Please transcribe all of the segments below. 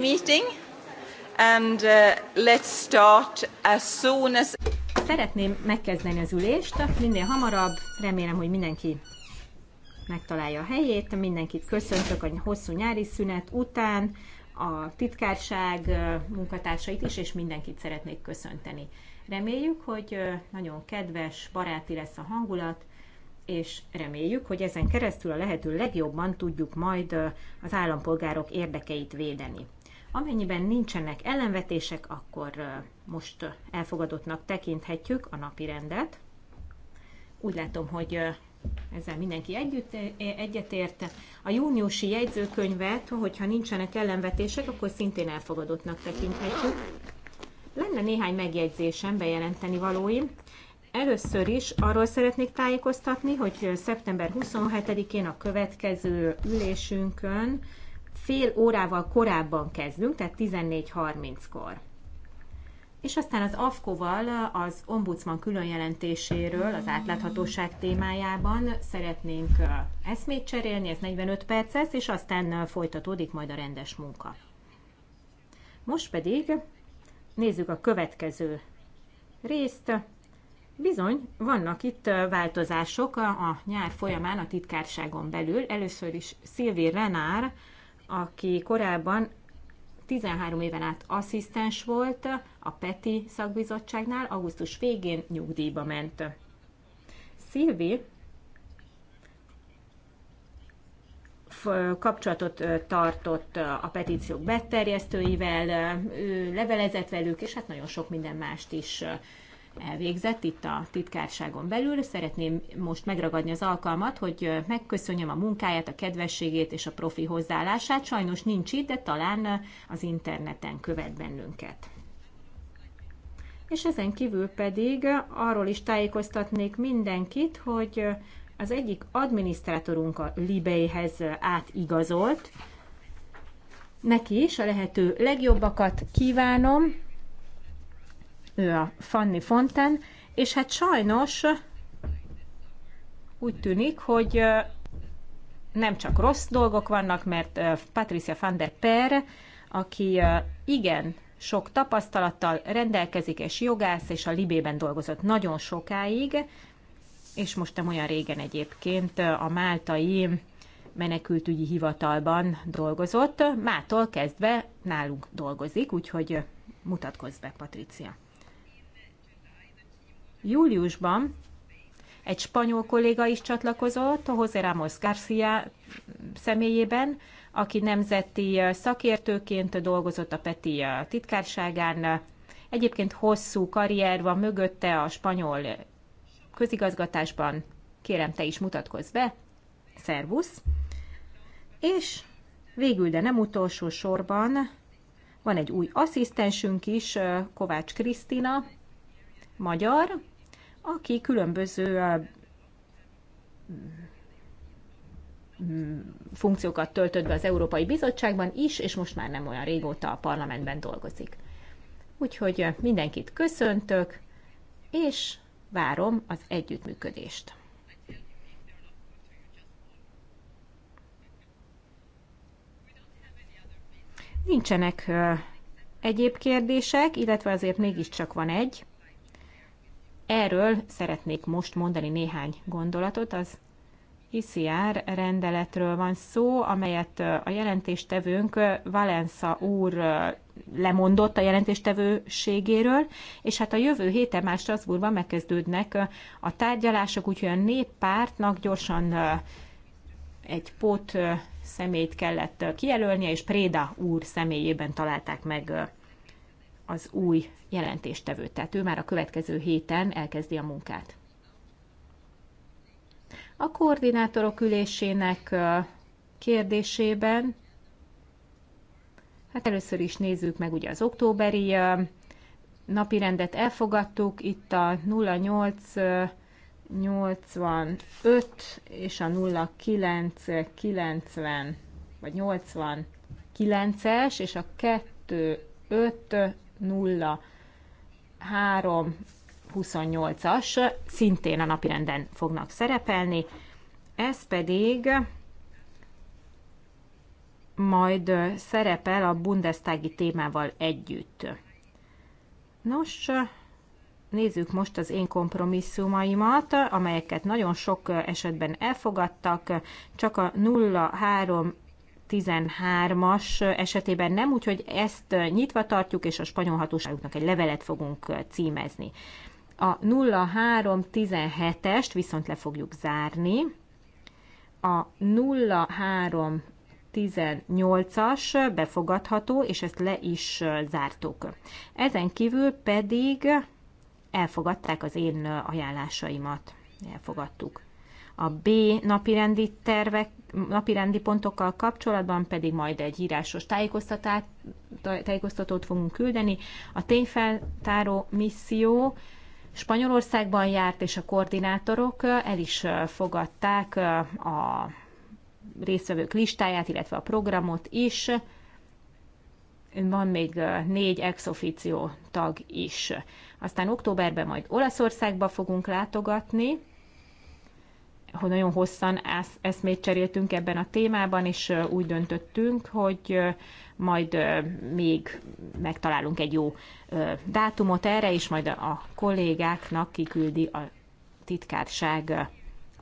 meeting, and uh, let's start as soon as... Szeretném megkezdeni az ülést, minél hamarabb, remélem, hogy mindenki megtalálja a helyét, mindenkit köszöntök a hosszú nyári szünet után, a titkárság uh, munkatársait is, és mindenkit szeretnék köszönteni. Reméljük, hogy uh, nagyon kedves, baráti lesz a hangulat, és reméljük, hogy ezen keresztül a lehető legjobban tudjuk majd uh, az állampolgárok érdekeit védeni. Amennyiben nincsenek ellenvetések, akkor most elfogadottnak tekinthetjük a napi rendet. Úgy látom, hogy ezzel mindenki együtt, egyetért. A júniusi jegyzőkönyvet, hogyha nincsenek ellenvetések, akkor szintén elfogadottnak tekinthetjük. Lenne néhány megjegyzésem, bejelenteni valóim. Először is arról szeretnék tájékoztatni, hogy szeptember 27-én a következő ülésünkön fél órával korábban kezdünk, tehát 14.30-kor. És aztán az AFKO-val az ombudsman különjelentéséről, az átláthatóság témájában szeretnénk eszmét cserélni, ez 45 perc lesz, és aztán folytatódik majd a rendes munka. Most pedig nézzük a következő részt. Bizony, vannak itt változások a nyár folyamán a titkárságon belül. Először is Szilvi Renár aki korábban 13 éven át asszisztens volt a PETI szakbizottságnál, augusztus végén nyugdíjba ment. Szilvi kapcsolatot tartott a petíciók beterjesztőivel, levelezett velük, és hát nagyon sok minden mást is elvégzett itt a titkárságon belül. Szeretném most megragadni az alkalmat, hogy megköszönjem a munkáját, a kedvességét és a profi hozzáállását. Sajnos nincs itt, de talán az interneten követ bennünket. És ezen kívül pedig arról is tájékoztatnék mindenkit, hogy az egyik adminisztrátorunk a Libéhez átigazolt. Neki is a lehető legjobbakat kívánom, ő a Fanny Fonten, és hát sajnos úgy tűnik, hogy nem csak rossz dolgok vannak, mert Patricia van der Per, aki igen sok tapasztalattal rendelkezik, és jogász, és a Libében dolgozott nagyon sokáig, és most nem olyan régen egyébként a máltai menekültügyi hivatalban dolgozott. Mától kezdve nálunk dolgozik, úgyhogy mutatkozz be, Patricia. Júliusban egy spanyol kolléga is csatlakozott, José Ramos García személyében, aki nemzeti szakértőként dolgozott a PETI titkárságán. Egyébként hosszú karrier van mögötte a spanyol közigazgatásban. Kérem, te is mutatkozz be. Szervusz! És végül, de nem utolsó sorban van egy új asszisztensünk is, Kovács Krisztina, magyar, aki különböző mm, funkciókat töltött be az Európai Bizottságban is, és most már nem olyan régóta a parlamentben dolgozik. Úgyhogy mindenkit köszöntök, és várom az együttműködést. Nincsenek egyéb kérdések, illetve azért mégiscsak van egy. Erről szeretnék most mondani néhány gondolatot. Az ICR rendeletről van szó, amelyet a jelentéstevőnk Valensa úr lemondott a jelentéstevőségéről, és hát a jövő héten már Strasbourgban megkezdődnek a tárgyalások, úgyhogy a néppártnak gyorsan egy pót személyt kellett kijelölnie, és Préda úr személyében találták meg az új jelentéstevő. Tehát ő már a következő héten elkezdi a munkát. A koordinátorok ülésének kérdésében, hát először is nézzük meg ugye az októberi napirendet elfogadtuk, itt a 0885 és a 0990 vagy 89-es és a 25 0328-as szintén a napirenden fognak szerepelni, ez pedig majd szerepel a bundesztági témával együtt. Nos, nézzük most az én kompromisszumaimat, amelyeket nagyon sok esetben elfogadtak, csak a 03 13-as esetében nem, úgyhogy ezt nyitva tartjuk, és a spanyol hatóságoknak egy levelet fogunk címezni. A 0317-est viszont le fogjuk zárni. A 0318 as befogadható, és ezt le is zártuk. Ezen kívül pedig elfogadták az én ajánlásaimat. Elfogadtuk a B napirendi tervek, napirendi pontokkal kapcsolatban pedig majd egy írásos tájékoztatót fogunk küldeni. A tényfeltáró misszió Spanyolországban járt, és a koordinátorok el is fogadták a résztvevők listáját, illetve a programot is. Van még négy ex officio tag is. Aztán októberben majd Olaszországba fogunk látogatni, hogy nagyon hosszan eszmét cseréltünk ebben a témában, és úgy döntöttünk, hogy majd még megtalálunk egy jó dátumot erre, és majd a kollégáknak kiküldi a titkárság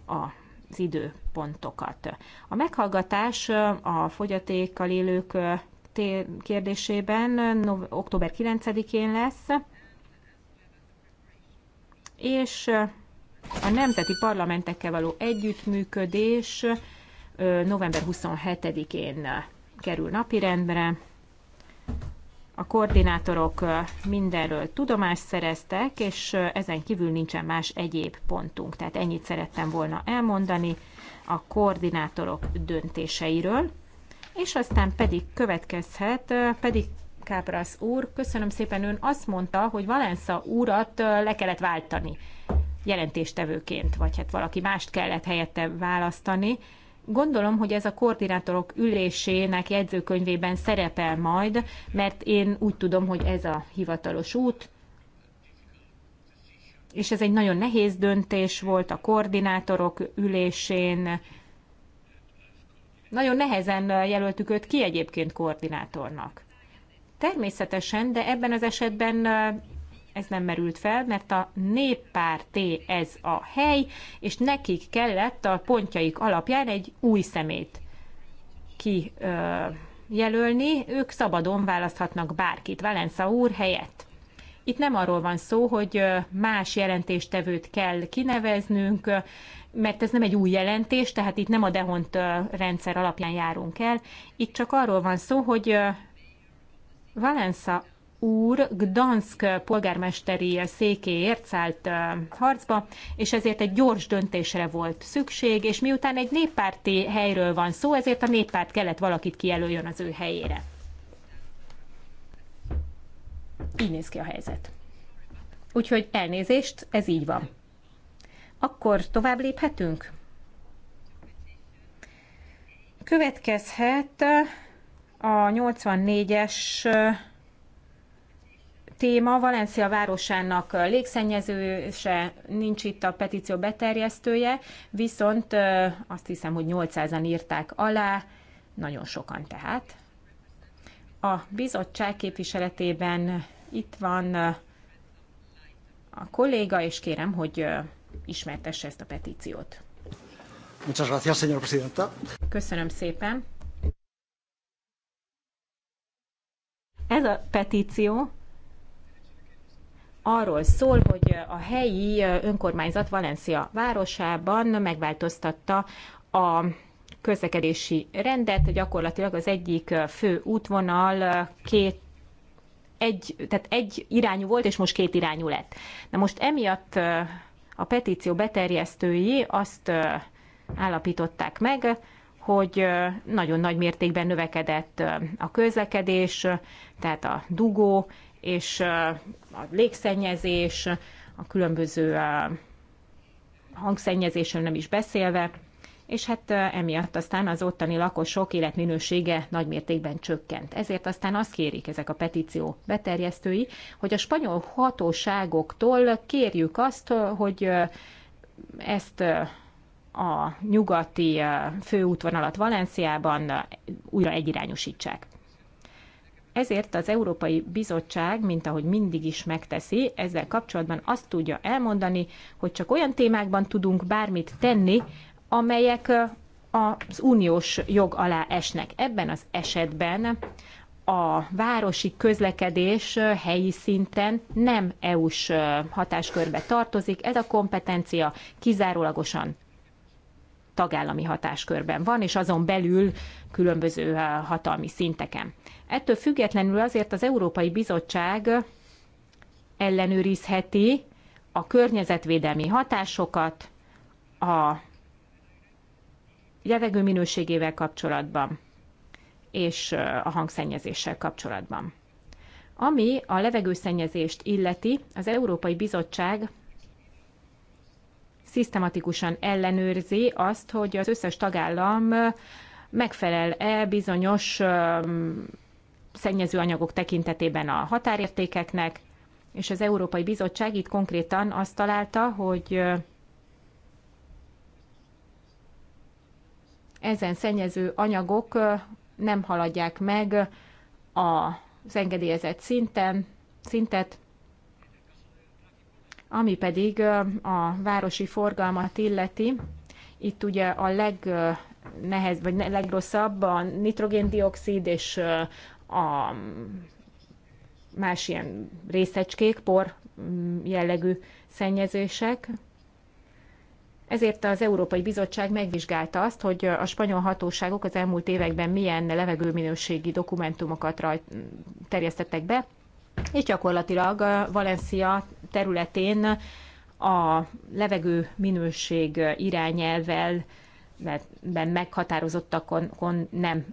az időpontokat. A meghallgatás a fogyatékkal élők kérdésében október 9-én lesz, és a nemzeti parlamentekkel való együttműködés november 27-én kerül napirendre. A koordinátorok mindenről tudomást szereztek, és ezen kívül nincsen más egyéb pontunk. Tehát ennyit szerettem volna elmondani a koordinátorok döntéseiről, és aztán pedig következhet, pedig Káprasz úr, köszönöm szépen, ön azt mondta, hogy Valensza úrat le kellett váltani jelentéstevőként, vagy hát valaki mást kellett helyette választani. Gondolom, hogy ez a koordinátorok ülésének jegyzőkönyvében szerepel majd, mert én úgy tudom, hogy ez a hivatalos út, és ez egy nagyon nehéz döntés volt a koordinátorok ülésén. Nagyon nehezen jelöltük őt ki egyébként koordinátornak. Természetesen, de ebben az esetben ez nem merült fel, mert a néppárté ez a hely, és nekik kellett a pontjaik alapján egy új szemét ki ö, jelölni, ők szabadon választhatnak bárkit, valenza úr helyett. Itt nem arról van szó, hogy más jelentéstevőt kell kineveznünk, mert ez nem egy új jelentés, tehát itt nem a dehont rendszer alapján járunk el. Itt csak arról van szó, hogy valenza úr Gdansk polgármesteri székéért szállt harcba, és ezért egy gyors döntésre volt szükség, és miután egy néppárti helyről van szó, ezért a néppárt kellett valakit kijelöljön az ő helyére. Így néz ki a helyzet. Úgyhogy elnézést, ez így van. Akkor tovább léphetünk? Következhet a 84-es téma Valencia városának légszennyezőse, nincs itt a petíció beterjesztője, viszont azt hiszem, hogy 800-an írták alá, nagyon sokan tehát. A bizottság képviseletében itt van a kolléga, és kérem, hogy ismertesse ezt a petíciót. Muchas gracias, señor presidenta. Köszönöm szépen. Ez a petíció arról szól, hogy a helyi önkormányzat Valencia városában megváltoztatta a közlekedési rendet, gyakorlatilag az egyik fő útvonal két egy, tehát egy irányú volt, és most két irányú lett. Na most emiatt a petíció beterjesztői azt állapították meg, hogy nagyon nagy mértékben növekedett a közlekedés, tehát a dugó, és a légszennyezés, a különböző hangszennyezésről nem is beszélve, és hát emiatt aztán az ottani lakosok életminősége nagymértékben csökkent. Ezért aztán azt kérik ezek a petíció beterjesztői, hogy a spanyol hatóságoktól kérjük azt, hogy ezt a nyugati főútvonalat Valenciában újra egyirányosítsák. Ezért az Európai Bizottság, mint ahogy mindig is megteszi, ezzel kapcsolatban azt tudja elmondani, hogy csak olyan témákban tudunk bármit tenni, amelyek az uniós jog alá esnek. Ebben az esetben a városi közlekedés helyi szinten nem EU-s hatáskörbe tartozik, ez a kompetencia kizárólagosan tagállami hatáskörben van, és azon belül különböző hatalmi szinteken. Ettől függetlenül azért az Európai Bizottság ellenőrizheti a környezetvédelmi hatásokat a levegő minőségével kapcsolatban és a hangszennyezéssel kapcsolatban. Ami a levegőszennyezést illeti, az Európai Bizottság szisztematikusan ellenőrzi azt, hogy az összes tagállam megfelel-e bizonyos szennyezőanyagok tekintetében a határértékeknek, és az Európai Bizottság itt konkrétan azt találta, hogy ezen szennyező anyagok nem haladják meg az engedélyezett szinten, szintet, ami pedig a városi forgalmat illeti, itt ugye a legnehez, vagy legrosszabb a nitrogéndioxid és a más ilyen részecskék, por mm, jellegű szennyezések. Ezért az Európai Bizottság megvizsgálta azt, hogy a spanyol hatóságok az elmúlt években milyen levegőminőségi dokumentumokat rajt, terjesztettek be, és gyakorlatilag Valencia területén a levegő minőség irányelvel ben meghatározottakon nem,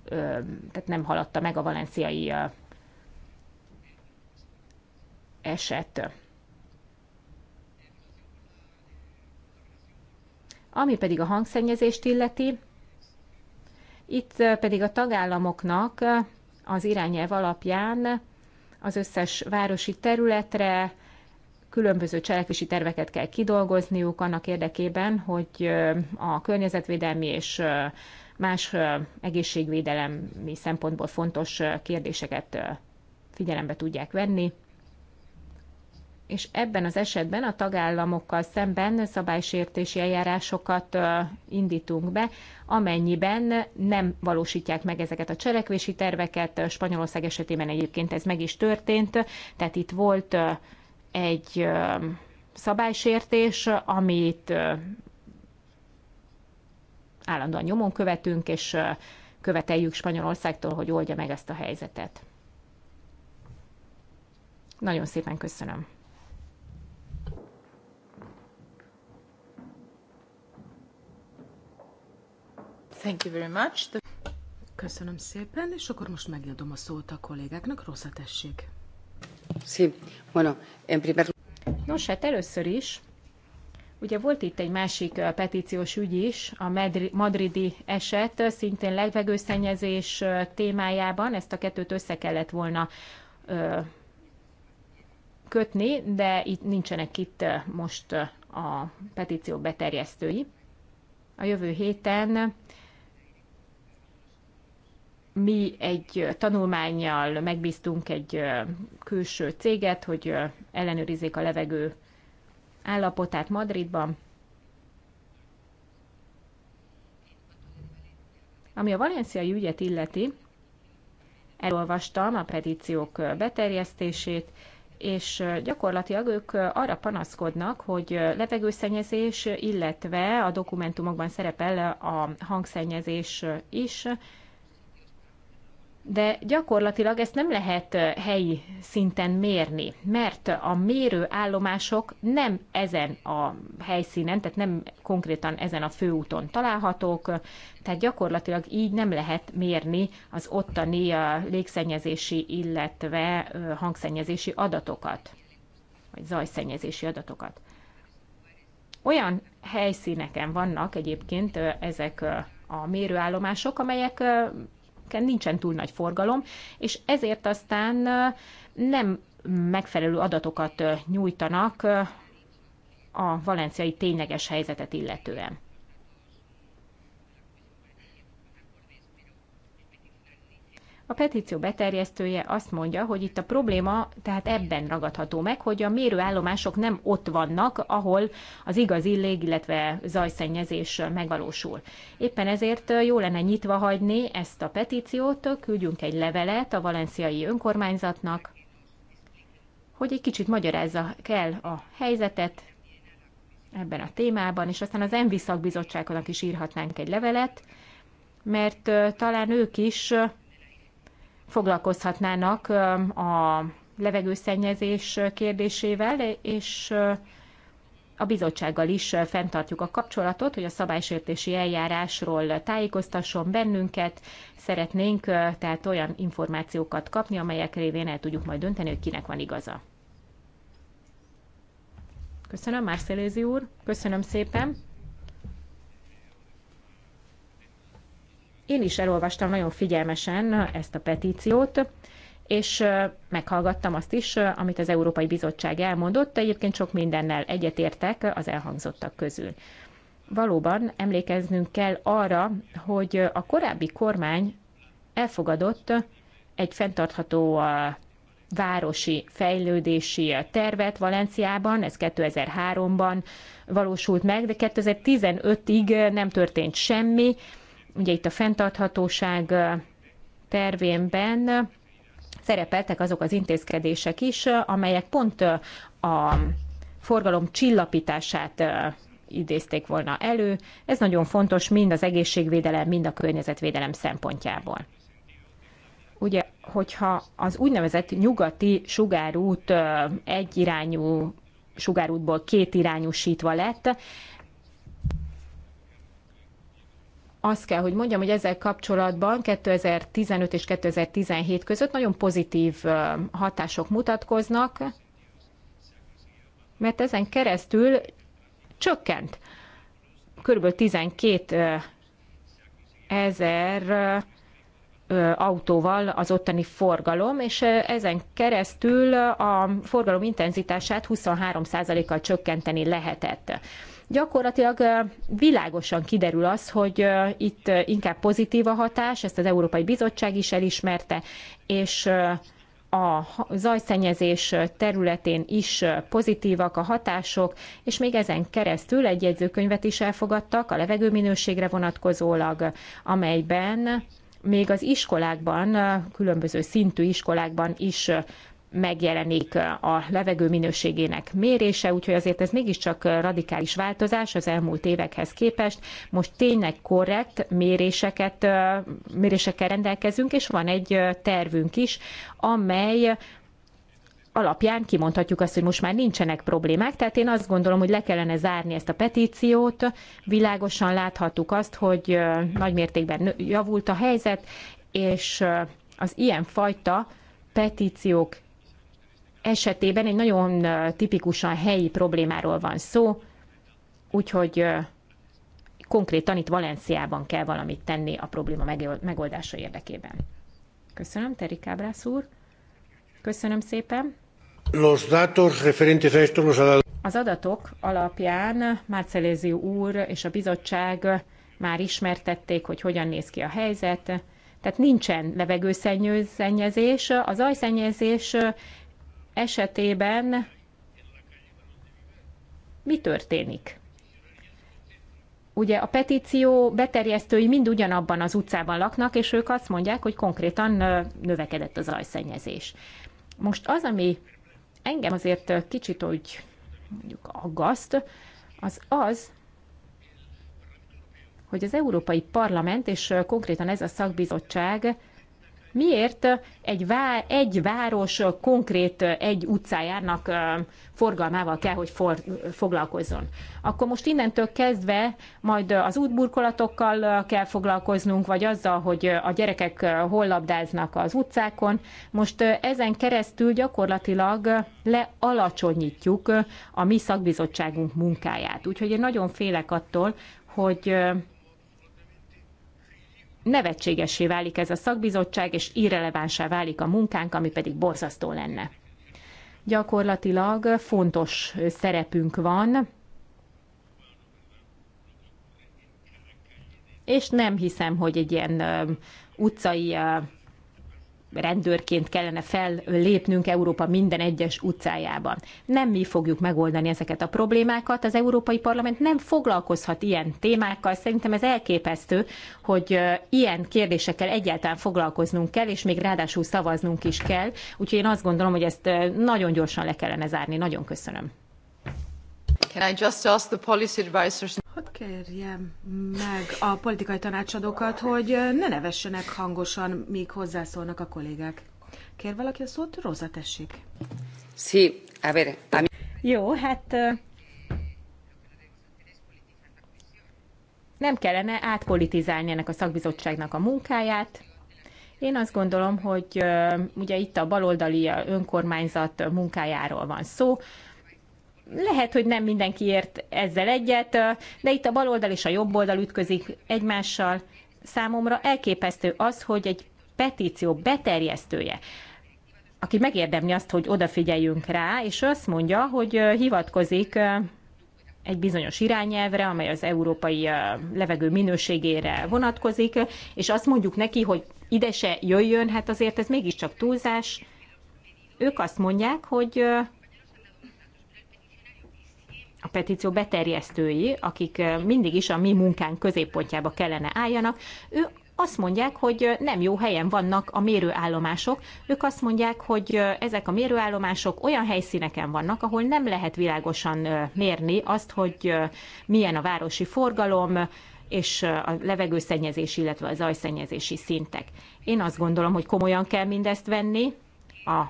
tehát nem haladta meg a valenciai eset. Ami pedig a hangszennyezést illeti, itt pedig a tagállamoknak az irányelv alapján az összes városi területre különböző cselekvési terveket kell kidolgozniuk annak érdekében, hogy a környezetvédelmi és más egészségvédelemi szempontból fontos kérdéseket figyelembe tudják venni. És ebben az esetben a tagállamokkal szemben szabálysértési eljárásokat indítunk be, amennyiben nem valósítják meg ezeket a cselekvési terveket. Spanyolország esetében egyébként ez meg is történt, tehát itt volt egy szabálysértés, amit állandóan nyomon követünk, és követeljük Spanyolországtól, hogy oldja meg ezt a helyzetet. Nagyon szépen köszönöm. Thank you very much. Köszönöm szépen, és akkor most megadom a szót a kollégáknak. Rosszat tessék. Sí. Bueno, en primer... Nos, hát először is, ugye volt itt egy másik petíciós ügy is, a madridi eset, szintén legvegőszennyezés témájában, ezt a kettőt össze kellett volna kötni, de itt nincsenek itt most a petíció beterjesztői. A jövő héten mi egy tanulmányjal megbíztunk egy külső céget, hogy ellenőrizzék a levegő állapotát Madridban. Ami a valenciai ügyet illeti, elolvastam a petíciók beterjesztését, és gyakorlatilag ők arra panaszkodnak, hogy levegőszennyezés, illetve a dokumentumokban szerepel a hangszennyezés is, de gyakorlatilag ezt nem lehet helyi szinten mérni, mert a mérő állomások nem ezen a helyszínen, tehát nem konkrétan ezen a főúton találhatók, tehát gyakorlatilag így nem lehet mérni az ottani légszennyezési, illetve hangszennyezési adatokat, vagy zajszennyezési adatokat. Olyan helyszíneken vannak egyébként ezek a mérőállomások, amelyek nincsen túl nagy forgalom, és ezért aztán nem megfelelő adatokat nyújtanak a valenciai tényleges helyzetet illetően. A petíció beterjesztője azt mondja, hogy itt a probléma tehát ebben ragadható meg, hogy a mérőállomások nem ott vannak, ahol az igazi lég, illetve zajszennyezés megvalósul. Éppen ezért jó lenne nyitva hagyni ezt a petíciót, küldjünk egy levelet a valenciai önkormányzatnak, hogy egy kicsit magyarázza kell a helyzetet ebben a témában, és aztán az ENVI szakbizottságnak is írhatnánk egy levelet, mert talán ők is foglalkozhatnának a levegőszennyezés kérdésével, és a bizottsággal is fenntartjuk a kapcsolatot, hogy a szabálysértési eljárásról tájékoztasson bennünket. Szeretnénk tehát olyan információkat kapni, amelyek révén el tudjuk majd dönteni, hogy kinek van igaza. Köszönöm, Márcelézi úr. Köszönöm szépen. Én is elolvastam nagyon figyelmesen ezt a petíciót, és meghallgattam azt is, amit az Európai Bizottság elmondott, egyébként sok mindennel egyetértek az elhangzottak közül. Valóban emlékeznünk kell arra, hogy a korábbi kormány elfogadott egy fenntartható városi fejlődési tervet Valenciában, ez 2003-ban valósult meg, de 2015-ig nem történt semmi, ugye itt a fenntarthatóság tervénben szerepeltek azok az intézkedések is, amelyek pont a forgalom csillapítását idézték volna elő. Ez nagyon fontos mind az egészségvédelem, mind a környezetvédelem szempontjából. Ugye, hogyha az úgynevezett nyugati sugárút egyirányú sugárútból kétirányúsítva lett, azt kell, hogy mondjam, hogy ezzel kapcsolatban 2015 és 2017 között nagyon pozitív hatások mutatkoznak, mert ezen keresztül csökkent kb. 12 ezer autóval az ottani forgalom, és ezen keresztül a forgalom intenzitását 23%-kal csökkenteni lehetett gyakorlatilag világosan kiderül az, hogy itt inkább pozitív a hatás, ezt az Európai Bizottság is elismerte, és a zajszennyezés területén is pozitívak a hatások, és még ezen keresztül egy jegyzőkönyvet is elfogadtak a levegőminőségre vonatkozólag, amelyben még az iskolákban, különböző szintű iskolákban is megjelenik a levegő minőségének mérése, úgyhogy azért ez mégiscsak radikális változás az elmúlt évekhez képest. Most tényleg korrekt méréseket, mérésekkel rendelkezünk, és van egy tervünk is, amely alapján kimondhatjuk azt, hogy most már nincsenek problémák, tehát én azt gondolom, hogy le kellene zárni ezt a petíciót. Világosan láthattuk azt, hogy nagy mértékben javult a helyzet, és az ilyen fajta petíciók esetében egy nagyon tipikusan helyi problémáról van szó, úgyhogy konkrétan itt Valenciában kell valamit tenni a probléma megoldása érdekében. Köszönöm, Teri Kábrász úr. Köszönöm szépen. Los datos referentes a esto los az adatok alapján Márcelézi úr és a bizottság már ismertették, hogy hogyan néz ki a helyzet. Tehát nincsen levegőszennyezés. az ajszennyezés esetében mi történik? Ugye a petíció beterjesztői mind ugyanabban az utcában laknak, és ők azt mondják, hogy konkrétan növekedett az zajszennyezés. Most az, ami engem azért kicsit úgy mondjuk aggaszt, az az, hogy az Európai Parlament, és konkrétan ez a szakbizottság miért egy, vá- egy város konkrét egy utcájának forgalmával kell, hogy for- foglalkozzon. Akkor most innentől kezdve majd az útburkolatokkal kell foglalkoznunk, vagy azzal, hogy a gyerekek hol labdáznak az utcákon. Most ezen keresztül gyakorlatilag lealacsonyítjuk a mi szakbizottságunk munkáját. Úgyhogy én nagyon félek attól, hogy nevetségessé válik ez a szakbizottság, és irrelevánsá válik a munkánk, ami pedig borzasztó lenne. Gyakorlatilag fontos szerepünk van, és nem hiszem, hogy egy ilyen utcai rendőrként kellene fellépnünk Európa minden egyes utcájában. Nem mi fogjuk megoldani ezeket a problémákat, az Európai Parlament nem foglalkozhat ilyen témákkal. Szerintem ez elképesztő, hogy ilyen kérdésekkel egyáltalán foglalkoznunk kell, és még ráadásul szavaznunk is kell. Úgyhogy én azt gondolom, hogy ezt nagyon gyorsan le kellene zárni. Nagyon köszönöm. Can I just ask the policy advisors? Hadd kérjem meg a politikai tanácsadókat, hogy ne nevessenek hangosan, míg hozzászólnak a kollégák. Kér valaki a szót? Róza, tessék. Sí, a ver, a mi... Jó, hát nem kellene átpolitizálni ennek a szakbizottságnak a munkáját. Én azt gondolom, hogy ugye itt a baloldali önkormányzat munkájáról van szó, lehet, hogy nem mindenki ért ezzel egyet, de itt a baloldal és a jobb oldal ütközik egymással. Számomra elképesztő az, hogy egy petíció beterjesztője, aki megérdemli azt, hogy odafigyeljünk rá, és azt mondja, hogy hivatkozik egy bizonyos irányelvre, amely az európai levegő minőségére vonatkozik, és azt mondjuk neki, hogy ide se jöjjön, hát azért ez mégiscsak túlzás. Ők azt mondják, hogy a petíció beterjesztői, akik mindig is a mi munkánk középpontjába kellene álljanak, ő azt mondják, hogy nem jó helyen vannak a mérőállomások. Ők azt mondják, hogy ezek a mérőállomások olyan helyszíneken vannak, ahol nem lehet világosan mérni azt, hogy milyen a városi forgalom, és a levegőszennyezés, illetve a zajszennyezési szintek. Én azt gondolom, hogy komolyan kell mindezt venni, a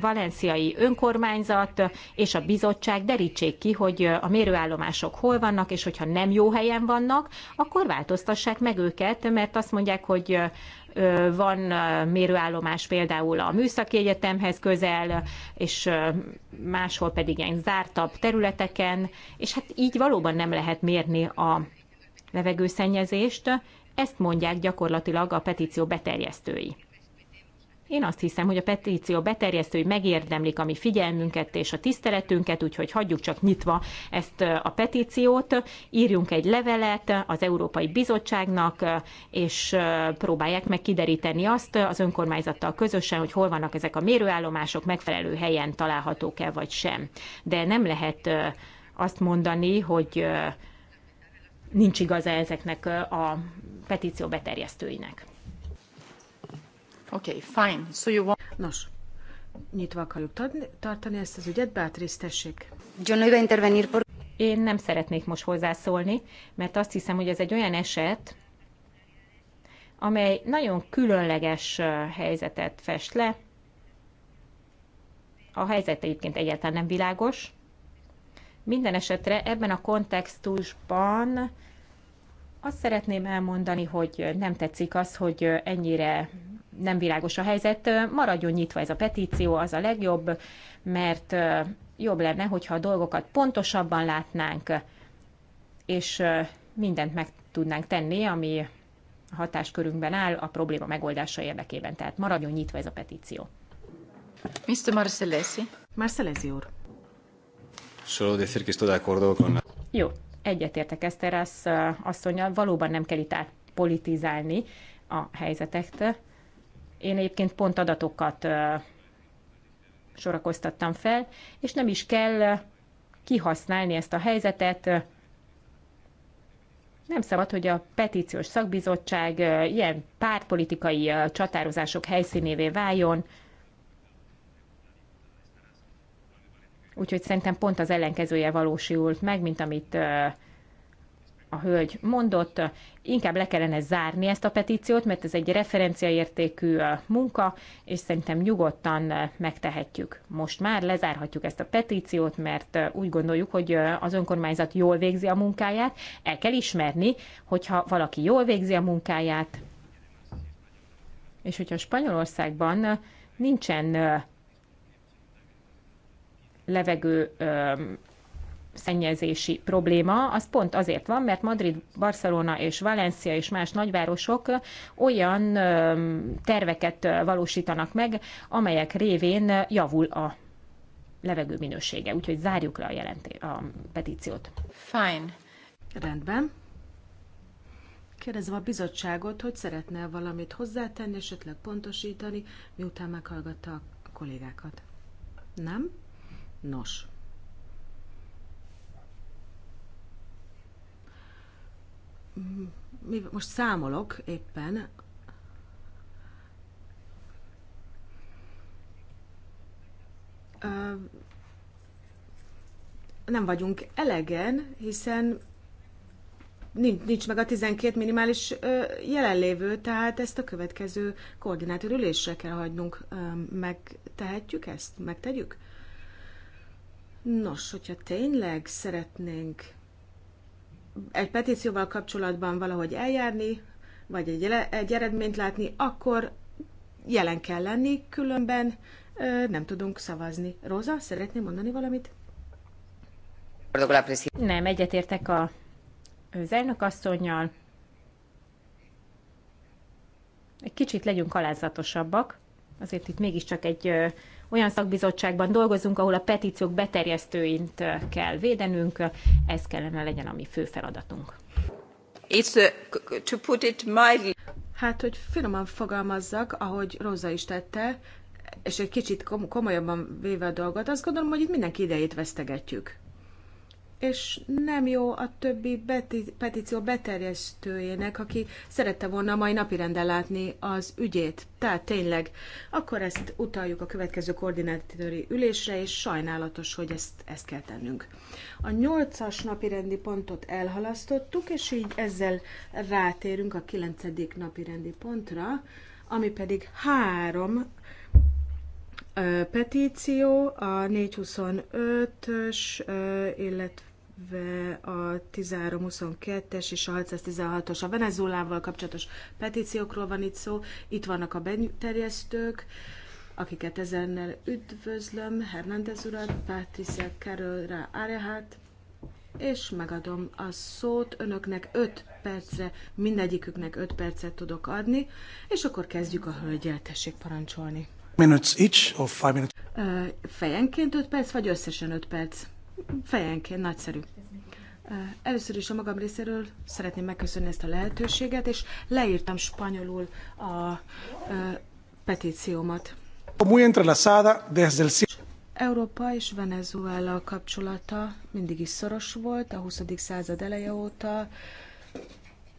valenciai önkormányzat és a bizottság derítsék ki, hogy a mérőállomások hol vannak, és hogyha nem jó helyen vannak, akkor változtassák meg őket, mert azt mondják, hogy van mérőállomás például a Műszaki Egyetemhez közel, és máshol pedig ilyen zártabb területeken, és hát így valóban nem lehet mérni a levegőszennyezést, ezt mondják gyakorlatilag a petíció beterjesztői. Én azt hiszem, hogy a petíció beterjesztői megérdemlik a mi figyelmünket és a tiszteletünket, úgyhogy hagyjuk csak nyitva ezt a petíciót, írjunk egy levelet az Európai Bizottságnak, és próbálják meg kideríteni azt az önkormányzattal közösen, hogy hol vannak ezek a mérőállomások, megfelelő helyen találhatók-e vagy sem. De nem lehet azt mondani, hogy nincs igaza ezeknek a petíció beterjesztőinek. Okay, fine. So you want... Nos, nyitva akarjuk tartani ezt az ügyet, Beatrice, tessék. Yo no iba a intervenir por... Én nem szeretnék most hozzászólni, mert azt hiszem, hogy ez egy olyan eset, amely nagyon különleges helyzetet fest le. A helyzet egyébként egyáltalán nem világos. Minden esetre ebben a kontextusban azt szeretném elmondani, hogy nem tetszik az, hogy ennyire nem világos a helyzet, maradjon nyitva ez a petíció, az a legjobb, mert jobb lenne, hogyha a dolgokat pontosabban látnánk, és mindent meg tudnánk tenni, ami a hatáskörünkben áll a probléma megoldása érdekében. Tehát maradjon nyitva ez a petíció. Mr. Marcellesi. Marcellesi úr. Solo decir que estoy de acuerdo con... Jó, egyetértek ezt Eszterász asszonyal, valóban nem kell itt politizálni a helyzetektől. Én egyébként pont adatokat sorakoztattam fel, és nem is kell kihasználni ezt a helyzetet. Nem szabad, hogy a petíciós szakbizottság ilyen pártpolitikai csatározások helyszínévé váljon. Úgyhogy szerintem pont az ellenkezője valósult meg, mint amit a hölgy mondott, inkább le kellene zárni ezt a petíciót, mert ez egy referenciaértékű munka, és szerintem nyugodtan megtehetjük. Most már lezárhatjuk ezt a petíciót, mert úgy gondoljuk, hogy az önkormányzat jól végzi a munkáját. El kell ismerni, hogyha valaki jól végzi a munkáját, és hogyha Spanyolországban nincsen levegő szennyezési probléma, az pont azért van, mert Madrid, Barcelona és Valencia és más nagyvárosok olyan terveket valósítanak meg, amelyek révén javul a levegő minősége. Úgyhogy zárjuk le a, jelenté- a petíciót. Fine. Rendben. Kérdezem a bizottságot, hogy szeretne valamit hozzátenni, esetleg pontosítani, miután meghallgatta a kollégákat. Nem? Nos. most számolok éppen, nem vagyunk elegen, hiszen nincs, nincs meg a 12 minimális jelenlévő, tehát ezt a következő ülésre kell hagynunk. Megtehetjük ezt? Megtegyük? Nos, hogyha tényleg szeretnénk egy petícióval kapcsolatban valahogy eljárni, vagy egy, egy eredményt látni, akkor jelen kell lenni, különben ö, nem tudunk szavazni. Róza, szeretném mondani valamit? Nem, egyetértek a az elnökasszonynal. Egy kicsit legyünk alázatosabbak, azért itt mégiscsak egy olyan szakbizottságban dolgozunk, ahol a petíciók beterjesztőint kell védenünk, ez kellene legyen a mi fő feladatunk. It's a, uh, to put it mildly. Hát, hogy finoman fogalmazzak, ahogy Róza is tette, és egy kicsit komolyabban véve a dolgot, azt gondolom, hogy itt mindenki idejét vesztegetjük és nem jó a többi beti- petíció beterjesztőjének, aki szerette volna a mai napirenden látni az ügyét. Tehát tényleg, akkor ezt utaljuk a következő koordinátori ülésre, és sajnálatos, hogy ezt, ezt kell tennünk. A nyolcas napirendi pontot elhalasztottuk, és így ezzel rátérünk a kilencedik napirendi pontra, ami pedig három petíció, a 425-ös, illetve illetve a 1322-es és a 616-os a Venezuelával kapcsolatos petíciókról van itt szó. Itt vannak a beterjesztők, akiket ezennel üdvözlöm, Hernández urat, Patricia Carolra Arehát, és megadom a szót önöknek 5 percre, mindegyiküknek 5 percet tudok adni, és akkor kezdjük a hölgyel, tessék parancsolni. Minutes each, or five minutes? Fejenként 5 perc, vagy összesen 5 perc? fejenként nagyszerű. Először is a magam részéről szeretném megköszönni ezt a lehetőséget, és leírtam spanyolul a, a petíciómat. desde el... Európa és Venezuela kapcsolata mindig is szoros volt a 20. század eleje óta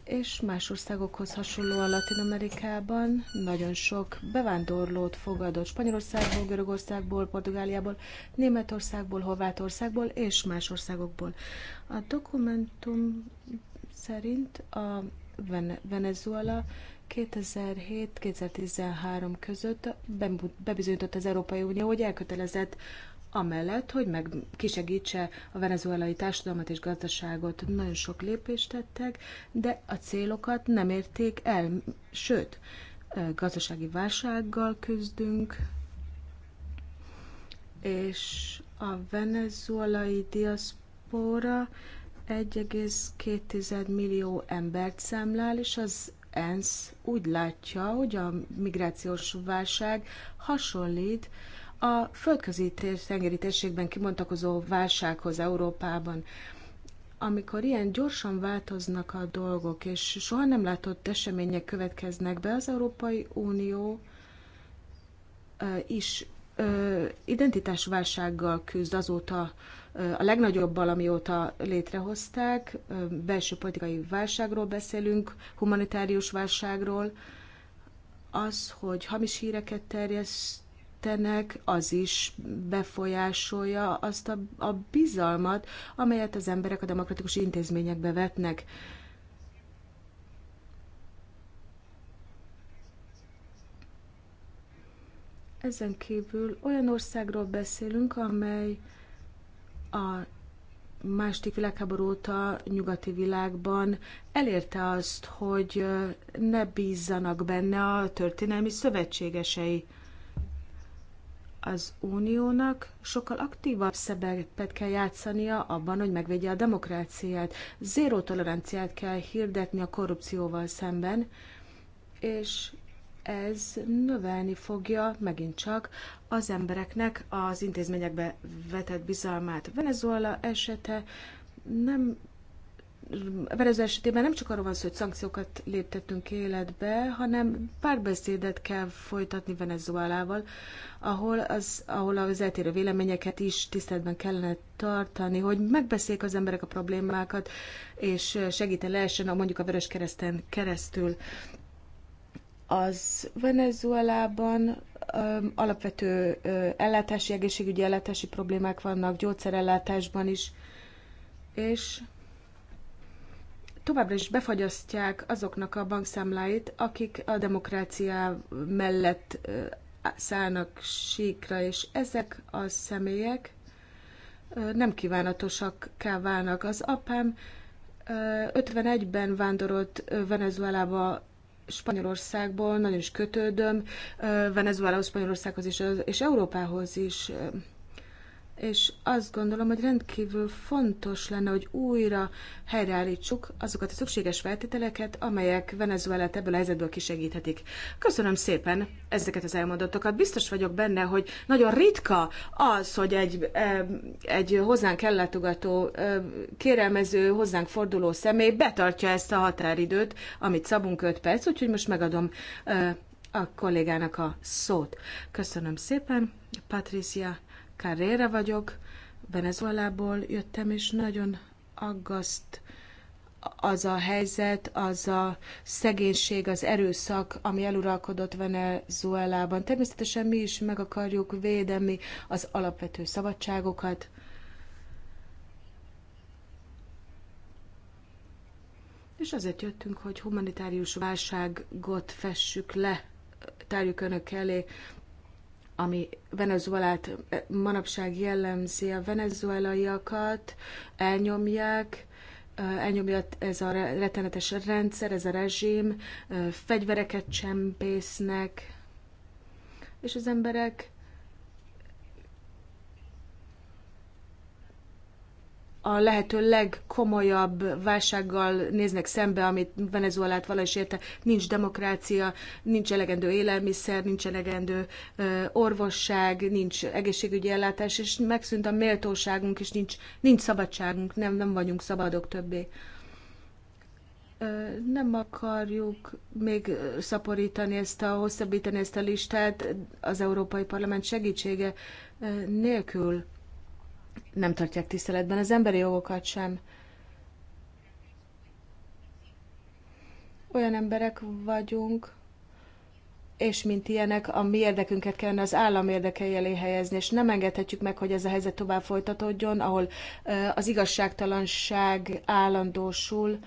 és más országokhoz hasonlóan Latin Amerikában nagyon sok bevándorlót fogadott Spanyolországból, Görögországból, Portugáliából, Németországból, Horvátországból és más országokból. A dokumentum szerint a Venezuela 2007-2013 között bebizonyított az Európai Unió, hogy elkötelezett amellett, hogy meg kisegítse a venezuelai társadalmat és gazdaságot. Nagyon sok lépést tettek, de a célokat nem érték el, sőt, gazdasági válsággal küzdünk, és a venezuelai diaszpora 1,2 millió embert számlál, és az ENSZ úgy látja, hogy a migrációs válság hasonlít a földközi tengeri térségben kimontakozó válsághoz Európában, amikor ilyen gyorsan változnak a dolgok, és soha nem látott események következnek be, az Európai Unió is identitásválsággal küzd azóta, a legnagyobbal, amióta létrehozták, belső politikai válságról beszélünk, humanitárius válságról, az, hogy hamis híreket terjeszt, tehetnek, az is befolyásolja azt a, a bizalmat, amelyet az emberek a demokratikus intézményekbe vetnek. Ezen kívül olyan országról beszélünk, amely a második világháború óta nyugati világban elérte azt, hogy ne bízzanak benne a történelmi szövetségesei az uniónak sokkal aktívabb szerepet kell játszania abban, hogy megvédje a demokráciát. Zéró toleranciát kell hirdetni a korrupcióval szemben, és ez növelni fogja megint csak az embereknek az intézményekbe vetett bizalmát. Venezuela esete nem Perez esetében nem csak arról van szó, hogy szankciókat léptettünk életbe, hanem párbeszédet kell folytatni Venezuelával, ahol az, ahol az eltérő véleményeket is tiszteletben kellene tartani, hogy megbeszéljék az emberek a problémákat, és segíteni lehessen a, mondjuk a Vörös Kereszten keresztül. Az Venezuelában um, alapvető ö, ellátási, egészségügyi ellátási problémák vannak, gyógyszerellátásban is, és továbbra is befagyasztják azoknak a bankszámláit, akik a demokrácia mellett szállnak síkra, és ezek a személyek nem kívánatosakká válnak. Az apám 51-ben vándorolt Venezuelába Spanyolországból, nagyon is kötődöm Venezuelához, Spanyolországhoz is, és Európához is és azt gondolom, hogy rendkívül fontos lenne, hogy újra helyreállítsuk azokat a szükséges feltételeket, amelyek venezuela ebből a helyzetből kisegíthetik. Köszönöm szépen ezeket az elmondottakat. Biztos vagyok benne, hogy nagyon ritka az, hogy egy, egy hozzánk ellátogató, kérelmező, hozzánk forduló személy betartja ezt a határidőt, amit szabunk 5 perc, úgyhogy most megadom a kollégának a szót. Köszönöm szépen, Patricia Carrera vagyok, Venezuelából jöttem, és nagyon aggaszt az a helyzet, az a szegénység, az erőszak, ami eluralkodott Venezuelában. Természetesen mi is meg akarjuk védeni az alapvető szabadságokat. És azért jöttünk, hogy humanitárius válságot fessük le, tárjuk önök elé ami Venezuelát eh, manapság jellemzi a venezuelaiakat, elnyomják, eh, elnyomja ez a rettenetes rendszer, ez a rezsim, eh, fegyvereket csempésznek, és az emberek a lehető legkomolyabb válsággal néznek szembe, amit Venezuelát valahogy is érte. Nincs demokrácia, nincs elegendő élelmiszer, nincs elegendő orvosság, nincs egészségügyi ellátás, és megszűnt a méltóságunk, és nincs, nincs szabadságunk, nem, nem vagyunk szabadok többé. Nem akarjuk még szaporítani ezt a, hosszabbítani ezt a listát az Európai Parlament segítsége nélkül nem tartják tiszteletben az emberi jogokat sem. Olyan emberek vagyunk, és mint ilyenek a mi érdekünket kellene az állam érdekei elé helyezni, és nem engedhetjük meg, hogy ez a helyzet tovább folytatódjon, ahol az igazságtalanság állandósul,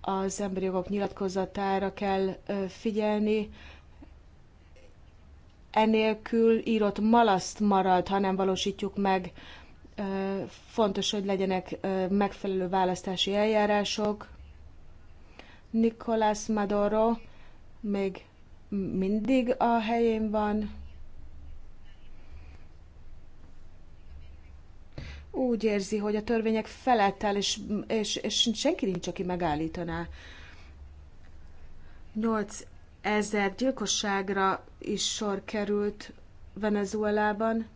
az emberi jogok nyilatkozatára kell figyelni, enélkül írott malaszt marad, ha nem valósítjuk meg fontos, hogy legyenek megfelelő választási eljárások. Nicolás Maduro még mindig a helyén van. Úgy érzi, hogy a törvények felett áll, és, és, és senki nincs, aki megállítaná. 8 ezer gyilkosságra is sor került Venezuelában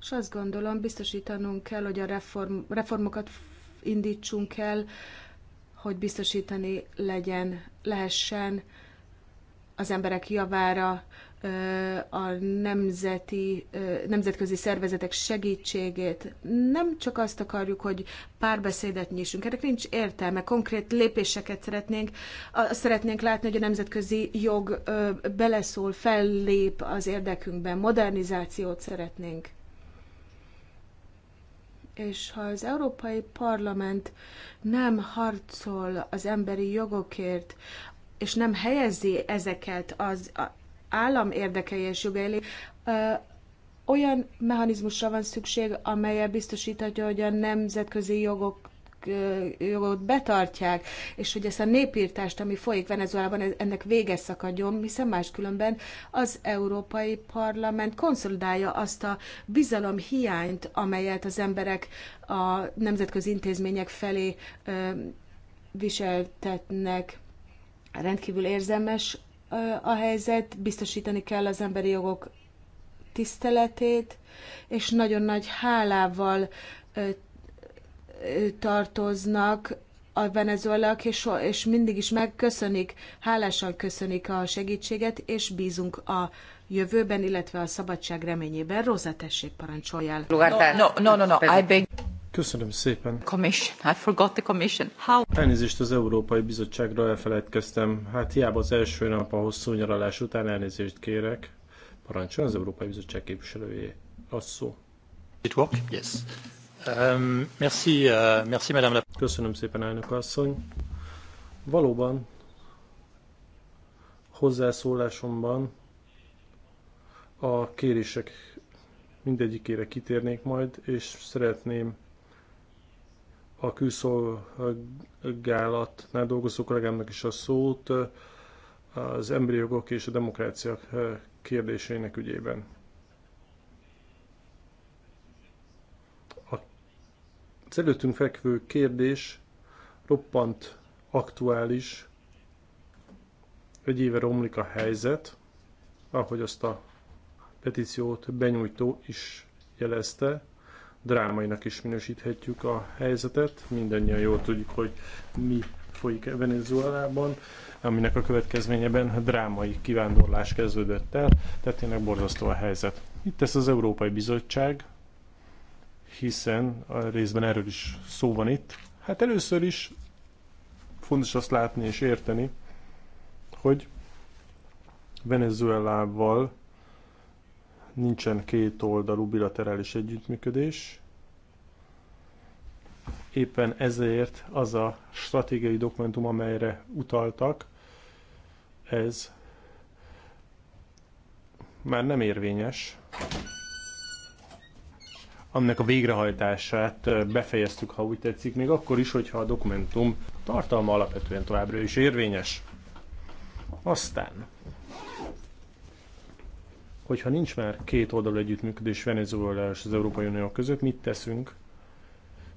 és azt gondolom, biztosítanunk kell, hogy a reform, reformokat indítsunk el, hogy biztosítani legyen, lehessen az emberek javára a nemzeti, nemzetközi szervezetek segítségét. Nem csak azt akarjuk, hogy párbeszédet nyissunk, ennek nincs értelme, konkrét lépéseket szeretnénk, azt szeretnénk látni, hogy a nemzetközi jog beleszól, fellép az érdekünkben, modernizációt szeretnénk és ha az Európai Parlament nem harcol az emberi jogokért, és nem helyezi ezeket az állam érdekei és jogai olyan mechanizmusra van szükség, amelyel biztosíthatja, hogy a nemzetközi jogok jogot betartják, és hogy ezt a népírtást, ami folyik Venezuelában, ennek vége szakadjon, hiszen máskülönben az Európai Parlament konszolidálja azt a bizalom hiányt, amelyet az emberek a nemzetközi intézmények felé viseltetnek. Rendkívül érzelmes a helyzet, biztosítani kell az emberi jogok tiszteletét, és nagyon nagy hálával tartoznak a venezuelak, és, és mindig is megköszönik, hálásan köszönik a segítséget, és bízunk a jövőben, illetve a szabadság reményében. Róza, tessék, parancsoljál. No, no, no, no, no. I beg... Köszönöm szépen. Commission. I forgot the commission. How? Elnézést az Európai Bizottságra elfelejtkeztem. Hát hiába az első nap a hosszú nyaralás után elnézést kérek. Parancsoljon az Európai Bizottság képviselője. Az szó. It work? Yes merci, merci, madame la... Köszönöm szépen, elnök asszony. Valóban hozzászólásomban a kérések mindegyikére kitérnék majd, és szeretném a külszolgálatnál dolgozó kollégámnak is a szót az emberi jogok és a demokrácia kérdéseinek ügyében. Az előttünk fekvő kérdés roppant aktuális, egy éve romlik a helyzet, ahogy azt a petíciót benyújtó is jelezte, drámainak is minősíthetjük a helyzetet. Mindennyian jól tudjuk, hogy mi folyik e Venezuelában, aminek a következményeben drámai kivándorlás kezdődött el, tehát tényleg borzasztó a helyzet. Itt tesz az Európai Bizottság? hiszen a részben erről is szó van itt. Hát először is fontos azt látni és érteni, hogy Venezuelával nincsen két oldalú bilaterális együttműködés. Éppen ezért az a stratégiai dokumentum, amelyre utaltak, ez már nem érvényes aminek a végrehajtását befejeztük, ha úgy tetszik, még akkor is, hogyha a dokumentum tartalma alapvetően továbbra is érvényes. Aztán, hogyha nincs már két oldalú együttműködés Venezuela és az Európai Unió között, mit teszünk?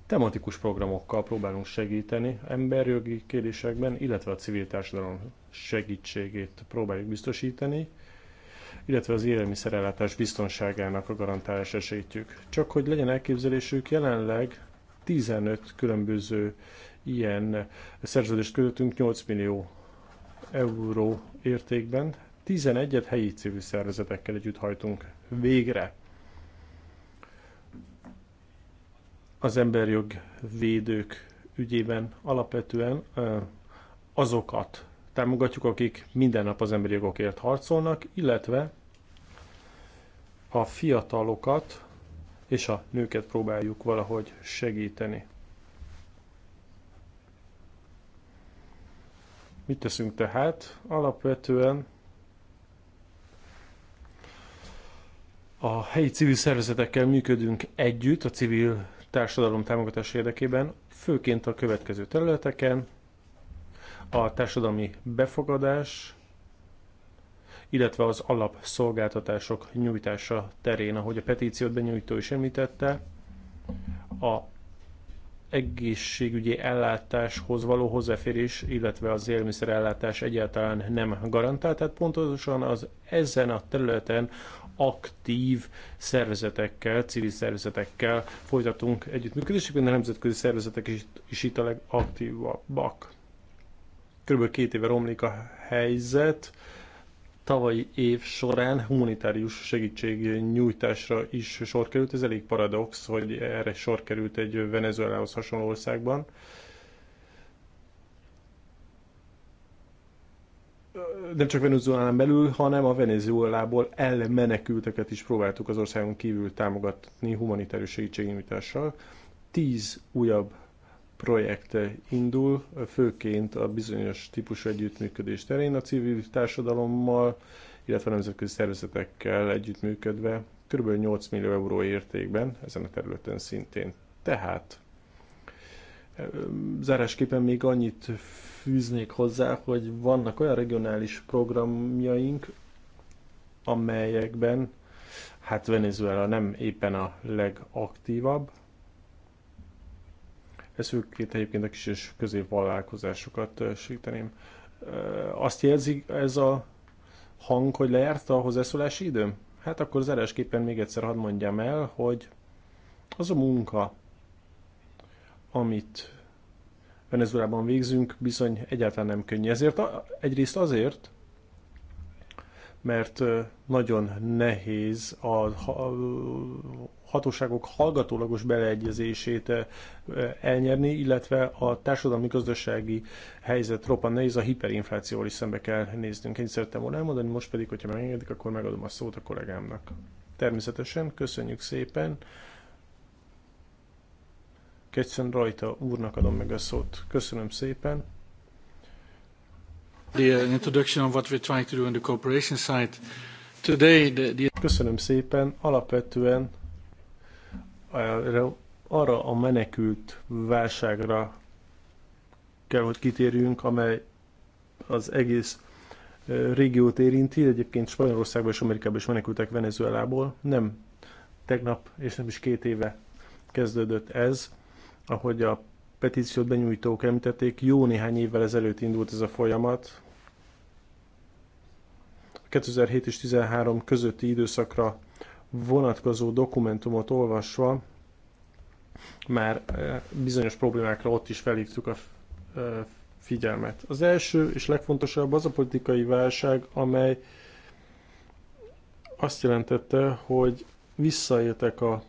Tematikus programokkal próbálunk segíteni emberjogi kérdésekben, illetve a civil társadalom segítségét próbáljuk biztosítani illetve az élelmiszerellátás biztonságának a garantálása segítjük. Csak hogy legyen elképzelésük, jelenleg 15 különböző ilyen szerződést kötöttünk 8 millió euró értékben, 11-et helyi civil szervezetekkel együtt hajtunk végre. Az emberjog védők ügyében alapvetően azokat támogatjuk, akik minden nap az emberi jogokért harcolnak, illetve a fiatalokat és a nőket próbáljuk valahogy segíteni. Mit teszünk tehát? Alapvetően a helyi civil szervezetekkel működünk együtt a civil társadalom támogatás érdekében, főként a következő területeken, a társadalmi befogadás, illetve az alapszolgáltatások nyújtása terén, ahogy a petíciót benyújtó is említette, a egészségügyi ellátáshoz való hozzáférés, illetve az élelmiszerellátás egyáltalán nem garantált, tehát pontosan az ezen a területen aktív szervezetekkel, civil szervezetekkel folytatunk együttműködést, mert a nemzetközi szervezetek is, is itt a legaktívabbak. Körülbelül két éve romlik a helyzet. Tavalyi év során humanitárius nyújtásra is sor került. Ez elég paradox, hogy erre sor került egy Venezuelához hasonló országban. nem csak Venezuelán belül, hanem a Venezuelából elmenekülteket is próbáltuk az országon kívül támogatni humanitárius segítségnyújtással. Tíz újabb projekt indul, főként a bizonyos típusú együttműködés terén a civil társadalommal, illetve nemzetközi szervezetekkel együttműködve, kb. 8 millió euró értékben ezen a területen szintén. Tehát zárásképpen még annyit fűznék hozzá, hogy vannak olyan regionális programjaink, amelyekben hát Venezuela nem éppen a legaktívabb, ez főként egyébként a kis és középvállalkozásokat segíteném. Azt jelzi ez a hang, hogy lejárt a hozzászólási időm? Hát akkor zárásképpen még egyszer hadd mondjam el, hogy az a munka, amit Venezuelában végzünk, bizony egyáltalán nem könnyű. Ezért a, egyrészt azért, mert nagyon nehéz a, a, hatóságok hallgatólagos beleegyezését eh, elnyerni, illetve a társadalmi gazdasági helyzet roppan nehéz, a hiperinflációval is szembe kell néznünk. Én szerettem volna elmondani, most pedig, hogyha megengedik, akkor megadom a szót a kollégámnak. Természetesen, köszönjük szépen. Ketsen rajta úrnak adom meg a szót. Köszönöm szépen. The uh, introduction of what to do on the cooperation side. Köszönöm szépen. Alapvetően arra a menekült válságra kell, hogy kitérjünk, amely az egész régiót érinti, egyébként Spanyolországban és Amerikában is menekültek Venezuelából. Nem tegnap és nem is két éve kezdődött ez, ahogy a petíciót benyújtók említették, jó néhány évvel ezelőtt indult ez a folyamat. A 2007 és 2013 közötti időszakra vonatkozó dokumentumot olvasva már eh, bizonyos problémákra ott is felhívtuk a eh, figyelmet. Az első és legfontosabb az a politikai válság, amely azt jelentette, hogy visszaéltek a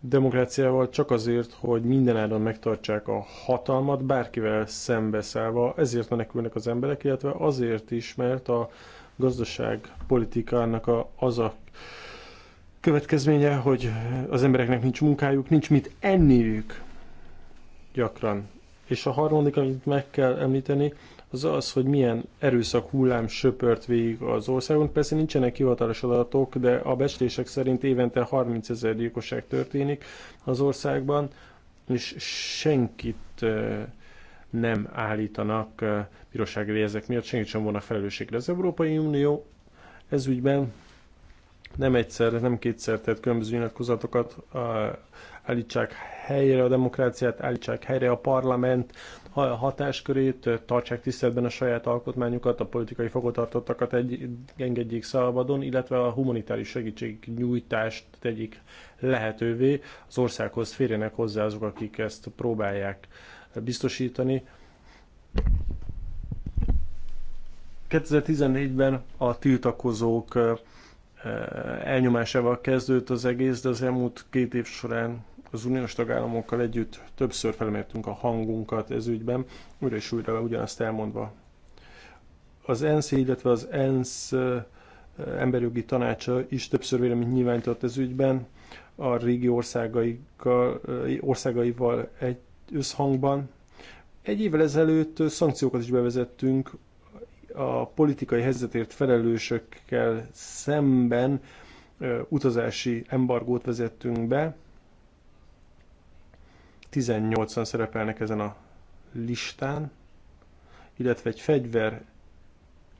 demokráciával csak azért, hogy mindenáron megtartsák a hatalmat, bárkivel szembeszállva, ezért menekülnek az emberek, illetve azért is, mert a gazdaságpolitikának a, az a következménye, hogy az embereknek nincs munkájuk, nincs mit enniük gyakran. És a harmadik, amit meg kell említeni, az az, hogy milyen erőszak hullám söpört végig az országon. Persze nincsenek hivatalos adatok, de a becslések szerint évente 30 ezer gyilkosság történik az országban, és senkit nem állítanak bírósági ezek miatt, senkit sem volna felelősségre. Az Európai Unió ez ügyben nem egyszer, nem kétszer tett különböző nyilatkozatokat, állítsák helyre a demokráciát, állítsák helyre a parlament hatáskörét, tartsák tiszteletben a saját alkotmányukat, a politikai fogotartottakat egy, engedjék szabadon, illetve a humanitárius segítségnyújtást tegyék lehetővé, az országhoz férjenek hozzá azok, akik ezt próbálják biztosítani. 2014-ben a tiltakozók elnyomásával kezdődött az egész, de az elmúlt két év során az uniós tagállamokkal együtt többször felmértünk a hangunkat ez ügyben, újra és újra ugyanazt elmondva. Az ENSZ, illetve az ENSZ emberjogi tanácsa is többször véleményt nyilvánított ez ügyben, a régi országaival egy összhangban. Egy évvel ezelőtt szankciókat is bevezettünk a politikai helyzetért felelősökkel szemben utazási embargót vezettünk be. 18-an szerepelnek ezen a listán, illetve egy fegyver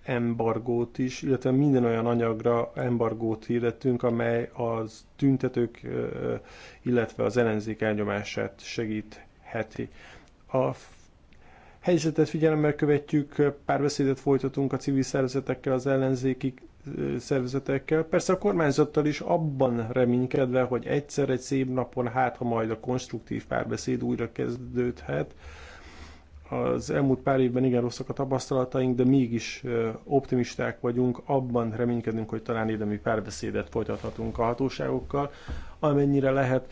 embargót is, illetve minden olyan anyagra embargót hirdettünk, amely az tüntetők, illetve az ellenzék elnyomását segítheti. A helyzetet figyelemmel követjük, párbeszédet folytatunk a civil szervezetekkel, az ellenzéki szervezetekkel, persze a kormányzattal is abban reménykedve, hogy egyszer egy szép napon, hát ha majd a konstruktív párbeszéd újra kezdődhet. Az elmúlt pár évben igen rosszak a tapasztalataink, de mégis optimisták vagyunk, abban reménykedünk, hogy talán érdemi párbeszédet folytathatunk a hatóságokkal, amennyire lehet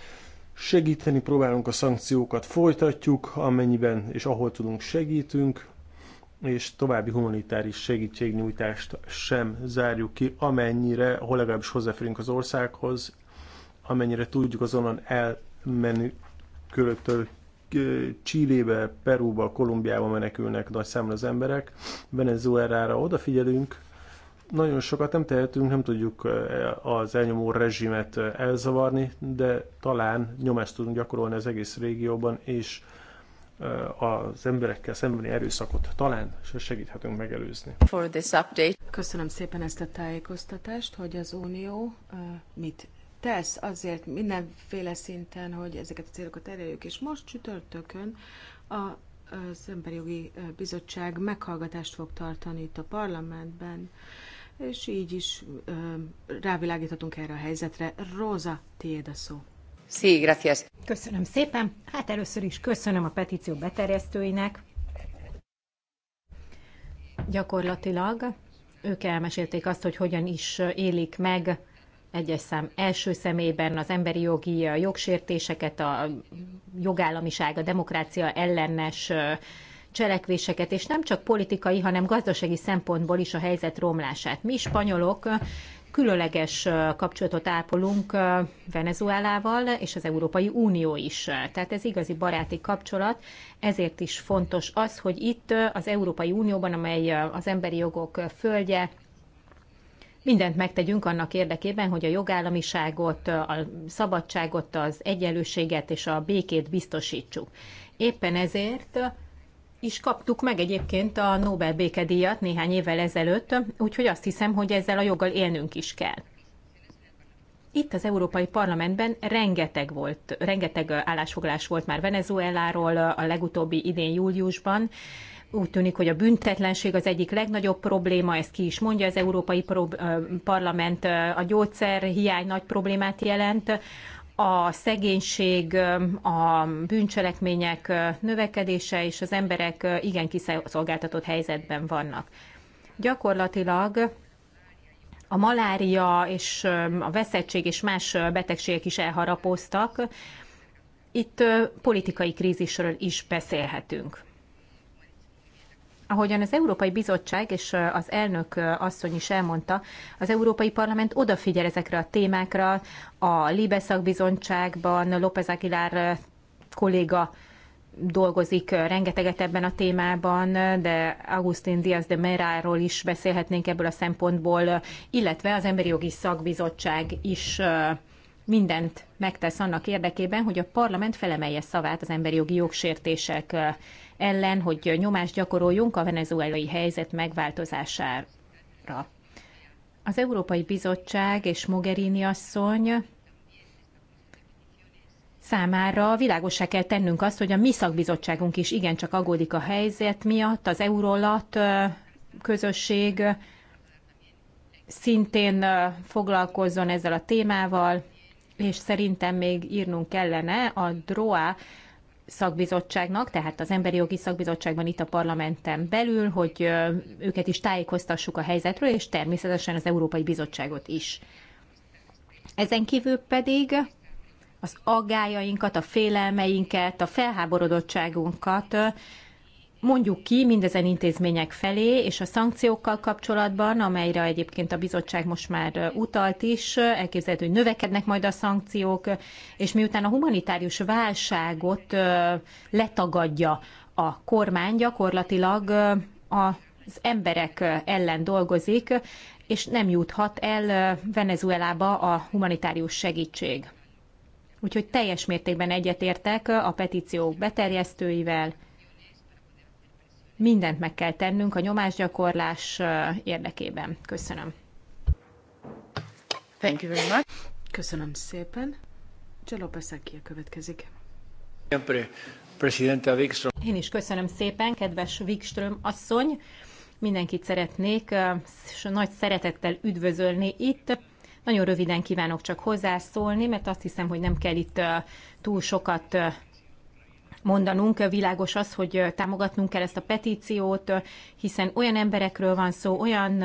Segíteni próbálunk a szankciókat, folytatjuk, amennyiben és ahol tudunk segítünk, és további humanitáris segítségnyújtást sem zárjuk ki, amennyire, ahol legalábbis hozzáférünk az országhoz, amennyire tudjuk azonnan elmenekülőktől Csillébe, Perúba, Kolumbiába menekülnek nagy számra az emberek. Venezuelára odafigyelünk, nagyon sokat nem tehetünk, nem tudjuk eh, az elnyomó rezsimet eh, elzavarni, de talán nyomást tudunk gyakorolni az egész régióban, és eh, az emberekkel szembeni erőszakot talán segíthetünk megelőzni. For this update. Köszönöm szépen ezt a tájékoztatást, hogy az Unió mit tesz azért mindenféle szinten, hogy ezeket a célokat elérjük. És most csütörtökön a, az Emberi Jogi Bizottság meghallgatást fog tartani itt a parlamentben és így is rávilágíthatunk erre a helyzetre. Róza, tiéd a szó. Sí, gracias. Köszönöm szépen. Hát először is köszönöm a petíció beterjesztőinek. Gyakorlatilag ők elmesélték azt, hogy hogyan is élik meg egyes szám első szemében az emberi jogi jogsértéseket, a jogállamiság, a demokrácia ellenes cselekvéseket, és nem csak politikai, hanem gazdasági szempontból is a helyzet romlását. Mi spanyolok különleges kapcsolatot ápolunk Venezuelával, és az Európai Unió is. Tehát ez igazi baráti kapcsolat, ezért is fontos az, hogy itt az Európai Unióban, amely az emberi jogok földje, mindent megtegyünk annak érdekében, hogy a jogállamiságot, a szabadságot, az egyenlőséget és a békét biztosítsuk. Éppen ezért is kaptuk meg egyébként a Nobel békedíjat néhány évvel ezelőtt, úgyhogy azt hiszem, hogy ezzel a joggal élnünk is kell. Itt az Európai Parlamentben rengeteg volt, rengeteg állásfoglalás volt már Venezueláról a legutóbbi idén júliusban. Úgy tűnik, hogy a büntetlenség az egyik legnagyobb probléma, ezt ki is mondja az Európai Parlament, a hiány nagy problémát jelent a szegénység, a bűncselekmények növekedése és az emberek igen kiszolgáltatott helyzetben vannak. Gyakorlatilag a malária és a veszettség és más betegségek is elharapoztak. Itt politikai krízisről is beszélhetünk. Ahogyan az Európai Bizottság és az elnök asszony is elmondta, az Európai Parlament odafigyel ezekre a témákra, a Libeszak bizottságban López Aguilar kolléga dolgozik rengeteget ebben a témában, de Augustin Diaz de Meráról is beszélhetnénk ebből a szempontból, illetve az Emberi Jogi Szakbizottság is mindent megtesz annak érdekében, hogy a parlament felemelje szavát az emberi jogi jogsértések ellen, hogy nyomást gyakoroljunk a venezuelai helyzet megváltozására. Az Európai Bizottság és Mogherini asszony számára világosá kell tennünk azt, hogy a mi szakbizottságunk is igencsak aggódik a helyzet miatt, az Eurolat közösség szintén foglalkozzon ezzel a témával, és szerintem még írnunk kellene a DROA szakbizottságnak, tehát az Emberi Jogi Szakbizottságban itt a parlamenten belül, hogy őket is tájékoztassuk a helyzetről, és természetesen az Európai Bizottságot is. Ezen kívül pedig az aggájainkat, a félelmeinket, a felháborodottságunkat mondjuk ki mindezen intézmények felé, és a szankciókkal kapcsolatban, amelyre egyébként a bizottság most már utalt is, elképzelhető, hogy növekednek majd a szankciók, és miután a humanitárius válságot letagadja a kormány, gyakorlatilag az emberek ellen dolgozik, és nem juthat el Venezuelába a humanitárius segítség. Úgyhogy teljes mértékben egyetértek a petíciók beterjesztőivel, mindent meg kell tennünk a nyomásgyakorlás érdekében. Köszönöm. Thank you very much. Köszönöm szépen. Csalopesz a következik. Én is köszönöm szépen, kedves Wikström asszony. Mindenkit szeretnék nagy szeretettel üdvözölni itt. Nagyon röviden kívánok csak hozzászólni, mert azt hiszem, hogy nem kell itt túl sokat mondanunk, világos az, hogy támogatnunk kell ezt a petíciót, hiszen olyan emberekről van szó, olyan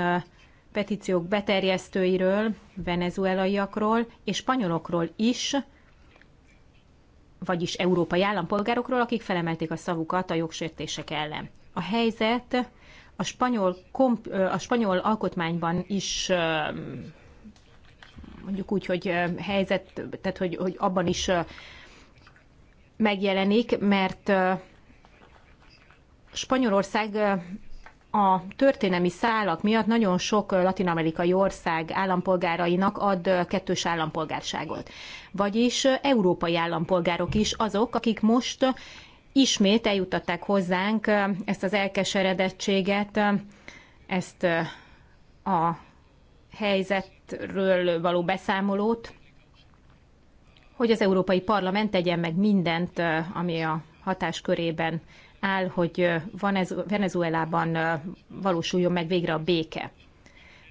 petíciók beterjesztőiről, venezuelaiakról és spanyolokról is, vagyis európai állampolgárokról, akik felemelték a szavukat a jogsértések ellen. A helyzet a spanyol, komp, a spanyol alkotmányban is mondjuk úgy, hogy helyzet, tehát hogy, hogy abban is megjelenik, mert Spanyolország a történelmi szálak miatt nagyon sok latinamerikai ország állampolgárainak ad kettős állampolgárságot. Vagyis európai állampolgárok is azok, akik most ismét eljutatták hozzánk ezt az elkeseredettséget, ezt a helyzetről való beszámolót, hogy az Európai Parlament tegyen meg mindent, ami a hatáskörében áll, hogy Venezuelában valósuljon meg végre a béke.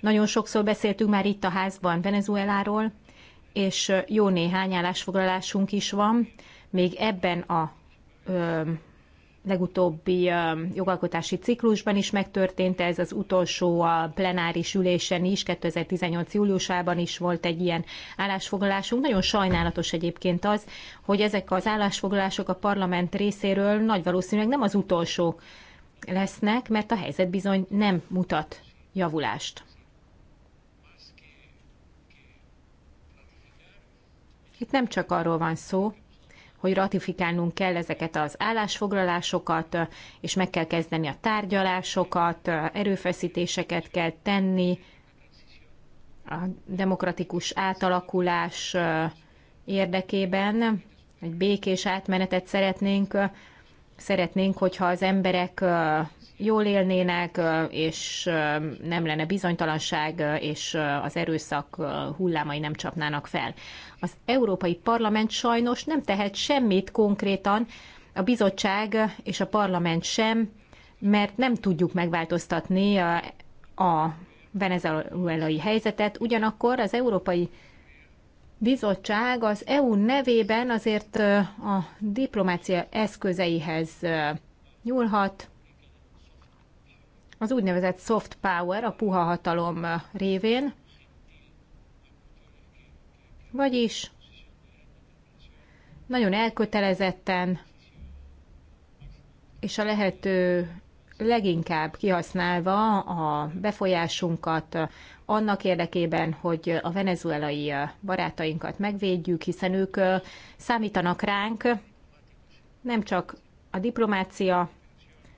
Nagyon sokszor beszéltünk már itt a házban Venezueláról, és jó néhány állásfoglalásunk is van, még ebben a legutóbbi jogalkotási ciklusban is megtörtént, ez az utolsó plenáris ülésen is, 2018. júliusában is volt egy ilyen állásfoglalásunk. Nagyon sajnálatos egyébként az, hogy ezek az állásfoglalások a parlament részéről nagy valószínűleg nem az utolsó lesznek, mert a helyzet bizony nem mutat javulást. Itt nem csak arról van szó, hogy ratifikálnunk kell ezeket az állásfoglalásokat, és meg kell kezdeni a tárgyalásokat, erőfeszítéseket kell tenni, a demokratikus átalakulás érdekében, egy békés átmenetet szeretnénk Szeretnénk, hogyha az emberek jól élnének, és nem lenne bizonytalanság, és az erőszak hullámai nem csapnának fel. Az Európai Parlament sajnos nem tehet semmit konkrétan, a bizottság és a parlament sem, mert nem tudjuk megváltoztatni a venezuelai helyzetet, ugyanakkor az Európai bizottság az EU nevében azért a diplomácia eszközeihez nyúlhat, az úgynevezett soft power, a puha hatalom révén, vagyis nagyon elkötelezetten és a lehető leginkább kihasználva a befolyásunkat annak érdekében, hogy a venezuelai barátainkat megvédjük, hiszen ők számítanak ránk nem csak a diplomácia,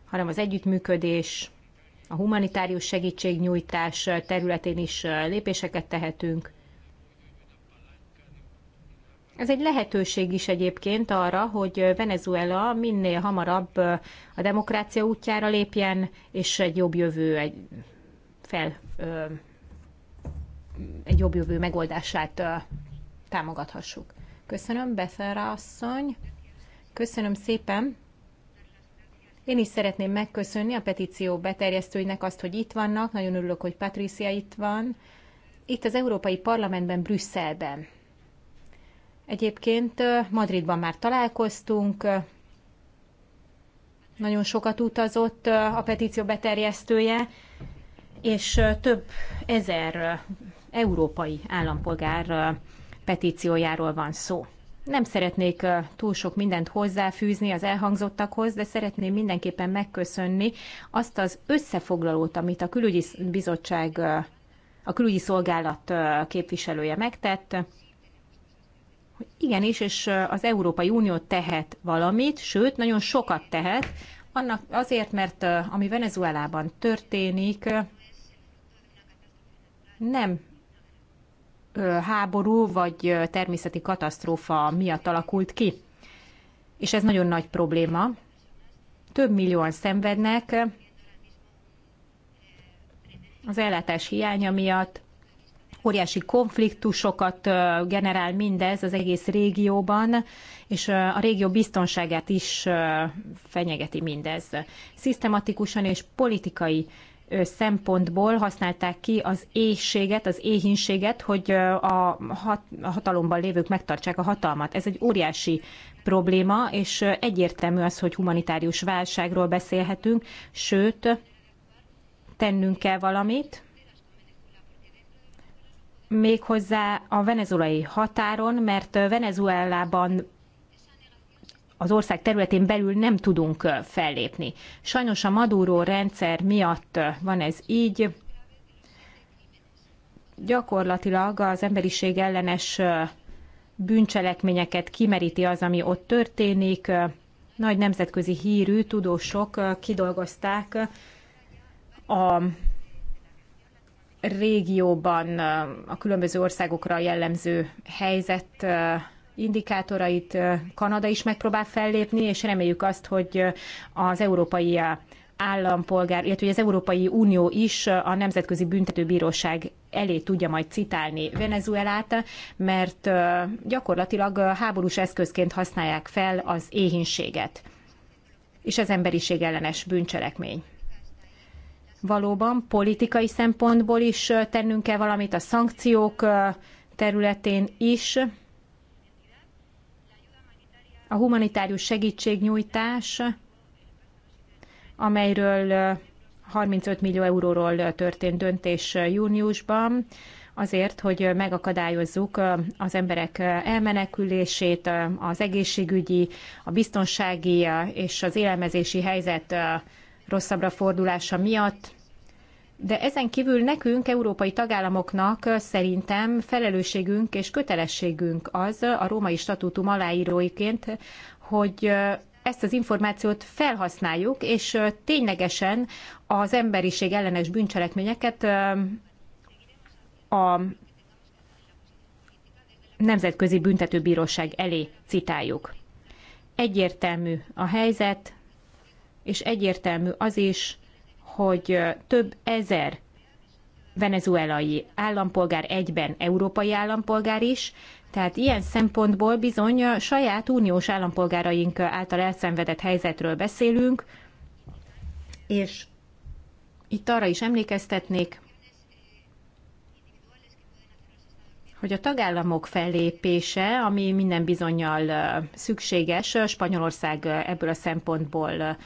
hanem az együttműködés, a humanitárius segítségnyújtás területén is lépéseket tehetünk. Ez egy lehetőség is egyébként arra, hogy Venezuela minél hamarabb a demokrácia útjára lépjen, és egy jobb jövő, egy, fel, egy jobb jövő megoldását támogathassuk. Köszönöm, Befera asszony. Köszönöm szépen. Én is szeretném megköszönni a petíció beterjesztőinek azt, hogy itt vannak. Nagyon örülök, hogy Patricia itt van. Itt az Európai Parlamentben, Brüsszelben Egyébként Madridban már találkoztunk, nagyon sokat utazott a petíció beterjesztője, és több ezer európai állampolgár petíciójáról van szó. Nem szeretnék túl sok mindent hozzáfűzni az elhangzottakhoz, de szeretném mindenképpen megköszönni azt az összefoglalót, amit a külügyi bizottság, a külügyi szolgálat képviselője megtett hogy igenis, és az Európai Unió tehet valamit, sőt, nagyon sokat tehet, annak azért, mert ami Venezuelában történik, nem háború vagy természeti katasztrófa miatt alakult ki. És ez nagyon nagy probléma. Több millióan szenvednek az ellátás hiánya miatt, óriási konfliktusokat generál mindez az egész régióban, és a régió biztonságát is fenyegeti mindez. Szisztematikusan és politikai szempontból használták ki az éhséget, az éhínséget, hogy a hatalomban lévők megtartsák a hatalmat. Ez egy óriási probléma, és egyértelmű az, hogy humanitárius válságról beszélhetünk, sőt, tennünk kell valamit, méghozzá a venezuelai határon, mert Venezuelában az ország területén belül nem tudunk fellépni. Sajnos a Maduro rendszer miatt van ez így. Gyakorlatilag az emberiség ellenes bűncselekményeket kimeríti az, ami ott történik. Nagy nemzetközi hírű tudósok kidolgozták a régióban a különböző országokra jellemző helyzet indikátorait Kanada is megpróbál fellépni, és reméljük azt, hogy az európai állampolgár, illetve az Európai Unió is a Nemzetközi Büntetőbíróság elé tudja majd citálni Venezuelát, mert gyakorlatilag háborús eszközként használják fel az éhínséget, és az emberiség ellenes bűncselekmény valóban politikai szempontból is tennünk kell valamit, a szankciók területén is. A humanitárius segítségnyújtás, amelyről 35 millió euróról történt döntés júniusban, azért, hogy megakadályozzuk az emberek elmenekülését, az egészségügyi, a biztonsági és az élelmezési helyzet rosszabbra fordulása miatt. De ezen kívül nekünk, európai tagállamoknak szerintem felelősségünk és kötelességünk az a római statútum aláíróiként, hogy ezt az információt felhasználjuk, és ténylegesen az emberiség ellenes bűncselekményeket a Nemzetközi Büntetőbíróság elé citáljuk. Egyértelmű a helyzet, és egyértelmű az is, hogy több ezer venezuelai állampolgár egyben európai állampolgár is, tehát ilyen szempontból bizony a saját uniós állampolgáraink által elszenvedett helyzetről beszélünk, és itt arra is emlékeztetnék, hogy a tagállamok fellépése, ami minden bizonyal szükséges, Spanyolország ebből a szempontból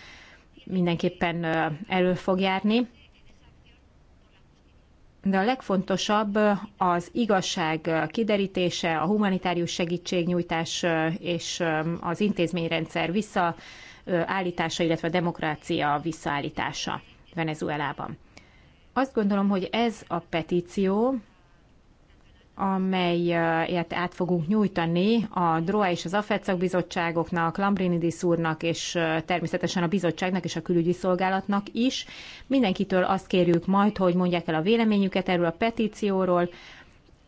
mindenképpen elő fog járni. De a legfontosabb az igazság kiderítése, a humanitárius segítségnyújtás és az intézményrendszer visszaállítása, illetve a demokrácia visszaállítása Venezuelában. Azt gondolom, hogy ez a petíció amelyet eh, át fogunk nyújtani a DROA és az AFED bizottságoknak, Lambrinidis úrnak és eh, természetesen a bizottságnak és a külügyi szolgálatnak is. Mindenkitől azt kérjük majd, hogy mondják el a véleményüket erről a petícióról,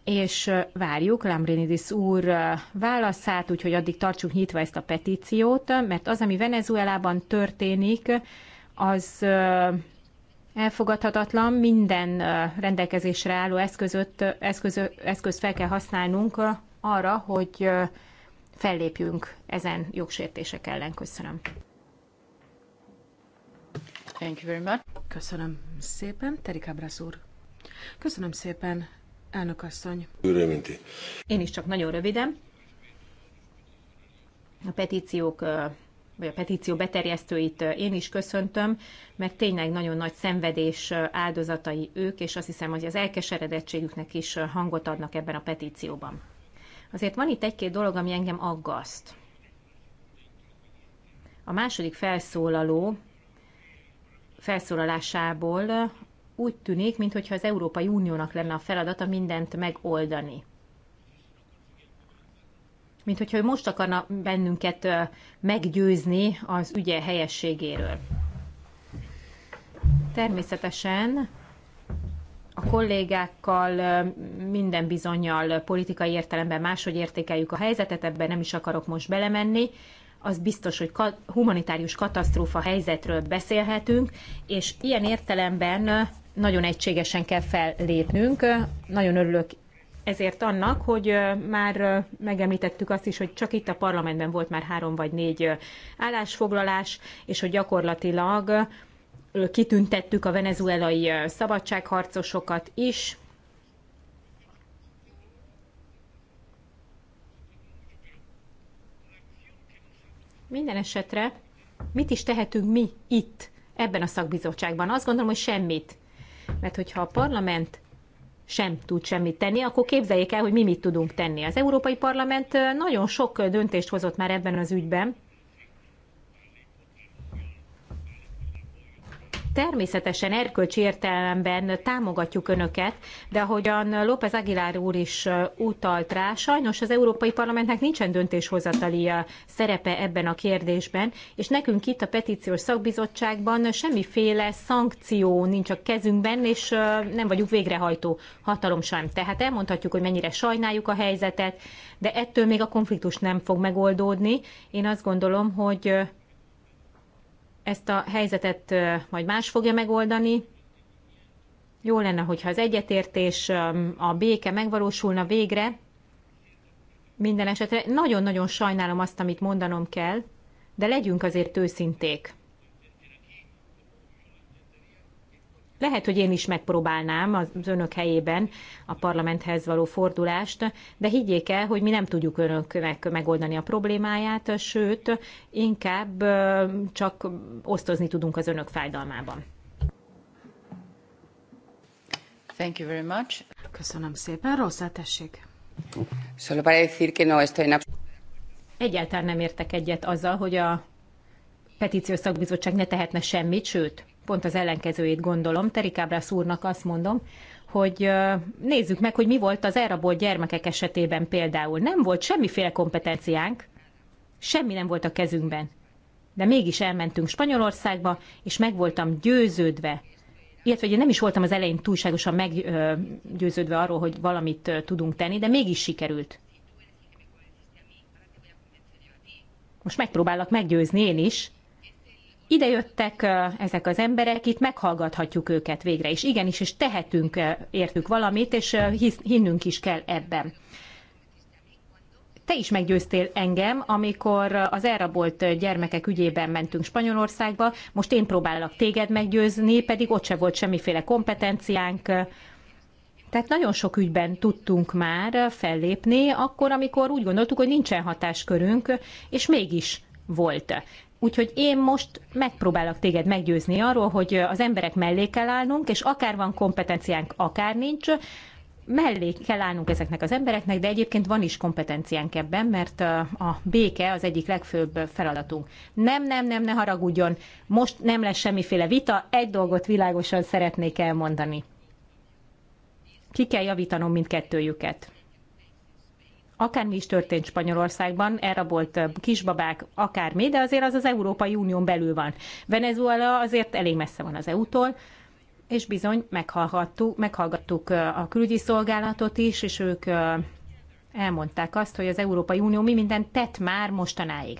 és eh, várjuk Lambrinidis úr válaszát, úgyhogy addig tartsuk nyitva ezt a petíciót, mert az, ami Venezuelában történik, az elfogadhatatlan, minden rendelkezésre álló eszközöt, eszköz, eszközt fel kell használnunk arra, hogy fellépjünk ezen jogsértések ellen. Köszönöm. Thank you very much. Köszönöm szépen, Terika Brasz úr. Köszönöm szépen, elnök asszony. Én is csak nagyon röviden. A petíciók vagy a petíció beterjesztőit én is köszöntöm, mert tényleg nagyon nagy szenvedés áldozatai ők, és azt hiszem, hogy az elkeseredettségüknek is hangot adnak ebben a petícióban. Azért van itt egy-két dolog, ami engem aggaszt. A második felszólaló felszólalásából úgy tűnik, mintha az Európai Uniónak lenne a feladata mindent megoldani mint hogyha most akarna bennünket meggyőzni az ügye helyességéről. Természetesen a kollégákkal minden bizonyal politikai értelemben máshogy értékeljük a helyzetet, ebben nem is akarok most belemenni. Az biztos, hogy humanitárius katasztrófa helyzetről beszélhetünk, és ilyen értelemben nagyon egységesen kell fellépnünk. Nagyon örülök ezért annak, hogy már megemlítettük azt is, hogy csak itt a parlamentben volt már három vagy négy állásfoglalás, és hogy gyakorlatilag kitüntettük a venezuelai szabadságharcosokat is. Minden esetre mit is tehetünk mi itt, ebben a szakbizottságban? Azt gondolom, hogy semmit. Mert hogyha a parlament sem tud semmit tenni, akkor képzeljék el, hogy mi mit tudunk tenni. Az Európai Parlament nagyon sok döntést hozott már ebben az ügyben, Természetesen erkölcsi értelemben támogatjuk Önöket, de ahogyan López Aguilar úr is utalt rá, sajnos az Európai Parlamentnek nincsen döntéshozatali szerepe ebben a kérdésben, és nekünk itt a petíciós szakbizottságban semmiféle szankció nincs a kezünkben, és nem vagyunk végrehajtó hatalom sem. Tehát elmondhatjuk, hogy mennyire sajnáljuk a helyzetet, de ettől még a konfliktus nem fog megoldódni. Én azt gondolom, hogy ezt a helyzetet majd más fogja megoldani. Jó lenne, hogyha az egyetértés, a béke megvalósulna végre. Minden esetre nagyon-nagyon sajnálom azt, amit mondanom kell, de legyünk azért őszinték. lehet, hogy én is megpróbálnám az önök helyében a parlamenthez való fordulást, de higgyék el, hogy mi nem tudjuk önöknek megoldani a problémáját, sőt, inkább csak osztozni tudunk az önök fájdalmában. Thank you very much. Köszönöm szépen. Rosszá tessék. Solo para decir que no estoy en Egyáltalán nem értek egyet azzal, hogy a petíciós szakbizottság ne tehetne semmit, sőt, pont az ellenkezőjét gondolom. Terikábra szúrnak azt mondom, hogy nézzük meg, hogy mi volt az elrabolt gyermekek esetében például. Nem volt semmiféle kompetenciánk, semmi nem volt a kezünkben. De mégis elmentünk Spanyolországba, és meg voltam győződve, illetve én nem is voltam az elején túlságosan meggyőződve arról, hogy valamit tudunk tenni, de mégis sikerült. Most megpróbálok meggyőzni én is, ide jöttek ezek az emberek, itt meghallgathatjuk őket végre, és igenis, és tehetünk értük valamit, és hinnünk is kell ebben. Te is meggyőztél engem, amikor az elrabolt gyermekek ügyében mentünk Spanyolországba, most én próbálok téged meggyőzni, pedig ott se volt semmiféle kompetenciánk, tehát nagyon sok ügyben tudtunk már fellépni, akkor, amikor úgy gondoltuk, hogy nincsen hatáskörünk, és mégis volt. Úgyhogy én most megpróbálok téged meggyőzni arról, hogy az emberek mellé kell állnunk, és akár van kompetenciánk, akár nincs, mellé kell állnunk ezeknek az embereknek, de egyébként van is kompetenciánk ebben, mert a béke az egyik legfőbb feladatunk. Nem, nem, nem, ne haragudjon, most nem lesz semmiféle vita, egy dolgot világosan szeretnék elmondani. Ki kell javítanom mindkettőjüket akármi is történt Spanyolországban, elrabolt kisbabák, akármi, de azért az az Európai Unión belül van. Venezuela azért elég messze van az EU-tól, és bizony meghallgattuk, meghallgattuk a külügyi szolgálatot is, és ők elmondták azt, hogy az Európai Unió mi mindent tett már mostanáig.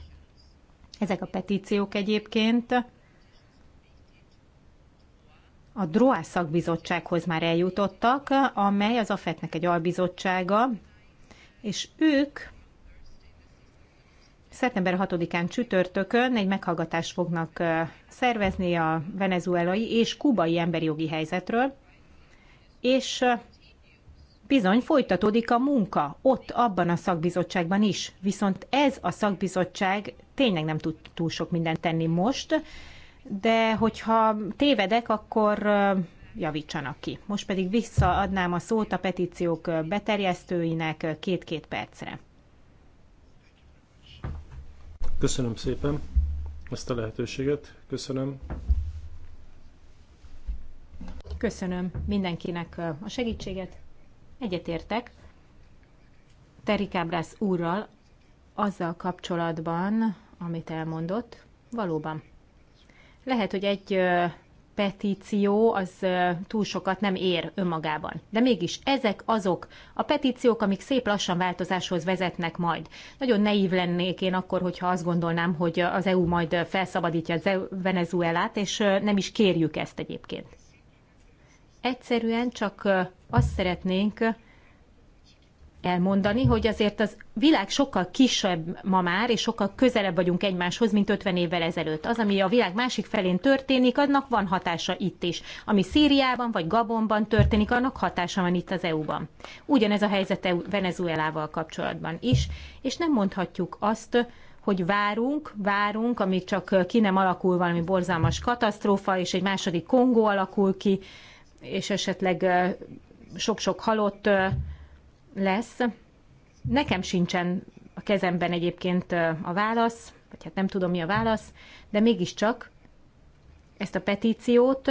Ezek a petíciók egyébként a DROA szakbizottsághoz már eljutottak, amely az AFET-nek egy albizottsága, és ők szeptember 6-án csütörtökön egy meghallgatást fognak szervezni a venezuelai és kubai emberi jogi helyzetről, és bizony folytatódik a munka ott, abban a szakbizottságban is. Viszont ez a szakbizottság tényleg nem tud túl sok mindent tenni most, de hogyha tévedek, akkor javítsanak ki. Most pedig visszaadnám a szót a petíciók beterjesztőinek két-két percre. Köszönöm szépen ezt a lehetőséget. Köszönöm. Köszönöm mindenkinek a segítséget. Egyetértek Terik Ábrász úrral azzal kapcsolatban, amit elmondott. Valóban. Lehet, hogy egy petíció az túl sokat nem ér önmagában. De mégis ezek azok a petíciók, amik szép lassan változáshoz vezetnek majd. Nagyon naív lennék én akkor, hogyha azt gondolnám, hogy az EU majd felszabadítja e Venezuelát, és nem is kérjük ezt egyébként. Egyszerűen csak azt szeretnénk, elmondani, hogy azért az világ sokkal kisebb ma már, és sokkal közelebb vagyunk egymáshoz, mint 50 évvel ezelőtt. Az, ami a világ másik felén történik, annak van hatása itt is. Ami Szíriában vagy Gabonban történik, annak hatása van itt az EU-ban. Ugyanez a helyzet e Venezuelával kapcsolatban is, és nem mondhatjuk azt, hogy várunk, várunk, amíg csak ki nem alakul valami borzalmas katasztrófa, és egy második Kongó alakul ki, és esetleg sok-sok halott lesz. Nekem sincsen a kezemben egyébként a válasz, vagy hát nem tudom mi a válasz, de mégiscsak ezt a petíciót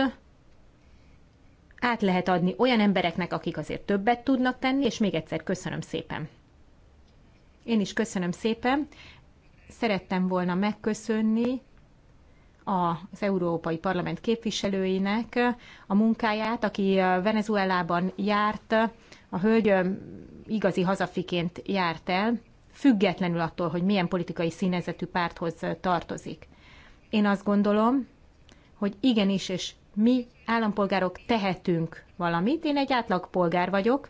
át lehet adni olyan embereknek, akik azért többet tudnak tenni, és még egyszer köszönöm szépen. Én is köszönöm szépen. Szerettem volna megköszönni az Európai Parlament képviselőinek a munkáját, aki Venezuelában járt, a hölgy igazi hazafiként járt el, függetlenül attól, hogy milyen politikai színezetű párthoz tartozik. Én azt gondolom, hogy igenis, és mi állampolgárok tehetünk valamit. Én egy átlagpolgár vagyok,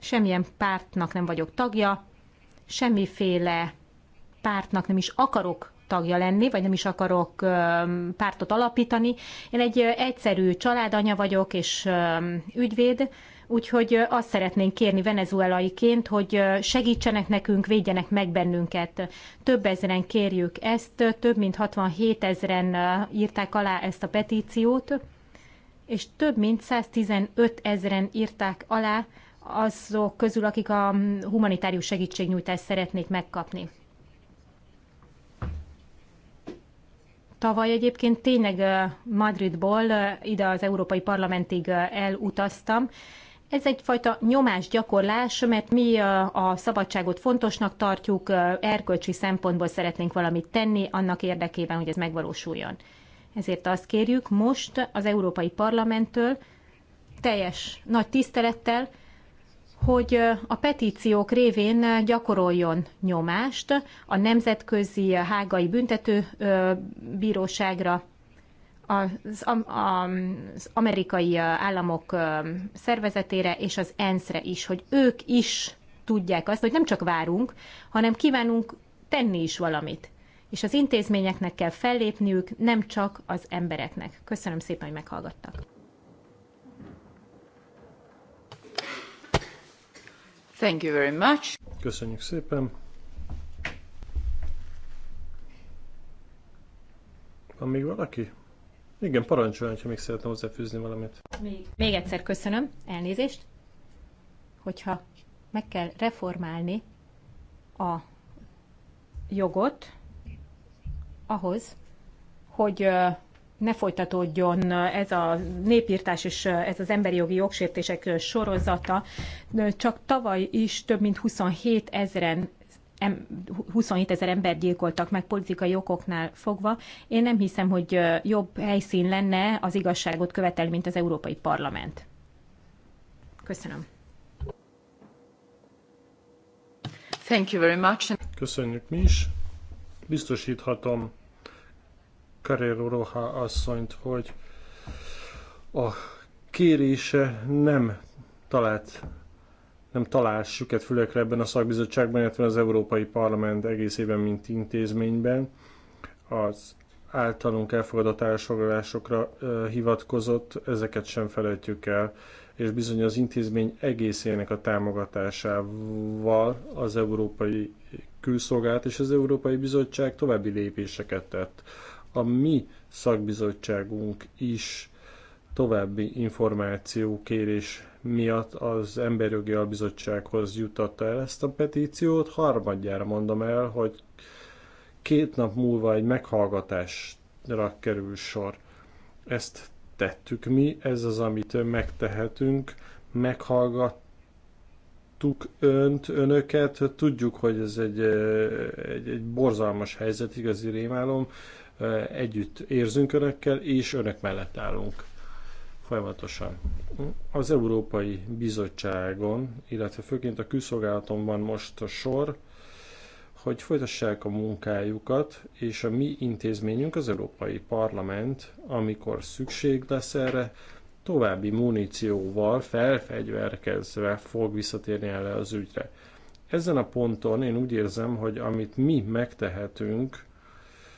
semmilyen pártnak nem vagyok tagja, semmiféle pártnak nem is akarok tagja lenni, vagy nem is akarok pártot alapítani. Én egy egyszerű családanya vagyok, és ügyvéd, Úgyhogy azt szeretnénk kérni venezuelaiként, hogy segítsenek nekünk, védjenek meg bennünket. Több ezeren kérjük ezt, több mint 67 ezeren írták alá ezt a petíciót, és több mint 115 ezeren írták alá azok közül, akik a humanitárius segítségnyújtást szeretnék megkapni. Tavaly egyébként tényleg Madridból ide az Európai Parlamentig elutaztam, ez egyfajta nyomásgyakorlás, mert mi a szabadságot fontosnak tartjuk, erkölcsi szempontból szeretnénk valamit tenni annak érdekében, hogy ez megvalósuljon. Ezért azt kérjük most az Európai Parlamenttől teljes nagy tisztelettel, hogy a petíciók révén gyakoroljon nyomást a Nemzetközi Hágai Büntető Bíróságra, az, az amerikai államok szervezetére és az ENSZ-re is, hogy ők is tudják azt, hogy nem csak várunk, hanem kívánunk tenni is valamit. És az intézményeknek kell fellépniük, nem csak az embereknek. Köszönöm szépen, hogy meghallgattak. Thank you very much. Köszönjük szépen. Van még valaki? Igen, parancsoljon, ha még szeretne hozzáfűzni valamit. Még. még egyszer köszönöm, elnézést, hogyha meg kell reformálni a jogot ahhoz, hogy ne folytatódjon ez a népírtás és ez az emberi jogi jogsértések sorozata. Csak tavaly is több mint 27 ezeren 27 ezer ember gyilkoltak meg politikai okoknál fogva. Én nem hiszem, hogy jobb helyszín lenne az igazságot követelni, mint az Európai Parlament. Köszönöm. Thank you very much. Köszönjük mi is. Biztosíthatom Carrero Roha asszonyt, hogy a kérése nem talált nem talál süket fülekre ebben a szakbizottságban, illetve az Európai Parlament egészében, mint intézményben. Az általunk elfogadott állásfoglalásokra hivatkozott, ezeket sem felejtjük el, és bizony az intézmény egészének a támogatásával az Európai Külszolgálat és az Európai Bizottság további lépéseket tett. A mi szakbizottságunk is további információ kérés miatt az Emberjogi Albizottsághoz jutatta el ezt a petíciót. Harmadjára mondom el, hogy két nap múlva egy meghallgatásra kerül sor. Ezt tettük mi, ez az, amit megtehetünk. Meghallgattuk önt, önöket, tudjuk, hogy ez egy, egy, egy borzalmas helyzet, igazi rémálom. Együtt érzünk önökkel, és önök mellett állunk folyamatosan. Az Európai Bizottságon, illetve főként a külszolgálaton van most a sor, hogy folytassák a munkájukat, és a mi intézményünk, az Európai Parlament, amikor szükség lesz erre, további munícióval felfegyverkezve fog visszatérni erre az ügyre. Ezen a ponton én úgy érzem, hogy amit mi megtehetünk,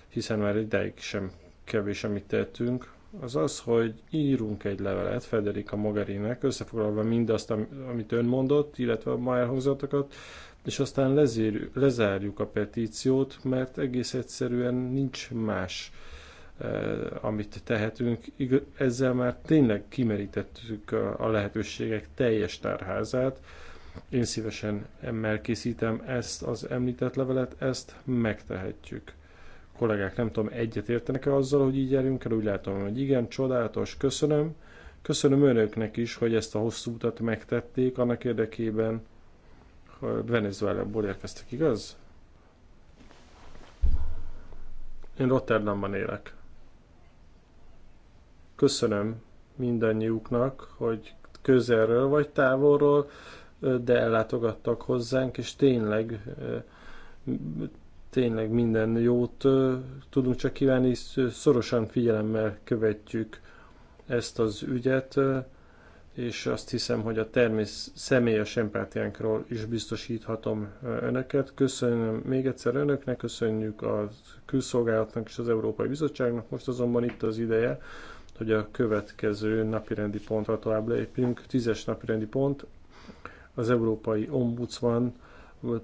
hiszen már ideig sem kevés, amit tettünk, az az, hogy írunk egy levelet Federica Mogherinek, összefoglalva mindazt, amit ön mondott, illetve a ma elhangzottakat, és aztán lezír, lezárjuk a petíciót, mert egész egyszerűen nincs más, eh, amit tehetünk. Ezzel már tényleg kimerítettük a, a lehetőségek teljes tárházát. Én szívesen emmel készítem ezt az említett levelet, ezt megtehetjük kollégák nem tudom, egyet értenek-e azzal, hogy így járjunk el, úgy látom, hogy igen, csodálatos, köszönöm. Köszönöm önöknek is, hogy ezt a hosszú utat megtették annak érdekében, hogy Venezuelából érkeztek, igaz? Én Rotterdamban élek. Köszönöm mindannyiuknak, hogy közelről vagy távolról, de ellátogattak hozzánk, és tényleg tényleg minden jót tudunk csak kívánni, szorosan figyelemmel követjük ezt az ügyet, és azt hiszem, hogy a természet személyes empátiánkról is biztosíthatom önöket. Köszönöm még egyszer önöknek, köszönjük a külszolgálatnak és az Európai Bizottságnak. Most azonban itt az ideje, hogy a következő napirendi pontra tovább lépjünk. Tízes napirendi pont az Európai Ombudsman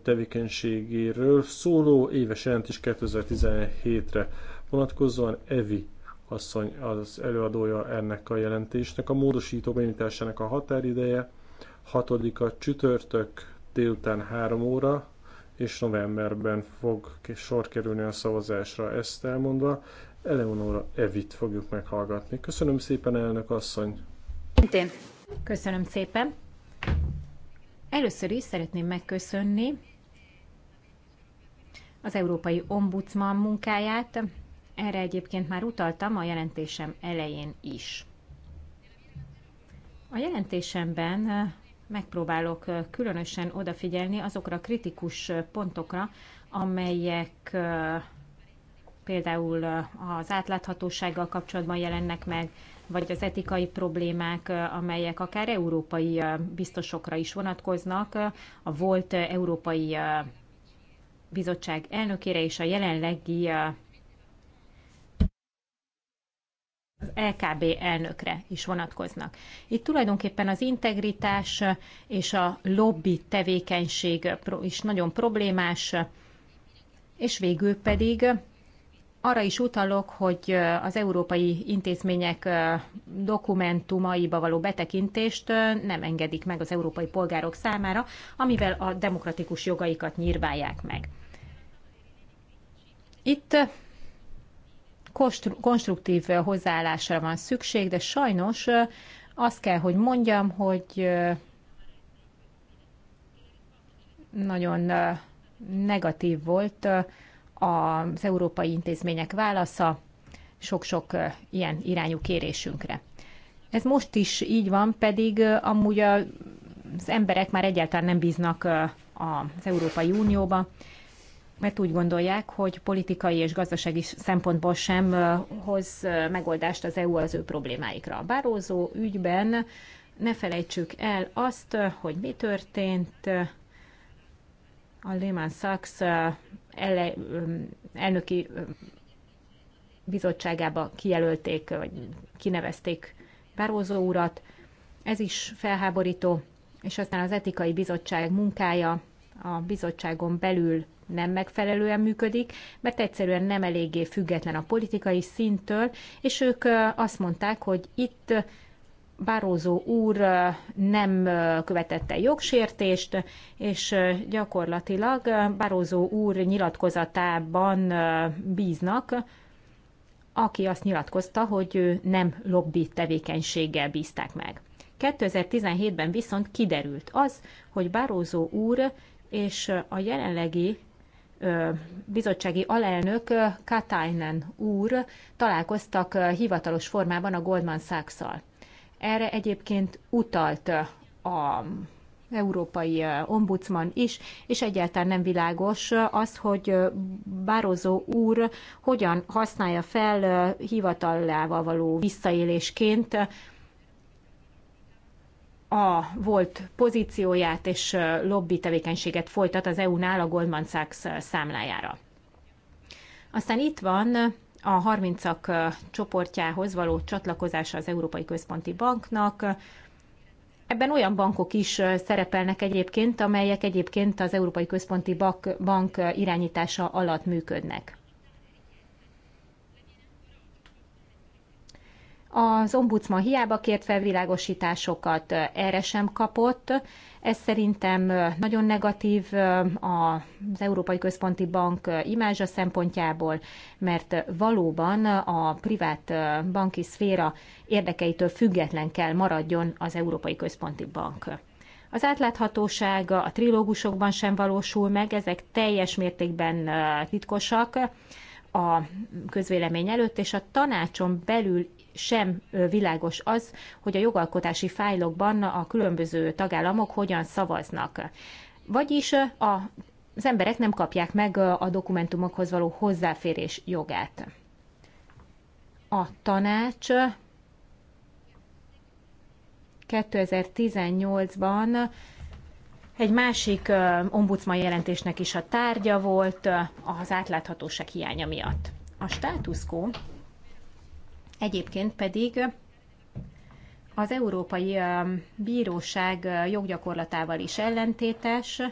tevékenységéről szóló éves jelentés 2017-re vonatkozóan Evi asszony az előadója ennek a jelentésnek. A módosító benyújtásának a határideje 6-a csütörtök délután 3 óra, és novemberben fog sor kerülni a szavazásra. Ezt elmondva, Eleonora Evit fogjuk meghallgatni. Köszönöm szépen, elnök asszony! Köszönöm szépen! Először is szeretném megköszönni az Európai Ombudsman munkáját. Erre egyébként már utaltam a jelentésem elején is. A jelentésemben eh, megpróbálok eh, különösen odafigyelni azokra a kritikus eh, pontokra, amelyek például az átláthatósággal kapcsolatban jelennek meg, vagy az etikai problémák, amelyek akár európai biztosokra is vonatkoznak, a volt európai bizottság elnökére és a jelenlegi az LKB elnökre is vonatkoznak. Itt tulajdonképpen az integritás és a lobby tevékenység is nagyon problémás, és végül pedig arra is utalok, hogy az európai intézmények dokumentumaiba való betekintést nem engedik meg az európai polgárok számára, amivel a demokratikus jogaikat nyírválják meg. Itt konstruktív hozzáállásra van szükség, de sajnos azt kell, hogy mondjam, hogy nagyon negatív volt az európai intézmények válasza sok-sok ilyen irányú kérésünkre. Ez most is így van, pedig amúgy az emberek már egyáltalán nem bíznak az Európai Unióba, mert úgy gondolják, hogy politikai és gazdasági szempontból sem hoz megoldást az EU az ő problémáikra. A bárózó ügyben ne felejtsük el azt, hogy mi történt a Lehman Sachs ele, elnöki bizottságába kijelölték, vagy kinevezték Barózó urat. Ez is felháborító, és aztán az etikai bizottság munkája a bizottságon belül nem megfelelően működik, mert egyszerűen nem eléggé független a politikai szinttől, és ők azt mondták, hogy itt Barózó úr nem követette jogsértést, és gyakorlatilag Barózó úr nyilatkozatában bíznak, aki azt nyilatkozta, hogy ő nem lobby tevékenységgel bízták meg. 2017-ben viszont kiderült az, hogy Barózó úr és a jelenlegi bizottsági alelnök Katainen úr találkoztak hivatalos formában a Goldman Sachs-szal. Erre egyébként utalt a európai ombudsman is, és egyáltalán nem világos az, hogy Bározó úr hogyan használja fel hivatalával való visszaélésként a volt pozícióját és lobby tevékenységet folytat az EU-nál a Goldman Sachs számlájára. Aztán itt van a 30-ak csoportjához való csatlakozása az Európai Központi Banknak. Ebben olyan bankok is szerepelnek egyébként, amelyek egyébként az Európai Központi Bank irányítása alatt működnek. Az ombudsman hiába kért felvilágosításokat, erre sem kapott. Ez szerintem nagyon negatív az Európai Központi Bank imázsa szempontjából, mert valóban a privát banki szféra érdekeitől független kell maradjon az Európai Központi Bank. Az átláthatóság a trilógusokban sem valósul meg, ezek teljes mértékben titkosak a közvélemény előtt, és a tanácson belül sem világos az, hogy a jogalkotási fájlokban a különböző tagállamok hogyan szavaznak. Vagyis a, az emberek nem kapják meg a dokumentumokhoz való hozzáférés jogát. A tanács 2018-ban egy másik ombudsman jelentésnek is a tárgya volt az átláthatóság hiánya miatt. A státuszkó Egyébként pedig az Európai Bíróság joggyakorlatával is ellentétes.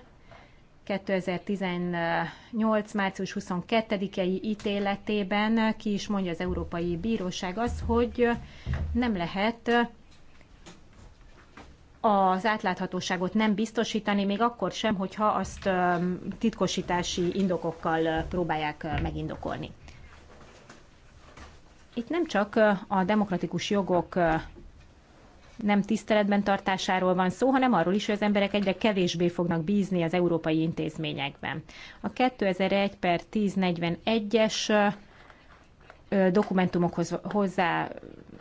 2018. március 22-i ítéletében ki is mondja az Európai Bíróság az, hogy nem lehet az átláthatóságot nem biztosítani, még akkor sem, hogyha azt titkosítási indokokkal próbálják megindokolni. Itt nem csak a demokratikus jogok nem tiszteletben tartásáról van szó, hanem arról is, hogy az emberek egyre kevésbé fognak bízni az európai intézményekben. A 2001 per 1041-es dokumentumokhoz, hozzá,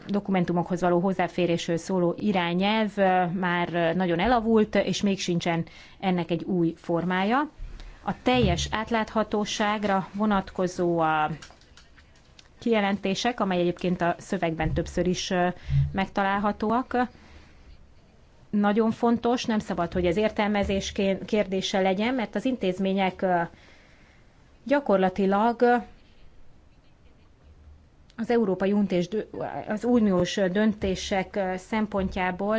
dokumentumokhoz való hozzáférésről szóló irányelv már nagyon elavult, és még sincsen ennek egy új formája. A teljes átláthatóságra vonatkozó a kijelentések, amely egyébként a szövegben többször is megtalálhatóak. Nagyon fontos, nem szabad, hogy ez értelmezés kérdése legyen, mert az intézmények gyakorlatilag az Európai Untés, az uniós döntések szempontjából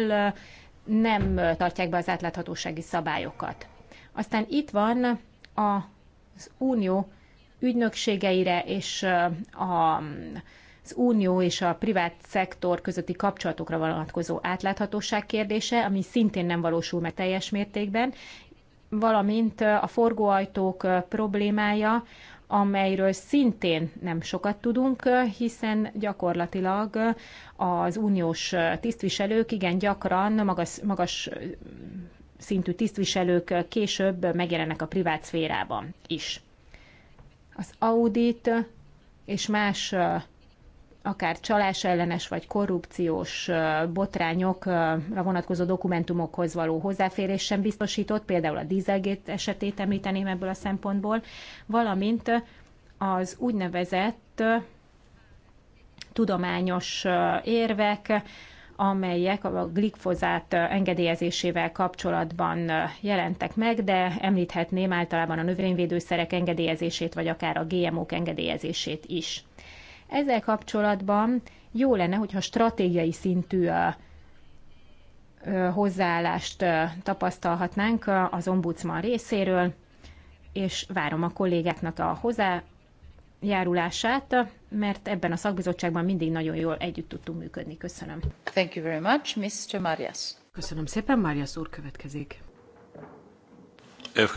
nem tartják be az átláthatósági szabályokat. Aztán itt van az unió ügynökségeire és a az unió és a privát szektor közötti kapcsolatokra vonatkozó átláthatóság kérdése, ami szintén nem valósul meg teljes mértékben, valamint a forgóajtók problémája, amelyről szintén nem sokat tudunk, hiszen gyakorlatilag az uniós tisztviselők igen gyakran magas, magas szintű tisztviselők később megjelennek a privát szférában is az audit és más akár csalás ellenes vagy korrupciós botrányokra vonatkozó dokumentumokhoz való hozzáférés sem biztosított, például a Dieselgate esetét említeném ebből a szempontból, valamint az úgynevezett tudományos érvek, amelyek a glikfozát engedélyezésével kapcsolatban jelentek meg, de említhetném általában a növényvédőszerek engedélyezését, vagy akár a GMO-k engedélyezését is. Ezzel kapcsolatban jó lenne, hogyha stratégiai szintű hozzáállást tapasztalhatnánk az ombudsman részéről, és várom a kollégáknak a hozzá járulását, mert ebben a szakbizottságban mindig nagyon jól együtt tudtunk működni. Köszönöm. Thank you very much, Mr. Marias. Köszönöm szépen, Marias úr következik. Eh,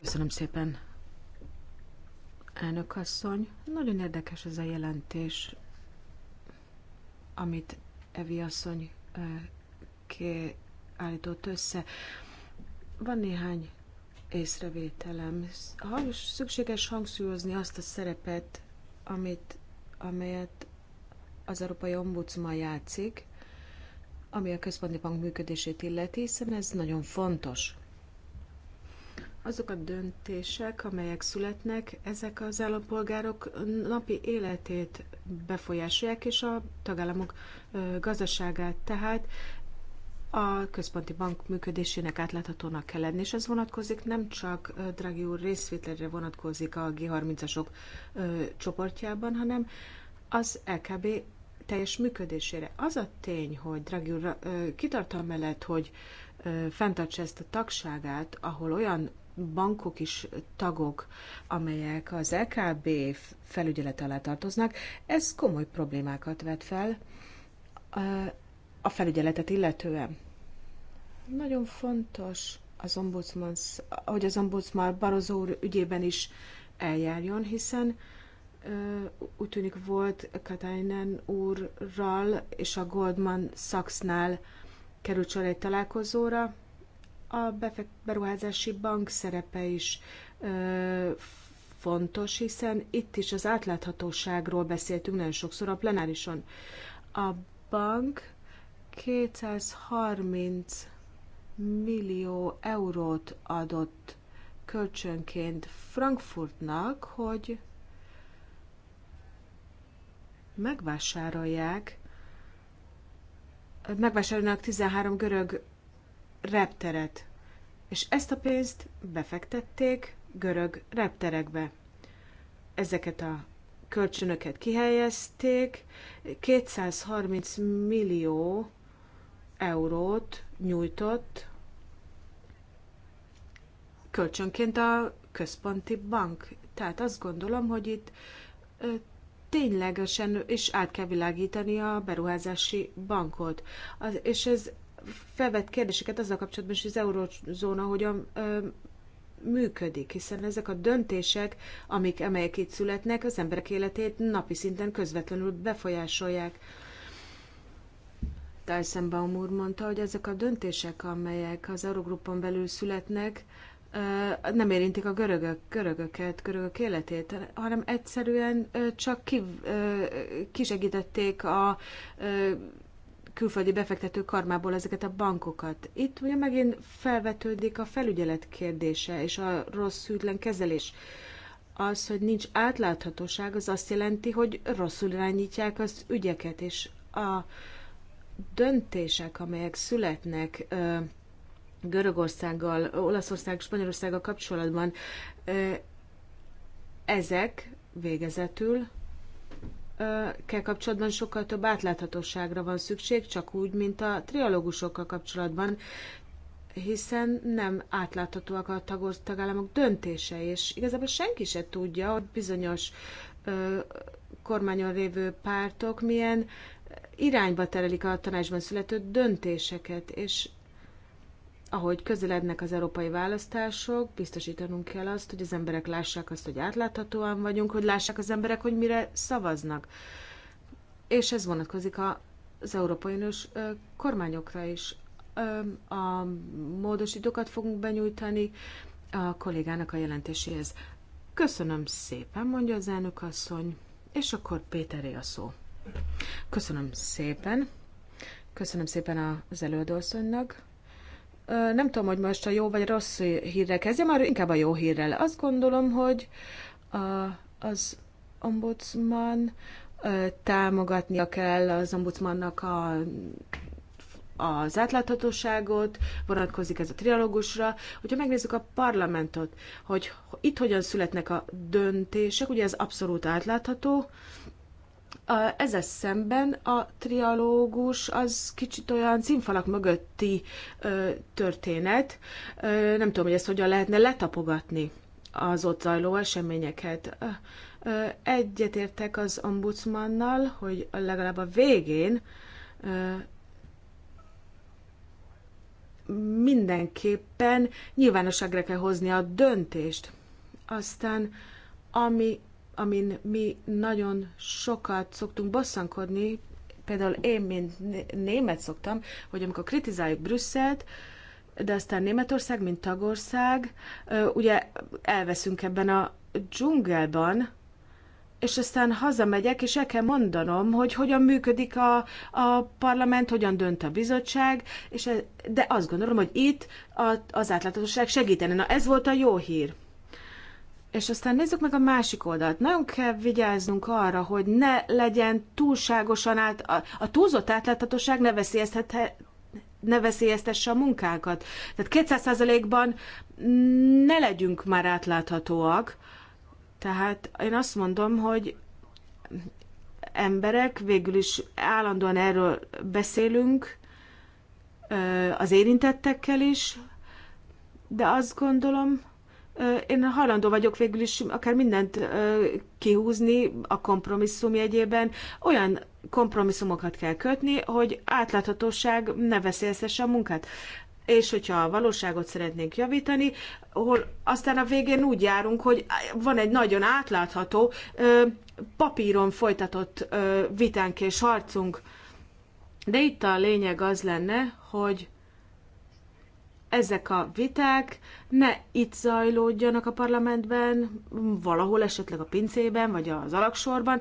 Köszönöm szépen, elnök asszony. Nagyon érdekes ez a jelentés, amit Evi asszony eh, állított össze. Van néhány észrevételem. Hangos, szükséges hangsúlyozni azt a szerepet, amit, amelyet az Európai Ombudsman játszik, ami a Központi Bank működését illeti, hiszen ez nagyon fontos. Azok a döntések, amelyek születnek, ezek az állampolgárok napi életét befolyásolják, és a tagállamok gazdaságát. Tehát a központi bank működésének átláthatónak kell lenni, és ez vonatkozik nem csak Draghi úr részvételre vonatkozik a G30-asok csoportjában, hanem az LKB teljes működésére. Az a tény, hogy Draghi úr kitartal mellett, hogy fenntartsa ezt a tagságát, ahol olyan bankok is tagok, amelyek az LKB felügyelet alá tartoznak, ez komoly problémákat vet fel a felügyeletet illetően. Nagyon fontos, az ombudsman, hogy az ombudsman Barozó úr ügyében is eljárjon, hiszen úgy tűnik volt Katainen úrral és a Goldman Sachsnál került sor egy találkozóra. A beruházási bank szerepe is ö, fontos, hiszen itt is az átláthatóságról beszéltünk nagyon sokszor a plenárison. A bank 230 millió eurót adott kölcsönként Frankfurtnak, hogy megvásárolják, megvásárolnak 13 görög repteret, és ezt a pénzt befektették görög repterekbe. Ezeket a kölcsönöket kihelyezték, 230 millió eurót nyújtott kölcsönként a központi bank. Tehát azt gondolom, hogy itt ténylegesen is át kell világítani a beruházási bankot. Az, és ez felvet kérdéseket azzal kapcsolatban is, hogy az eurozóna hogyan ö, működik, hiszen ezek a döntések, amik, amelyek itt születnek, az emberek életét napi szinten közvetlenül befolyásolják Dijsselbaum úr mondta, hogy ezek a döntések, amelyek az Eurogrupon belül születnek, nem érintik a görögök, görögöket, görögök életét, hanem egyszerűen csak ki, kisegítették a külföldi befektető karmából ezeket a bankokat. Itt ugye megint felvetődik a felügyelet kérdése és a rossz hűtlen kezelés. Az, hogy nincs átláthatóság, az azt jelenti, hogy rosszul irányítják az ügyeket, és a, döntések, amelyek születnek Görögországgal, Olaszország, Spanyolországgal kapcsolatban, ezek végezetül kell kapcsolatban sokkal több átláthatóságra van szükség, csak úgy, mint a trialógusokkal kapcsolatban, hiszen nem átláthatóak a tagállamok döntése, és igazából senki se tudja, hogy bizonyos kormányon lévő pártok milyen irányba terelik a tanácsban születő döntéseket, és ahogy közelednek az európai választások, biztosítanunk kell azt, hogy az emberek lássák azt, hogy átláthatóan vagyunk, hogy lássák az emberek, hogy mire szavaznak. És ez vonatkozik az Európai Uniós kormányokra is. A módosítókat fogunk benyújtani a kollégának a jelentéséhez. Köszönöm szépen, mondja az elnök asszony, és akkor Péteré a szó. Köszönöm szépen. Köszönöm szépen az előadóasszonynak. Nem tudom, hogy most a jó vagy rossz hírre kezdjem, már inkább a jó hírrel. Azt gondolom, hogy az ombudsman támogatnia kell az ombudsmannak a az átláthatóságot, vonatkozik ez a trialógusra. Hogyha megnézzük a parlamentot, hogy itt hogyan születnek a döntések, ugye ez abszolút átlátható, a, ezzel szemben a trialógus az kicsit olyan színfalak mögötti ö, történet. Ö, nem tudom, hogy ezt hogyan lehetne letapogatni az ott zajló eseményeket. Egyetértek az ombudsmannal, hogy legalább a végén ö, mindenképpen nyilvánosságra kell hozni a döntést. Aztán, ami amin mi nagyon sokat szoktunk bosszankodni, például én, mint német szoktam, hogy amikor kritizáljuk Brüsszelt, de aztán Németország, mint tagország, ugye elveszünk ebben a dzsungelban, és aztán hazamegyek, és el kell mondanom, hogy hogyan működik a, a parlament, hogyan dönt a bizottság, és, e, de azt gondolom, hogy itt a, az átláthatóság segítene. Na ez volt a jó hír. És aztán nézzük meg a másik oldalt. Nagyon kell vigyáznunk arra, hogy ne legyen túlságosan át, a, a túlzott átláthatóság ne veszélyeztethet, ne veszélyeztesse a munkákat. Tehát 200%-ban ne legyünk már átláthatóak. Tehát én azt mondom, hogy emberek, végül is állandóan erről beszélünk, az érintettekkel is, de azt gondolom, én hajlandó vagyok végül is akár mindent kihúzni a kompromisszum jegyében. Olyan kompromisszumokat kell kötni, hogy átláthatóság ne veszélyeztesse a munkát. És hogyha a valóságot szeretnénk javítani, hol aztán a végén úgy járunk, hogy van egy nagyon átlátható, papíron folytatott vitánk és harcunk. De itt a lényeg az lenne, hogy ezek a viták ne itt zajlódjanak a parlamentben, valahol esetleg a pincében, vagy az alaksorban.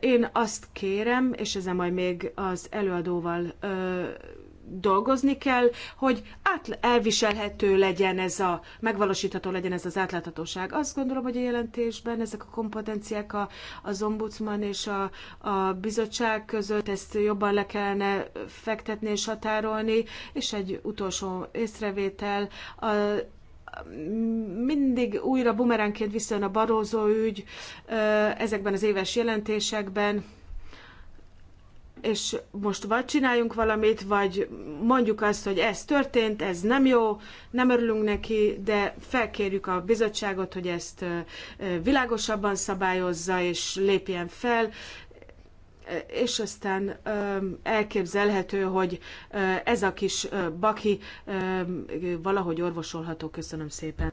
Én azt kérem, és ezen majd még az előadóval dolgozni kell, hogy át, elviselhető legyen ez a, megvalósítható legyen ez az átláthatóság. Azt gondolom, hogy a jelentésben ezek a kompetenciák a, az ombudsman és a, a bizottság között ezt jobban le kellene fektetni és határolni, és egy utolsó észrevétel, a, mindig újra bumeránként visszajön a Barózó ügy ezekben az éves jelentésekben, és most vagy csináljunk valamit, vagy mondjuk azt, hogy ez történt, ez nem jó, nem örülünk neki, de felkérjük a bizottságot, hogy ezt világosabban szabályozza, és lépjen fel, és aztán elképzelhető, hogy ez a kis baki valahogy orvosolható. Köszönöm szépen.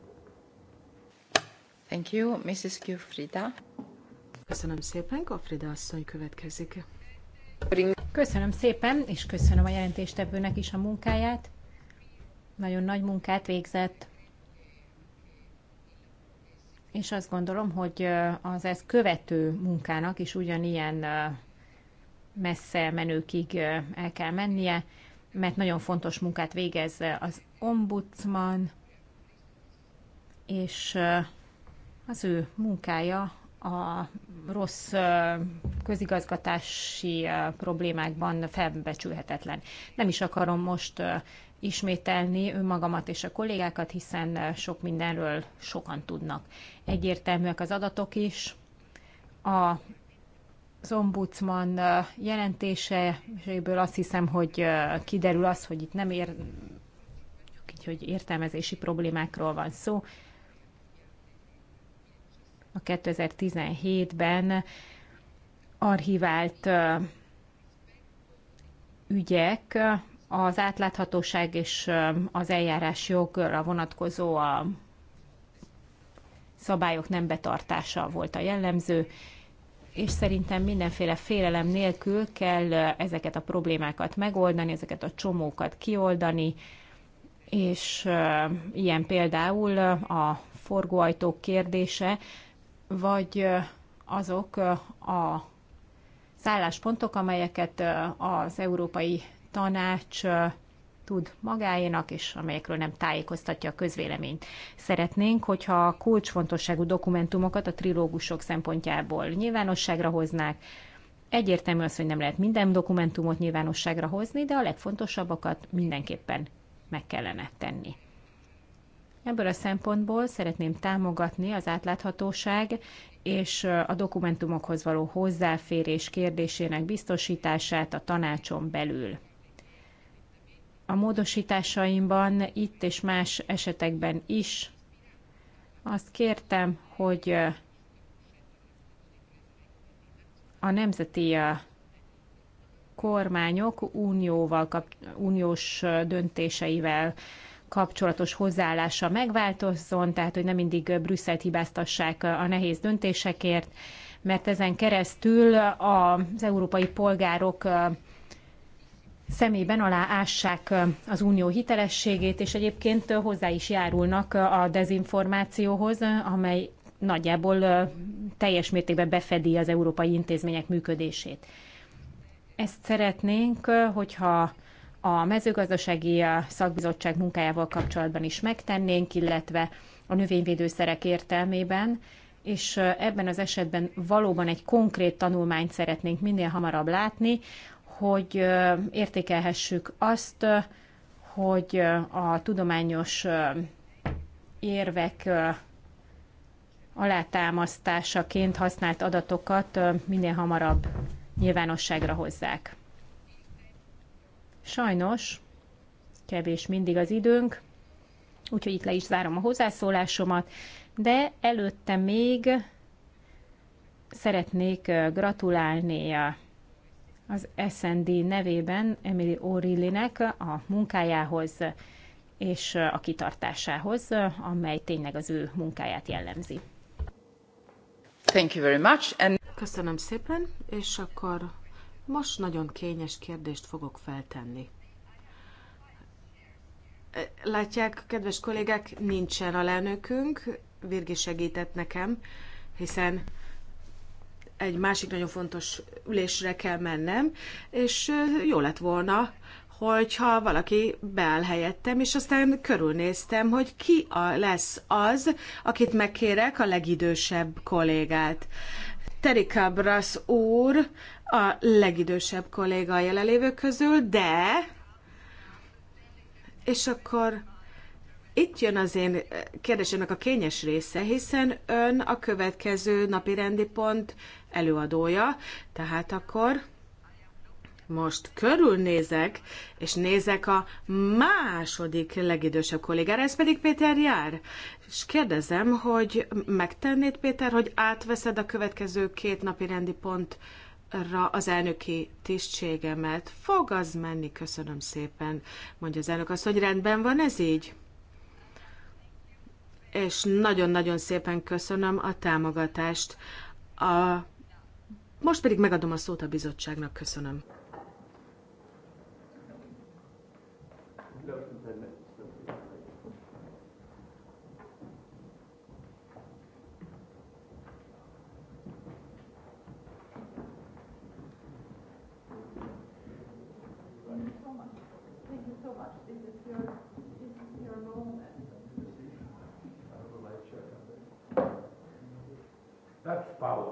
Thank you, Mrs. Gifrida. Köszönöm szépen, Gafrida asszony következik. Köszönöm szépen, és köszönöm a jelentéstevőnek is a munkáját. Nagyon nagy munkát végzett. És azt gondolom, hogy az ezt követő munkának is ugyanilyen messze menőkig el kell mennie, mert nagyon fontos munkát végez az ombudsman, és az ő munkája a rossz közigazgatási problémákban felbecsülhetetlen. Nem is akarom most ismételni önmagamat és a kollégákat, hiszen sok mindenről sokan tudnak. Egyértelműek az adatok is. A az ombudsman jelentéséből azt hiszem, hogy kiderül az, hogy itt nem ér, hogy értelmezési problémákról van szó, a 2017-ben archivált ügyek, az átláthatóság és az eljárás jogra vonatkozó a szabályok nem betartása volt a jellemző, és szerintem mindenféle félelem nélkül kell ezeket a problémákat megoldani, ezeket a csomókat kioldani, és ilyen például a forgóajtók kérdése, vagy azok a szálláspontok, amelyeket az Európai Tanács tud magáénak, és amelyekről nem tájékoztatja a közvéleményt. Szeretnénk, hogyha a kulcsfontosságú dokumentumokat a trilógusok szempontjából nyilvánosságra hoznák. Egyértelmű az, hogy nem lehet minden dokumentumot nyilvánosságra hozni, de a legfontosabbakat mindenképpen meg kellene tenni. Ebből a szempontból szeretném támogatni az átláthatóság és a dokumentumokhoz való hozzáférés kérdésének biztosítását a tanácson belül. A módosításaimban itt és más esetekben is azt kértem, hogy a nemzeti kormányok unióval, uniós döntéseivel kapcsolatos hozzáállása megváltozzon, tehát hogy nem mindig Brüsszelt hibáztassák a nehéz döntésekért, mert ezen keresztül az európai polgárok szemében aláássák az unió hitelességét, és egyébként hozzá is járulnak a dezinformációhoz, amely nagyjából teljes mértékben befedi az európai intézmények működését. Ezt szeretnénk, hogyha a mezőgazdasági szakbizottság munkájával kapcsolatban is megtennénk, illetve a növényvédőszerek értelmében, és ebben az esetben valóban egy konkrét tanulmányt szeretnénk minél hamarabb látni, hogy értékelhessük azt, hogy a tudományos érvek alátámasztásaként használt adatokat minél hamarabb nyilvánosságra hozzák. Sajnos kevés mindig az időnk, úgyhogy itt le is zárom a hozzászólásomat, de előtte még szeretnék gratulálni az SND nevében Emily O'Reillynek a munkájához és a kitartásához, amely tényleg az ő munkáját jellemzi. Thank you very much. And... Köszönöm szépen, és akkor most nagyon kényes kérdést fogok feltenni. E, látják, kedves kollégák, nincsen alelnökünk, Virgi segített nekem, hiszen egy másik nagyon fontos ülésre kell mennem, és jó lett volna, hogyha valaki beáll helyettem, és aztán körülnéztem, hogy ki a, lesz az, akit megkérek, a legidősebb kollégát. Terika Brass úr a legidősebb kolléga a jelenlévők közül, de... És akkor itt jön az én kérdésemnek a kényes része, hiszen ön a következő napi rendi pont előadója, tehát akkor most körülnézek, és nézek a második legidősebb kollégára, ez pedig Péter jár. És kérdezem, hogy megtennéd, Péter, hogy átveszed a következő két napi rendi pont Ra az elnöki tisztségemet. Fog az menni, köszönöm szépen, mondja az elnök azt, hogy rendben van ez így? És nagyon-nagyon szépen köszönöm a támogatást. A... Most pedig megadom a szót a bizottságnak, köszönöm. power.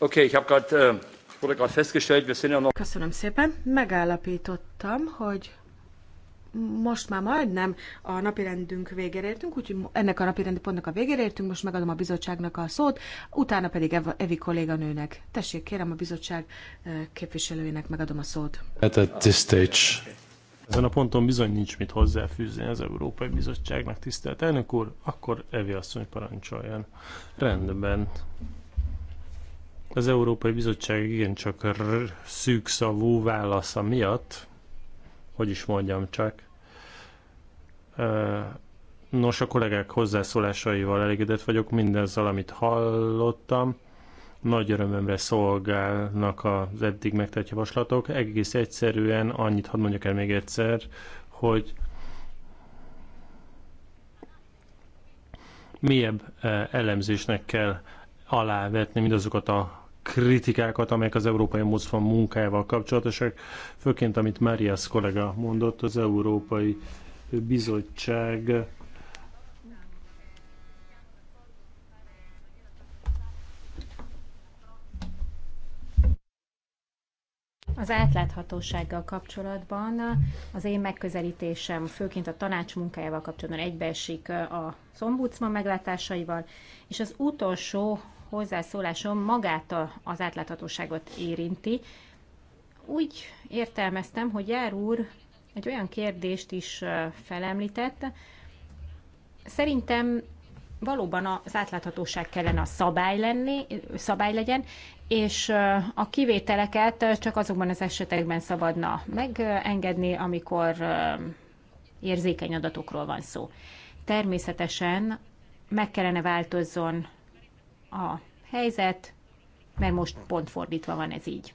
Okay, ich habe gerade, äh, wurde gerade festgestellt, wir sind ja noch. Köszönöm szépen. Megállapítottam, hogy most már majdnem a napirendünk végére értünk, úgyhogy ennek a napirendi pontnak a végére értünk, most megadom a bizottságnak a szót, utána pedig Evi kolléganőnek. Tessék, kérem a bizottság képviselőjének megadom a szót. At this stage. Ezen a ponton bizony nincs mit hozzáfűzni az Európai Bizottságnak, tisztelt elnök úr, akkor Evi asszony parancsoljon. Rendben. Az Európai Bizottság igencsak szűkszavú válasza miatt hogy is mondjam csak. Nos, a kollégák hozzászólásaival elégedett vagyok, mindezzel, amit hallottam. Nagy örömömre szolgálnak az eddig megtett javaslatok. Egész egyszerűen annyit hadd mondjak el még egyszer, hogy mélyebb elemzésnek kell alávetni mindazokat a kritikákat, amelyek az Európai Ombudsman munkájával kapcsolatosak, főként amit Marias kollega mondott, az Európai Bizottság Az átláthatósággal kapcsolatban az én megközelítésem főként a tanács munkájával kapcsolatban egybeesik a ombudsman meglátásaival, és az utolsó hozzászólásom magát a az átláthatóságot érinti. Úgy értelmeztem, hogy Jár úr egy olyan kérdést is felemlített. Szerintem valóban az átláthatóság kellene a szabály, lenni, szabály legyen, és a kivételeket csak azokban az esetekben szabadna megengedni, amikor érzékeny adatokról van szó. Természetesen meg kellene változzon a helyzet, mert most pont fordítva van ez így.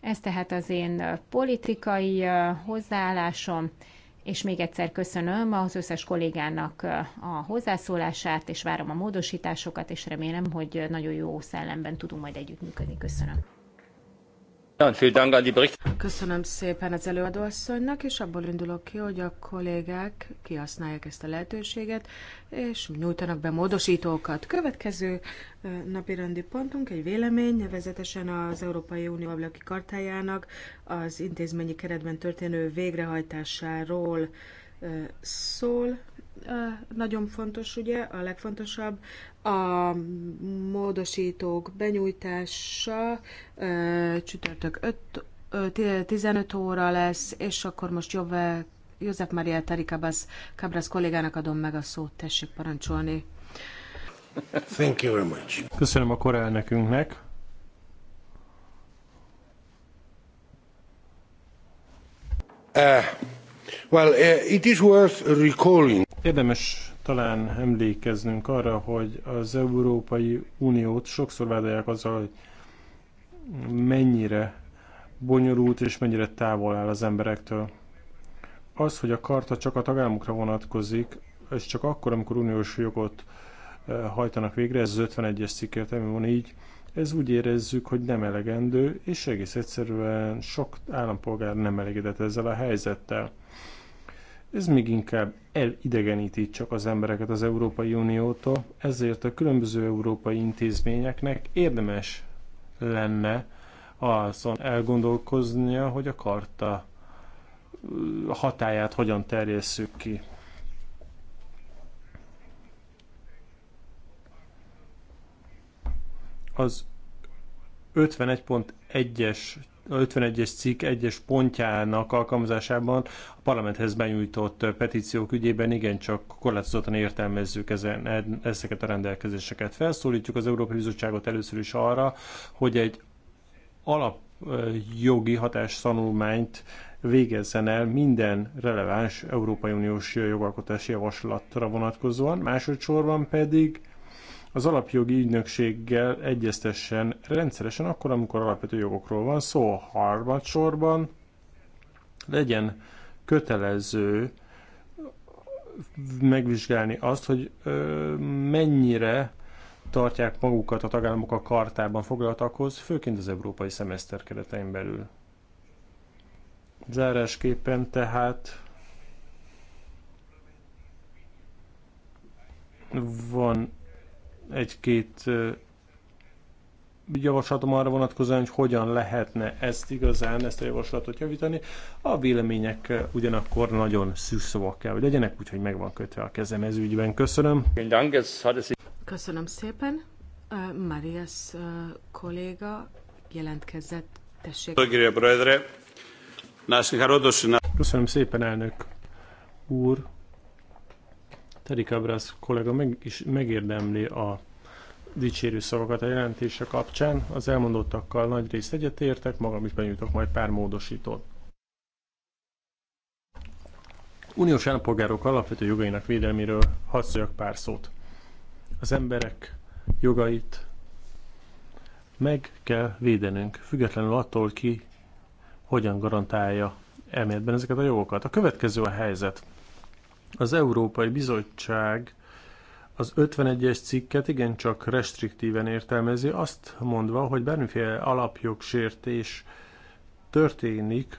Ez tehát az én politikai hozzáállásom, és még egyszer köszönöm az összes kollégának a hozzászólását, és várom a módosításokat, és remélem, hogy nagyon jó szellemben tudunk majd együttműködni. Köszönöm. Köszönöm szépen az előadóasszonynak, és abból indulok ki, hogy a kollégák kihasználják ezt a lehetőséget, és nyújtanak be módosítókat. Következő napi rendi pontunk egy vélemény, nevezetesen az Európai Unió ablaki kartájának az intézményi keretben történő végrehajtásáról szól nagyon fontos, ugye, a legfontosabb a módosítók benyújtása csütörtök 5, 15 óra lesz, és akkor most jobb József Maria Tarikabas Cabras kollégának adom meg a szót, tessék parancsolni. Thank you very much. Köszönöm a nekünknek. Uh, Uh, Érdemes talán emlékeznünk arra, hogy az Európai Uniót sokszor vádolják azzal, hogy mennyire bonyolult és mennyire távol áll az emberektől. Az, hogy a karta csak a tagállamokra vonatkozik, és csak akkor, amikor uniós jogot eh, hajtanak végre, ez az 51-es cikk értelmű van így, ez úgy érezzük, hogy nem elegendő, és egész egyszerűen sok állampolgár nem elégedett ezzel a helyzettel. Ez még inkább elidegeníti csak az embereket az Európai Uniótól, ezért a különböző európai intézményeknek érdemes lenne azon elgondolkoznia, hogy a karta hatáját hogyan terjesszük ki. az 51.1-es 51-es cikk egyes pontjának alkalmazásában a parlamenthez benyújtott petíciók ügyében igencsak korlátozottan értelmezzük ezen, ezeket a rendelkezéseket. Felszólítjuk az Európai Bizottságot először is arra, hogy egy alapjogi hatástanulmányt végezzen el minden releváns Európai Uniós jogalkotási javaslatra vonatkozóan, másodszorban pedig az alapjogi ügynökséggel egyeztessen rendszeresen akkor, amikor alapvető jogokról van szó. Harmadsorban legyen kötelező megvizsgálni azt, hogy ö, mennyire tartják magukat a tagállamok a kartában foglaltakhoz, főként az európai szemeszter keretein belül. Zárásképpen tehát van egy-két javaslatom arra vonatkozóan, hogy hogyan lehetne ezt igazán, ezt a javaslatot javítani. A vélemények ugyanakkor nagyon szóval kell, hogy legyenek, úgyhogy meg van kötve a kezem ez ügyben. Köszönöm. Köszönöm szépen. Uh, Marias uh, kolléga jelentkezett. Tessék. Köszönöm szépen, elnök úr. Teddy Cabras kollega meg is megérdemli a dicsérő szavakat a jelentése kapcsán. Az elmondottakkal nagy részt egyetértek, magam is benyújtok majd pár módosítót. Uniós állampolgárok alapvető jogainak védelméről hadd szóljak pár szót. Az emberek jogait meg kell védenünk, függetlenül attól ki, hogyan garantálja elméletben ezeket a jogokat. A következő a helyzet. Az Európai Bizottság az 51-es cikket igencsak restriktíven értelmezi, azt mondva, hogy bármiféle alapjogsértés történik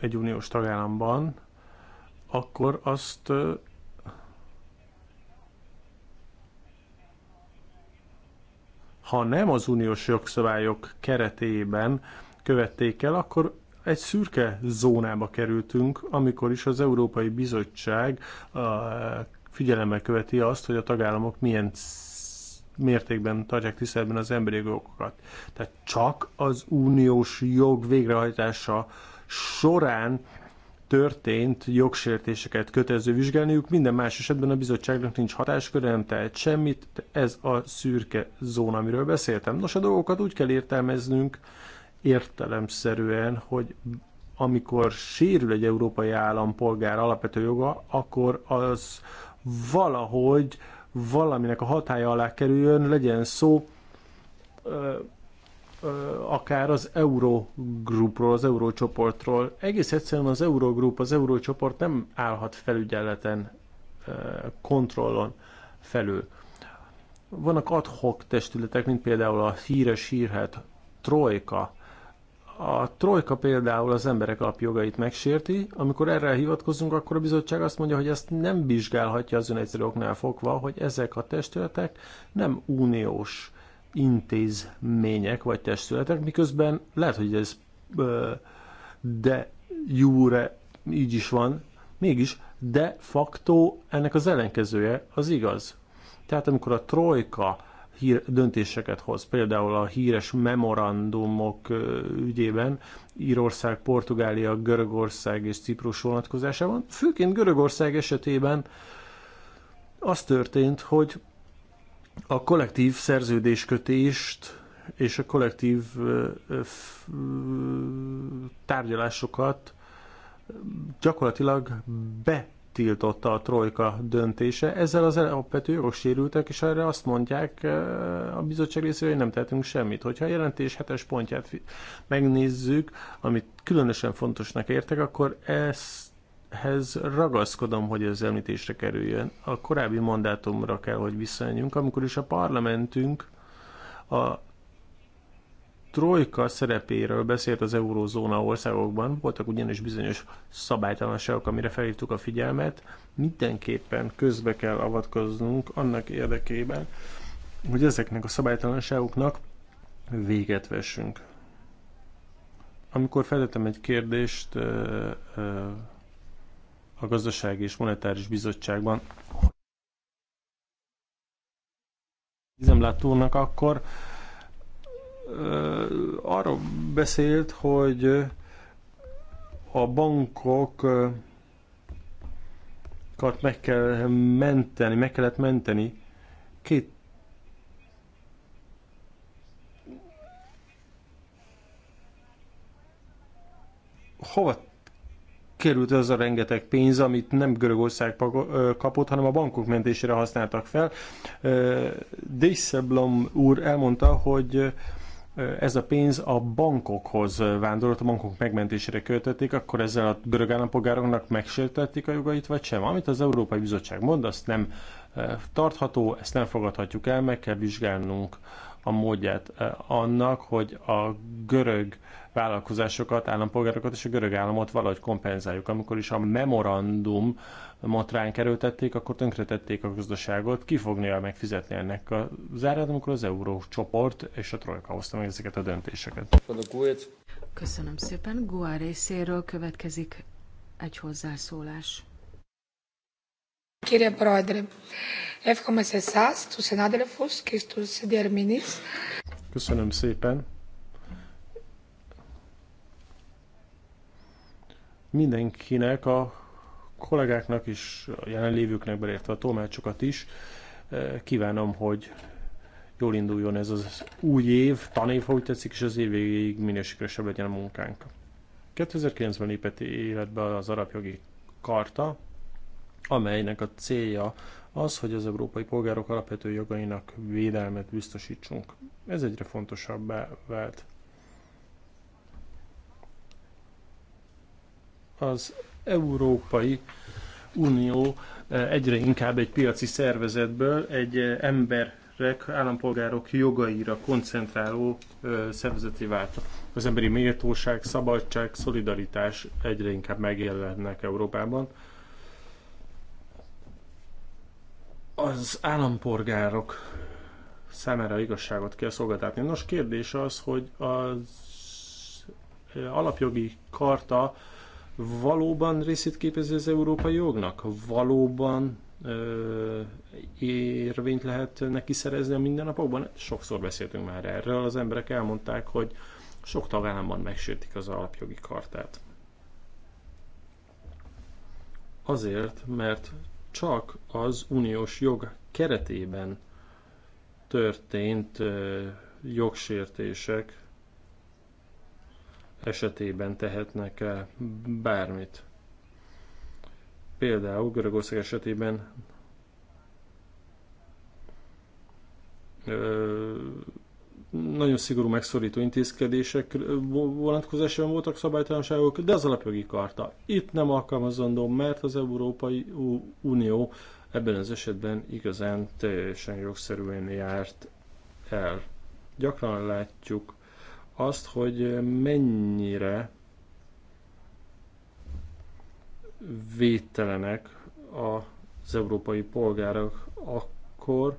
egy uniós tagállamban, akkor azt ha nem az uniós jogszabályok keretében követték el, akkor egy szürke zónába kerültünk, amikor is az Európai Bizottság figyelemmel követi azt, hogy a tagállamok milyen mértékben tartják tiszteletben az emberi jogokat. Tehát csak az uniós jog végrehajtása során történt jogsértéseket kötelező vizsgálniuk, minden más esetben a bizottságnak nincs hatásköre, nem tehet semmit, ez a szürke zóna, amiről beszéltem. Nos, a dolgokat úgy kell értelmeznünk, értelemszerűen, hogy amikor sérül egy európai állampolgár alapvető joga, akkor az valahogy valaminek a hatája alá kerüljön, legyen szó ö, ö, akár az Eurogrupról, az Eurócsoportról. Egész egyszerűen az Eurogrup, az Eurócsoport nem állhat felügyeleten, ö, kontrollon felül. Vannak adhok testületek, mint például a híres hírhet Trojka, a trojka például az emberek alapjogait megsérti, amikor erre hivatkozunk, akkor a bizottság azt mondja, hogy ezt nem vizsgálhatja az önegyszerű oknál fogva, hogy ezek a testületek nem uniós intézmények vagy testületek, miközben lehet, hogy ez de jure így is van, mégis de facto ennek az ellenkezője az igaz. Tehát amikor a trojka hír, döntéseket hoz. Például a híres memorandumok ügyében Írország, Portugália, Görögország és Ciprus vonatkozásában. Főként Görögország esetében az történt, hogy a kollektív szerződéskötést és a kollektív tárgyalásokat gyakorlatilag be tiltotta a trojka döntése. Ezzel az alapvető jogok sérültek, és erre azt mondják eh, a bizottság részéről, hogy nem tehetünk semmit. Hogyha a jelentés hetes pontját megnézzük, amit különösen fontosnak értek, akkor ezt ragaszkodom, hogy az említésre kerüljön. A korábbi mandátumra kell, hogy visszajönjünk, amikor is a parlamentünk a trojka szerepéről beszélt az eurózóna országokban, voltak ugyanis bizonyos szabálytalanságok, amire felhívtuk a figyelmet, mindenképpen közbe kell avatkoznunk annak érdekében, hogy ezeknek a szabálytalanságoknak véget vessünk. Amikor feltettem egy kérdést a Gazdasági és Monetáris Bizottságban, Izemlát akkor arról beszélt, hogy a bankokat meg kell menteni, meg kellett menteni. Két hova került az a rengeteg pénz, amit nem Görögország kapott, hanem a bankok mentésére használtak fel. Dészeblom úr elmondta, hogy ez a pénz a bankokhoz vándorolt, a bankok megmentésére költötték, akkor ezzel a görög állampolgároknak megsértették a jogait, vagy sem? Amit az Európai Bizottság mond, azt nem tartható, ezt nem fogadhatjuk el, meg kell vizsgálnunk a módját annak, hogy a görög vállalkozásokat, állampolgárokat és a görög államot valahogy kompenzáljuk. Amikor is a memorandum mat kerültették, akkor tönkretették a gazdaságot, ki fognia megfizetni ennek a zárat, amikor az euró csoport és a trojka hozta meg ezeket a döntéseket. Köszönöm szépen. Gua részéről következik egy hozzászólás. Κύριε Πρόεδρε, εύχομαι σε εσά, του συνάδελφου και στου Köszönöm szépen. Mindenkinek a kollégáknak is, a jelenlévőknek, beleértve a tolmácsokat is, eh, kívánom, hogy jól induljon ez az új év, tanév, ha úgy tetszik, és az év végéig sikeresebb legyen a munkánk. 2009-ben lépett életbe az arabjogi karta, amelynek a célja az, hogy az európai polgárok alapvető jogainak védelmet biztosítsunk. Ez egyre fontosabbá vált. Az Európai Unió eh, egyre inkább egy piaci szervezetből egy eh, emberek, állampolgárok jogaira koncentráló eh, szervezeti vált. Az emberi méltóság, szabadság, szolidaritás egyre inkább megjelennek Európában. Az állampolgárok számára igazságot kell szolgáltatni. Nos, kérdés az, hogy az alapjogi karta valóban részét képezi az európai jognak? Valóban ö, érvényt lehet neki szerezni a mindennapokban? Sokszor beszéltünk már erről, az emberek elmondták, hogy sok tagállamban megsértik az alapjogi kartát. Azért, mert csak az uniós jog keretében történt ö, jogsértések esetében tehetnek -e bármit. Például Görögország esetében nagyon szigorú megszorító intézkedések vonatkozásában voltak szabálytalanságok, de az alapjogi karta itt nem alkalmazandó, mert az Európai Unió ebben az esetben igazán teljesen jogszerűen járt el. Gyakran látjuk azt, hogy mennyire védtelenek az európai polgárok akkor,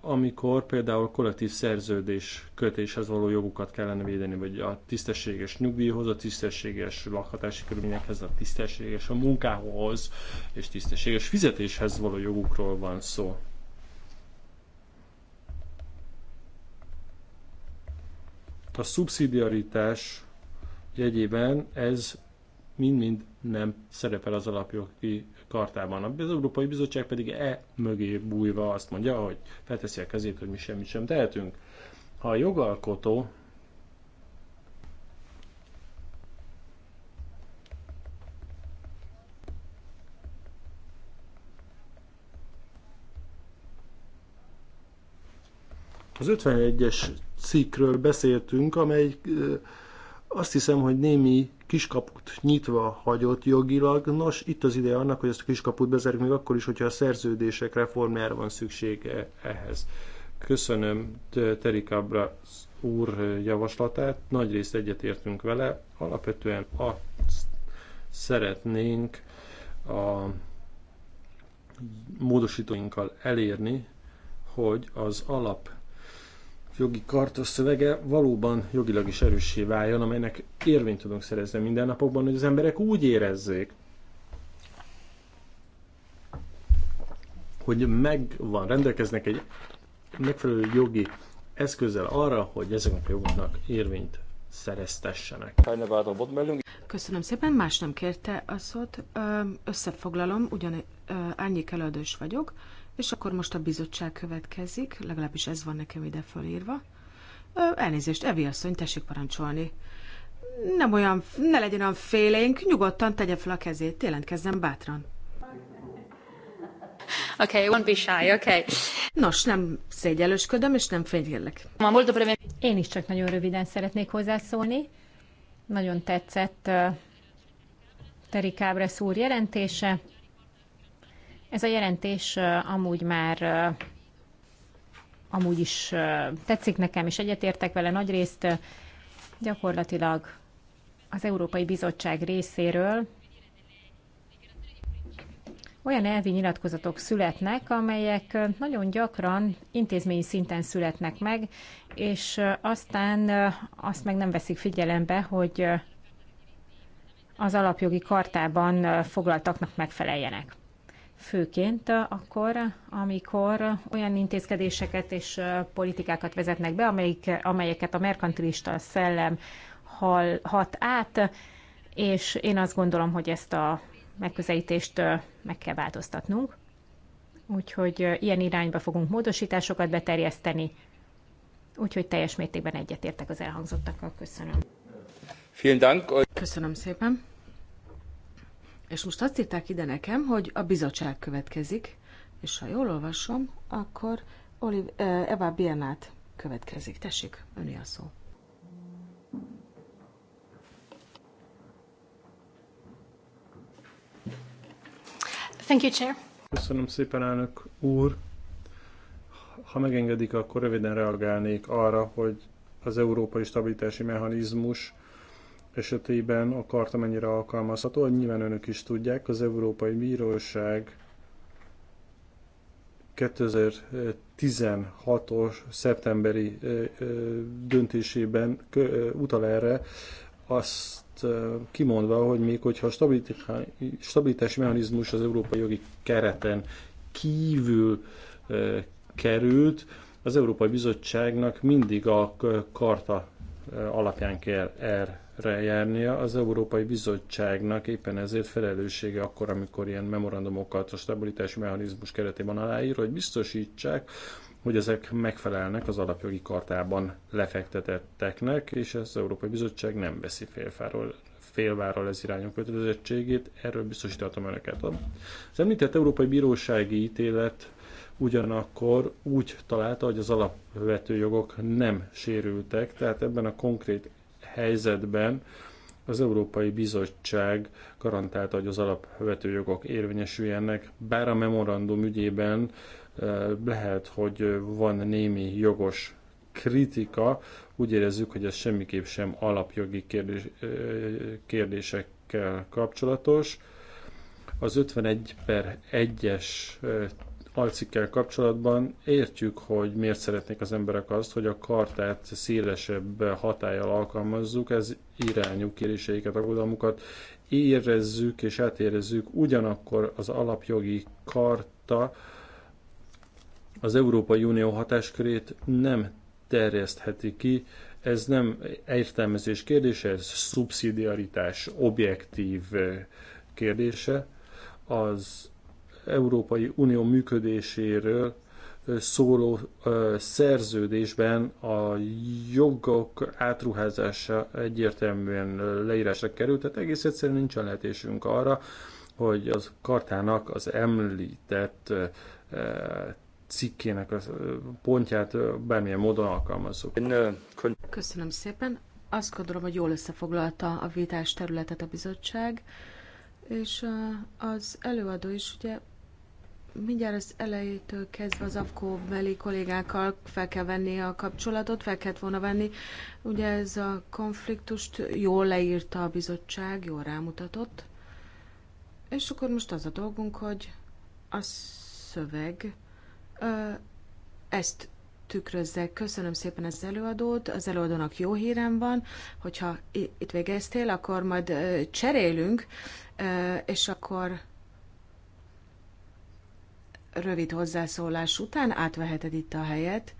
amikor például kollektív szerződés kötéshez való jogukat kellene védeni, vagy a tisztességes nyugdíjhoz, a tisztességes lakhatási körülményekhez, a tisztességes a munkához és tisztességes fizetéshez való jogukról van szó. a szubszidiaritás jegyében ez mind-mind nem szerepel az alapjogi kartában. Az Európai Bizottság pedig e mögé bújva azt mondja, hogy felteszi a kezét, hogy mi semmit sem tehetünk. Ha a jogalkotó Az 51-es cikkről beszéltünk, amely azt hiszem, hogy némi kiskaput nyitva hagyott jogilag. Nos, itt az ideje annak, hogy ezt a kiskaput bezárjuk még akkor is, hogyha a szerződések reformjára van szüksége ehhez. Köszönöm Teri Cabra úr javaslatát, nagyrészt egyetértünk vele. Alapvetően azt szeretnénk a módosítóinkkal elérni, hogy az alap jogi karta szövege valóban jogilag is erőssé váljon, amelynek érvényt tudunk szerezni mindennapokban, hogy az emberek úgy érezzék, hogy megvan, rendelkeznek egy megfelelő jogi eszközzel arra, hogy ezeknek a jogoknak érvényt szereztessenek. Köszönöm szépen, más nem kérte a szót. Összefoglalom, ugyan árnyék előadős vagyok. És akkor most a bizottság következik, legalábbis ez van nekem ide fölírva. Elnézést, Evi asszony, tessék parancsolni. Nem olyan, ne legyen olyan félénk, nyugodtan tegye fel a kezét, jelentkezzen bátran. Oké, okay, won't be shy, okay. Nos, nem szégyelősködöm, és nem fénylélek. Én is csak nagyon röviden szeretnék hozzászólni. Nagyon tetszett Teri Kábresz szúr jelentése. Ez a jelentés amúgy már amúgy is tetszik nekem, és egyetértek vele nagyrészt gyakorlatilag az Európai Bizottság részéről olyan elvi nyilatkozatok születnek, amelyek nagyon gyakran intézményi szinten születnek meg, és aztán azt meg nem veszik figyelembe, hogy az alapjogi kartában foglaltaknak megfeleljenek főként akkor, amikor olyan intézkedéseket és politikákat vezetnek be, amelyik, amelyeket a merkantilista szellem hal, hat át, és én azt gondolom, hogy ezt a megközelítést meg kell változtatnunk. Úgyhogy ilyen irányba fogunk módosításokat beterjeszteni, úgyhogy teljes mértékben egyetértek az elhangzottakkal. Köszönöm. Köszönöm szépen. És most azt írták ide nekem, hogy a bizottság következik, és ha jól olvasom, akkor Oliv, eh, Eva Biernát következik. Tessék, öné a szó. Thank you, Chair. Köszönöm szépen, elnök úr. Ha megengedik, akkor röviden reagálnék arra, hogy az európai stabilitási mechanizmus esetében a karta mennyire alkalmazható, hogy nyilván önök is tudják, az Európai Bíróság 2016-os szeptemberi döntésében utal erre, azt kimondva, hogy még hogyha a stabilitási mechanizmus az európai jogi kereten kívül került, az Európai Bizottságnak mindig a karta alapján kell erre járnia. Az Európai Bizottságnak éppen ezért felelőssége akkor, amikor ilyen memorandumokat a stabilitási mechanizmus keretében aláír, hogy biztosítsák, hogy ezek megfelelnek az alapjogi kartában lefektetetteknek, és az Európai Bizottság nem veszi félfáról félváról ez irányú kötelezettségét, erről biztosítatom önöket. Az említett Európai Bírósági ítélet ugyanakkor úgy találta, hogy az alapvető jogok nem sérültek, tehát ebben a konkrét helyzetben az Európai Bizottság garantálta, hogy az alapvető jogok érvényesüljenek, bár a memorandum ügyében lehet, hogy van némi jogos kritika, úgy érezzük, hogy ez semmiképp sem alapjogi kérdés, kérdésekkel kapcsolatos. Az 51 per 1-es alcikkel kapcsolatban értjük, hogy miért szeretnék az emberek azt, hogy a kartát szélesebb hatállyal alkalmazzuk, ez irányú kéréseiket, aggodalmukat érezzük és átérezzük, ugyanakkor az alapjogi karta az Európai Unió hatáskörét nem terjesztheti ki, ez nem értelmezés kérdése, ez szubszidiaritás objektív kérdése. Az Európai Unió működéséről szóló szerződésben a jogok átruházása egyértelműen leírásra került, tehát egész egyszerűen nincsen lehetésünk arra, hogy az kartának az említett cikkének a pontját bármilyen módon alkalmazzuk. Köszönöm szépen. Azt gondolom, hogy jól összefoglalta a vitás területet a bizottság, és az előadó is ugye mindjárt az elejétől kezdve az AFKO beli kollégákkal fel kell venni a kapcsolatot, fel kellett volna venni. Ugye ez a konfliktust jól leírta a bizottság, jól rámutatott. És akkor most az a dolgunk, hogy a szöveg ö, ezt tükrözze. Köszönöm szépen az előadót, az előadónak jó hírem van, hogyha itt végeztél, akkor majd cserélünk, ö, és akkor rövid hozzászólás után átveheted itt a helyet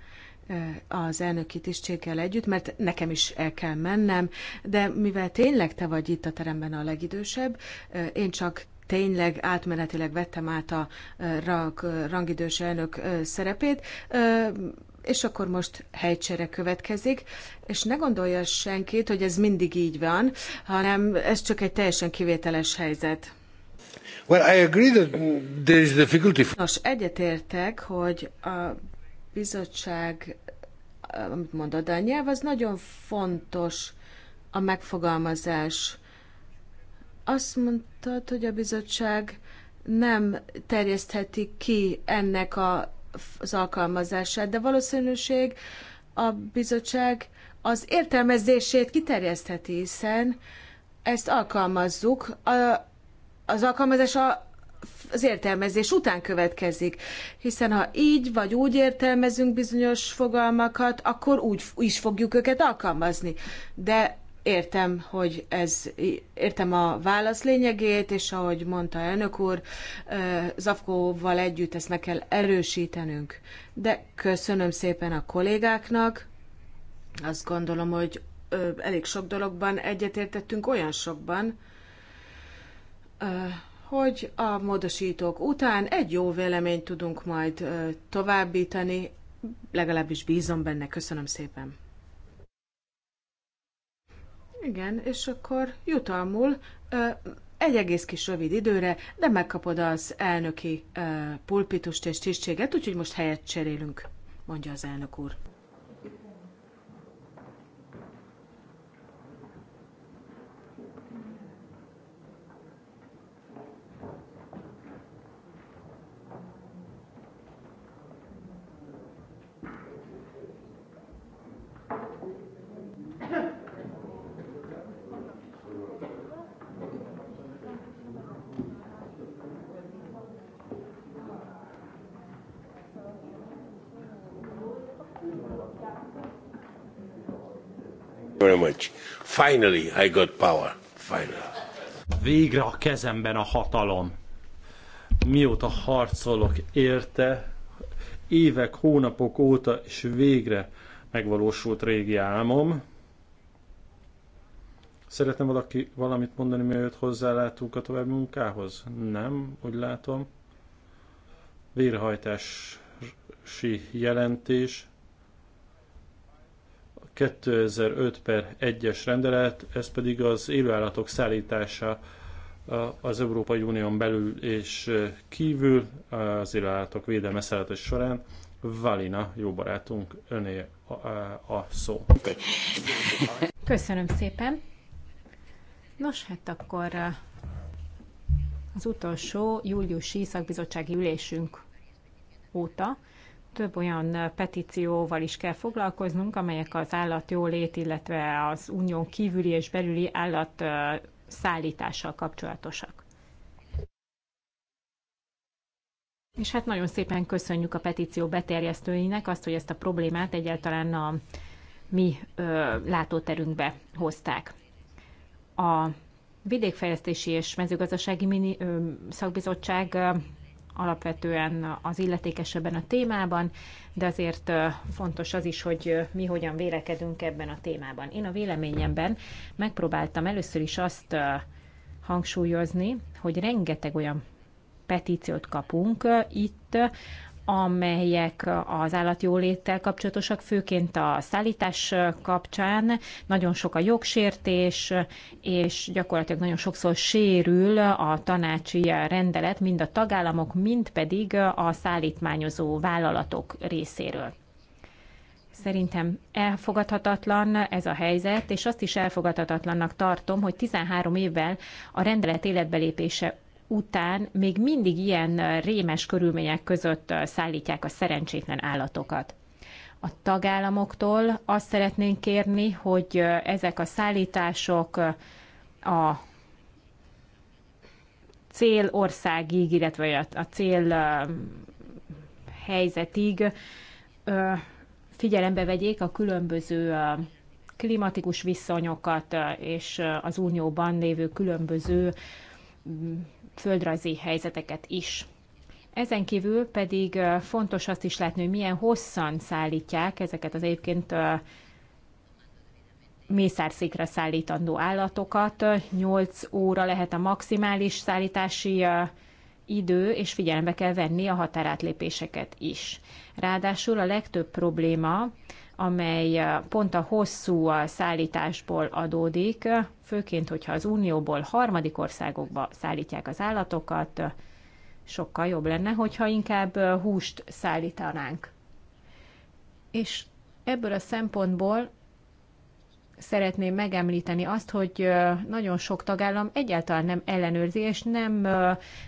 az elnöki tisztséggel együtt, mert nekem is el kell mennem, de mivel tényleg te vagy itt a teremben a legidősebb, én csak tényleg átmenetileg vettem át a rang, rangidős elnök szerepét, és akkor most helycsere következik, és ne gondolja senkit, hogy ez mindig így van, hanem ez csak egy teljesen kivételes helyzet. Nos, egyetértek, hogy a bizottság, amit mondod, a nyelv az nagyon fontos a megfogalmazás. Azt mondtad, hogy a bizottság nem terjesztheti ki ennek a, az alkalmazását, de valószínűség a bizottság az értelmezését kiterjesztheti, hiszen ezt alkalmazzuk. A, az alkalmazás a, az értelmezés után következik. Hiszen ha így vagy úgy értelmezünk bizonyos fogalmakat, akkor úgy is fogjuk őket alkalmazni. De értem, hogy ez, értem a válasz lényegét, és ahogy mondta elnök úr, Zavkóval együtt ezt meg kell erősítenünk. De köszönöm szépen a kollégáknak, azt gondolom, hogy elég sok dologban egyetértettünk, olyan sokban, hogy a módosítók után egy jó véleményt tudunk majd továbbítani, legalábbis bízom benne. Köszönöm szépen. Igen, és akkor jutalmul egy egész kis rövid időre, de megkapod az elnöki pulpitust és tisztséget, úgyhogy most helyet cserélünk, mondja az elnök úr. Finally I got power. Finally. Végre a kezemben a hatalom. Mióta harcolok érte, évek, hónapok óta, és végre megvalósult régi álmom. Szeretne valaki valamit mondani, mielőtt hozzálátunk a további munkához? Nem, úgy látom. Végrehajtási jelentés. 2005 per 1-es rendelet, ez pedig az élőállatok szállítása az Európai Unión belül és kívül az élőállatok védelme szállítás során. Valina, jó barátunk, öné a, a szó. Köszönöm szépen. Nos, hát akkor az utolsó júliusi szakbizottsági ülésünk óta több olyan petícióval is kell foglalkoznunk, amelyek az állatjólét, illetve az unión kívüli és belüli állat szállítással kapcsolatosak. És hát nagyon szépen köszönjük a petíció beterjesztőinek azt, hogy ezt a problémát egyáltalán a mi ö, látóterünkbe hozták. A Vidékfejlesztési és Mezőgazdasági mini, ö, Szakbizottság alapvetően az illetékesebben a témában, de azért fontos az is, hogy mi hogyan vélekedünk ebben a témában. Én a véleményemben megpróbáltam először is azt hangsúlyozni, hogy rengeteg olyan petíciót kapunk itt, amelyek az állatjóléttel kapcsolatosak, főként a szállítás kapcsán. Nagyon sok a jogsértés, és gyakorlatilag nagyon sokszor sérül a tanácsi rendelet, mind a tagállamok, mind pedig a szállítmányozó vállalatok részéről. Szerintem elfogadhatatlan ez a helyzet, és azt is elfogadhatatlannak tartom, hogy 13 évvel a rendelet életbelépése után még mindig ilyen rémes körülmények között szállítják a szerencsétlen állatokat. A tagállamoktól azt szeretnénk kérni, hogy ezek a szállítások a célországig, illetve a cél helyzetig figyelembe vegyék a különböző klimatikus viszonyokat és az unióban lévő különböző földrajzi helyzeteket is. Ezen kívül pedig fontos azt is látni, hogy milyen hosszan szállítják ezeket az egyébként mészárszékre szállítandó állatokat. 8 óra lehet a maximális szállítási idő, és figyelembe kell venni a határátlépéseket is. Ráadásul a legtöbb probléma amely eh, pont a hosszú eh, szállításból adódik, eh, főként, hogyha az Unióból harmadik országokba szállítják az állatokat, sokkal jobb lenne, hogyha inkább húst szállítanánk. És ebből a szempontból szeretném megemlíteni azt, hogy nagyon sok tagállam egyáltalán nem ellenőrzi és nem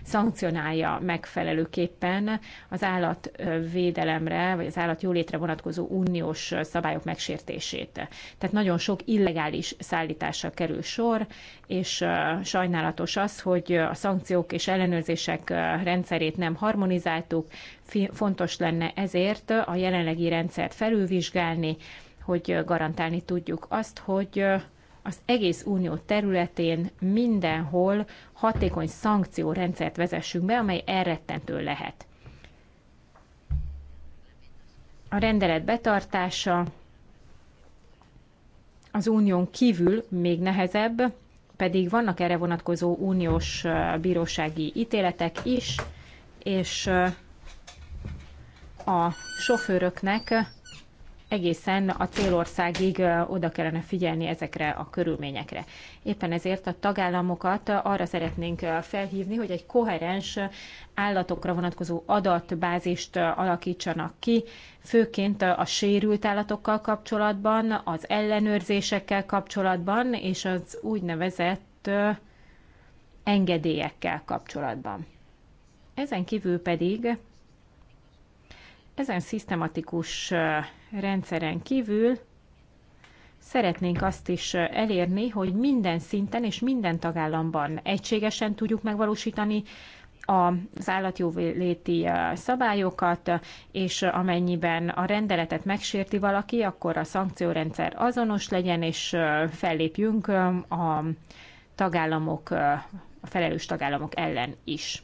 szankcionálja megfelelőképpen az állatvédelemre vagy az állatjólétre vonatkozó uniós szabályok megsértését. Tehát nagyon sok illegális szállításra kerül sor, és sajnálatos az, hogy a szankciók és ellenőrzések rendszerét nem harmonizáltuk, fontos lenne ezért a jelenlegi rendszert felülvizsgálni, hogy garantálni tudjuk azt, hogy az egész unió területén mindenhol hatékony szankciórendszert vezessünk be, amely elrettentő lehet. A rendelet betartása az unión kívül még nehezebb, pedig vannak erre vonatkozó uniós bírósági ítéletek is, és a sofőröknek egészen a célországig oda kellene figyelni ezekre a körülményekre. Éppen ezért a tagállamokat arra szeretnénk felhívni, hogy egy koherens állatokra vonatkozó adatbázist alakítsanak ki, főként a sérült állatokkal kapcsolatban, az ellenőrzésekkel kapcsolatban és az úgynevezett engedélyekkel kapcsolatban. Ezen kívül pedig ezen szisztematikus rendszeren kívül szeretnénk azt is elérni, hogy minden szinten és minden tagállamban egységesen tudjuk megvalósítani az állatjóléti szabályokat, és amennyiben a rendeletet megsérti valaki, akkor a szankciórendszer azonos legyen, és fellépjünk a tagállamok, a felelős tagállamok ellen is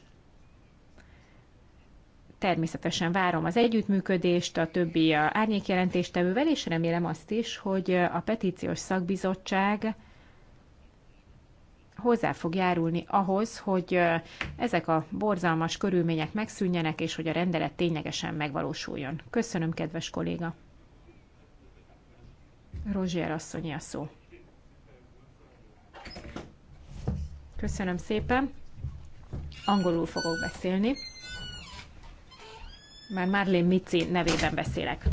természetesen várom az együttműködést a többi árnyékjelentéstevővel, és remélem azt is, hogy a petíciós szakbizottság hozzá fog járulni ahhoz, hogy ezek a borzalmas körülmények megszűnjenek, és hogy a rendelet ténylegesen megvalósuljon. Köszönöm, kedves kolléga! Rozsier asszony a szó. Köszönöm szépen! Angolul fogok beszélni már Marlene Mici nevében beszélek.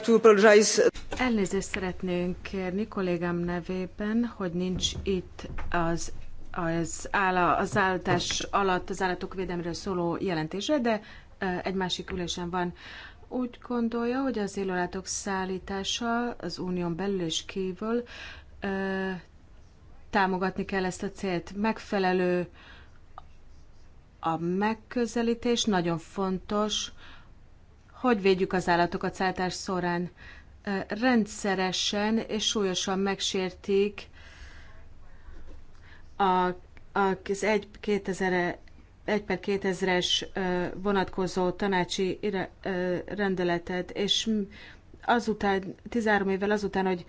Elnézést szeretnénk kérni kollégám nevében, hogy nincs itt az az, áll, az állatás alatt az állatok védelméről szóló jelentésre, de egy másik ülésen van. Úgy gondolja, hogy az élőállatok szállítása az unión belül és kívül támogatni kell ezt a célt. Megfelelő a megközelítés, nagyon fontos, hogy védjük az állatokat szálltás során. Rendszeresen és súlyosan megsértik a, az 1, 2000, 1 per 2000-es vonatkozó tanácsi rendeletet, és azután, 13 évvel azután, hogy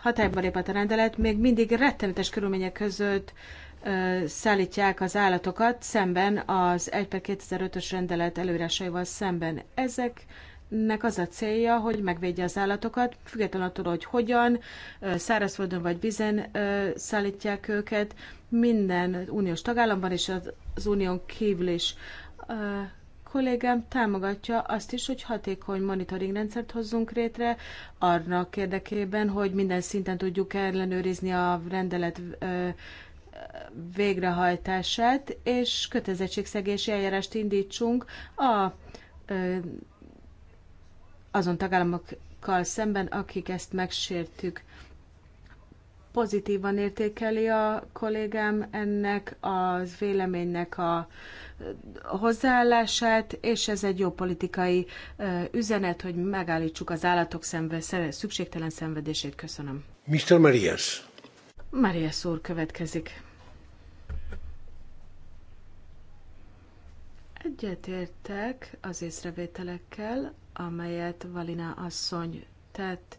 hatályba lépett a rendelet, még mindig rettenetes körülmények között szállítják az állatokat szemben az 1 2005-ös rendelet előírásaival szemben. Ezeknek az a célja, hogy megvédje az állatokat, függetlenül attól, hogy hogyan, szárazföldön vagy vizen szállítják őket, minden uniós tagállamban és az unión kívül is. A kollégám támogatja azt is, hogy hatékony monitoring rendszert hozzunk létre, annak érdekében, hogy minden szinten tudjuk ellenőrizni a rendelet végrehajtását, és kötelezettségszegési eljárást indítsunk a, azon tagállamokkal szemben, akik ezt megsértük. Pozitívan értékeli a kollégám ennek az véleménynek a hozzáállását, és ez egy jó politikai üzenet, hogy megállítsuk az állatok szenve, szükségtelen szenvedését. Köszönöm. Mr. Marias. Marias úr következik. Egyetértek az észrevételekkel, amelyet Valina asszony tett,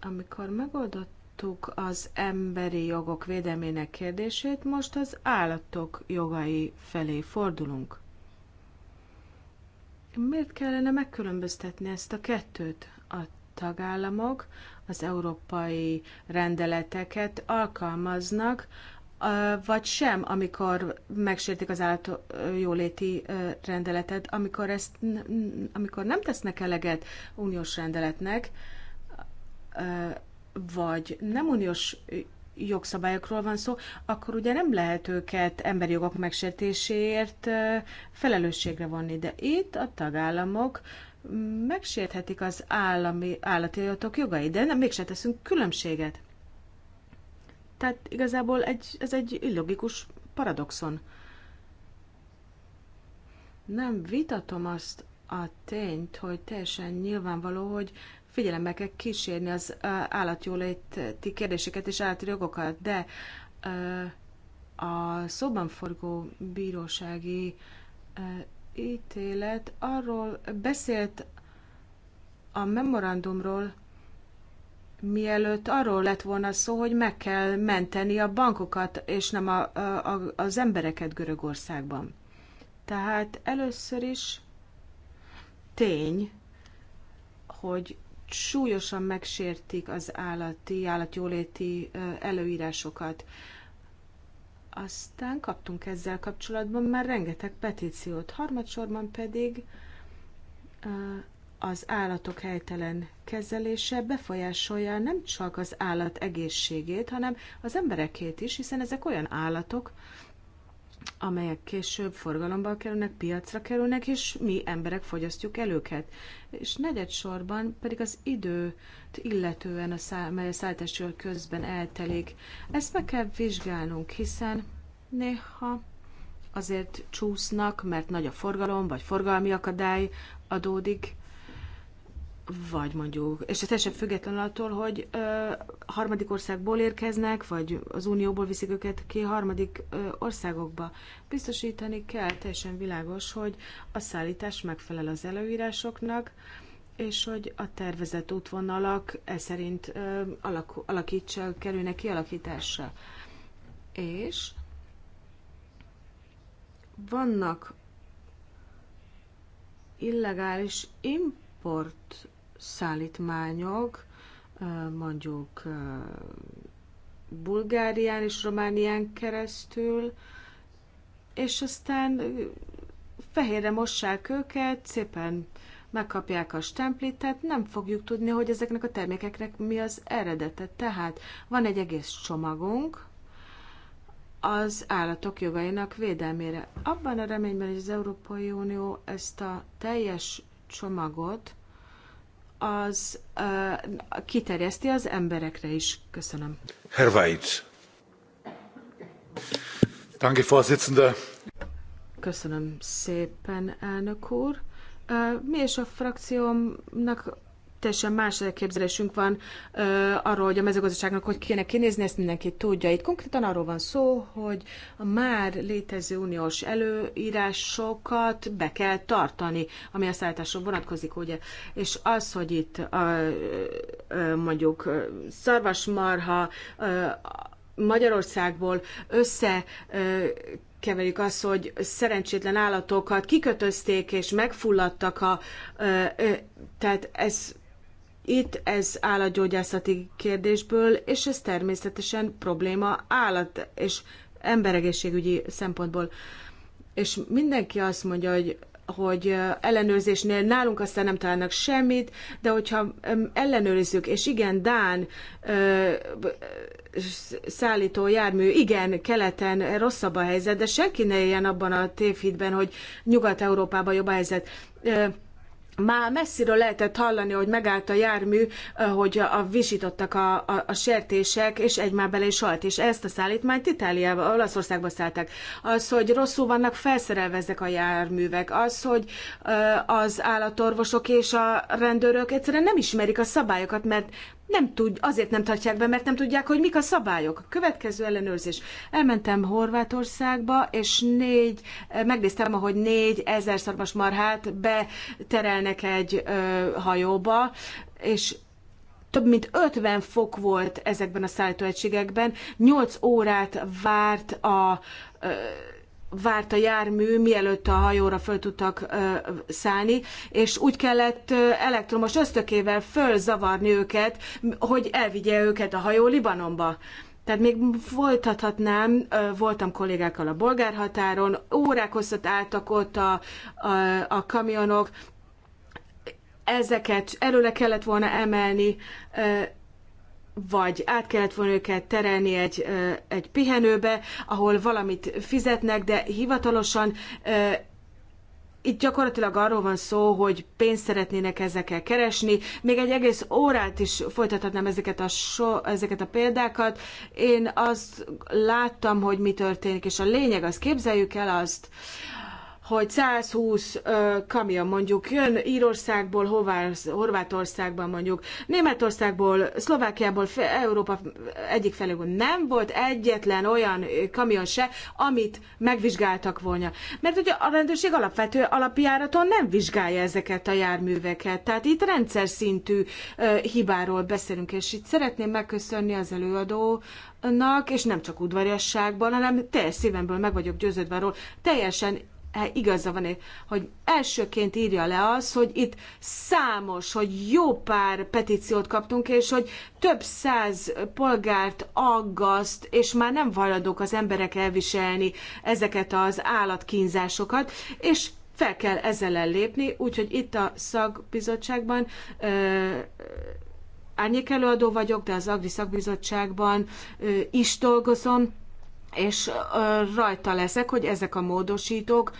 amikor megoldottuk az emberi jogok védelmének kérdését, most az állatok jogai felé fordulunk. Miért kellene megkülönböztetni ezt a kettőt? A tagállamok az európai rendeleteket alkalmaznak vagy sem, amikor megsértik az állat jóléti rendeletet, amikor, ezt, amikor nem tesznek eleget uniós rendeletnek, vagy nem uniós jogszabályokról van szó, akkor ugye nem lehet őket emberi jogok megsértéséért felelősségre vonni. De itt a tagállamok megsérthetik az állami, állati jogait, de nem, mégsem teszünk különbséget. Tehát igazából egy, ez egy illogikus paradoxon. Nem vitatom azt a tényt, hogy teljesen nyilvánvaló, hogy figyelembe kell kísérni az állatjóléti kérdéseket és állati jogokat, de a szóban forgó bírósági ítélet arról beszélt a memorandumról, mielőtt arról lett volna szó, hogy meg kell menteni a bankokat, és nem a, a, a, az embereket Görögországban. Tehát először is tény, hogy súlyosan megsértik az állati, állatjóléti előírásokat. Aztán kaptunk ezzel kapcsolatban már rengeteg petíciót. Harmadsorban pedig az állatok helytelen kezelése befolyásolja nem csak az állat egészségét, hanem az emberekét is, hiszen ezek olyan állatok, amelyek később forgalomba kerülnek, piacra kerülnek, és mi emberek fogyasztjuk el őket. És negyedsorban pedig az időt illetően, a szá- mely a szállításról közben eltelik. Ezt meg kell vizsgálnunk, hiszen néha azért csúsznak, mert nagy a forgalom, vagy forgalmi akadály adódik, vagy mondjuk, és ez teljesen független attól, hogy ö, harmadik országból érkeznek, vagy az Unióból viszik őket ki harmadik ö, országokba. Biztosítani kell, teljesen világos, hogy a szállítás megfelel az előírásoknak, és hogy a tervezett útvonalak e szerint ö, alak, alakítsa, kerülnek kialakításra. És vannak illegális import szállítmányok, mondjuk Bulgárián és Románián keresztül, és aztán fehérre mossák őket, szépen megkapják a stemplit, tehát nem fogjuk tudni, hogy ezeknek a termékeknek mi az eredete. Tehát van egy egész csomagunk az állatok jogainak védelmére. Abban a reményben, hogy az Európai Unió ezt a teljes csomagot az uh, kiterjeszti az emberekre is. Köszönöm. Herr Weitz. Danke, Vorsitzender. Köszönöm szépen, elnök úr. Mi és a frakciómnak teljesen más elképzelésünk van ö, arról, hogy a mezőgazdaságnak hogy kéne kinézni, ezt mindenki tudja. Itt konkrétan arról van szó, hogy a már létező uniós előírásokat be kell tartani, ami a szállításra vonatkozik, ugye. És az, hogy itt a, ö, mondjuk szarvasmarha ö, Magyarországból össze ö, keverjük azt, hogy szerencsétlen állatokat kikötözték és megfulladtak a... Ö, ö, tehát ez itt ez állatgyógyászati kérdésből, és ez természetesen probléma állat és emberegészségügyi szempontból. És mindenki azt mondja, hogy hogy ellenőrzésnél nálunk aztán nem találnak semmit, de hogyha ellenőrizzük, és igen, Dán ö, szállító jármű, igen, keleten rosszabb a helyzet, de senki ne éljen abban a tévhitben, hogy Nyugat-Európában jobb a helyzet. Ö, már messziről lehetett hallani, hogy megállt a jármű, eh, hogy a visítottak a, a, a sertések, és egymár bele is halt, és ezt a szállítmányt Itáliába, Olaszországba szállták. Az, hogy rosszul vannak felszerelve ezek a járművek, az, hogy eh, az állatorvosok és a rendőrök egyszerűen nem ismerik a szabályokat, mert nem tud, azért nem tartják be, mert nem tudják, hogy mik a szabályok. A következő ellenőrzés. Elmentem Horvátországba, és négy, eh, megnéztem, ahogy négy ezer szarvasmarhát beterelnek egy ö, hajóba, és több mint 50 fok volt ezekben a szállítóegységekben, 8 órát várt a, várt a jármű, mielőtt a hajóra föl tudtak ö, szállni, és úgy kellett ö, elektromos ösztökével fölzavarni őket, hogy elvigye őket a hajó Libanonba. Tehát még folytathatnám, voltam kollégákkal a bolgárhatáron, órák hosszat álltak ott a, a, a kamionok, ezeket előre kellett volna emelni, vagy át kellett volna őket terelni egy, egy pihenőbe, ahol valamit fizetnek, de hivatalosan itt gyakorlatilag arról van szó, hogy pénzt szeretnének ezekkel keresni. Még egy egész órát is folytathatnám ezeket a, so, ezeket a példákat. Én azt láttam, hogy mi történik, és a lényeg az, képzeljük el azt, hogy 120 ö, kamion mondjuk jön Írországból, Hovász, Horvátországban mondjuk, Németországból, Szlovákiából, Európa egyik felében nem volt egyetlen olyan kamion se, amit megvizsgáltak volna. Mert ugye a rendőrség alapvető alapjáraton nem vizsgálja ezeket a járműveket. Tehát itt rendszer szintű ö, hibáról beszélünk, és itt szeretném megköszönni az előadó és nem csak udvariasságban, hanem teljes szívemből meg vagyok győződve arról, teljesen E, igaza van, hogy elsőként írja le az, hogy itt számos, hogy jó pár petíciót kaptunk, és hogy több száz polgárt aggaszt, és már nem hajlandók az emberek elviselni ezeket az állatkínzásokat, és fel kell ezzel ellépni, úgyhogy itt a szakbizottságban ö, árnyékelőadó vagyok, de az Agri szakbizottságban ö, is dolgozom, és rajta leszek, hogy ezek a módosítók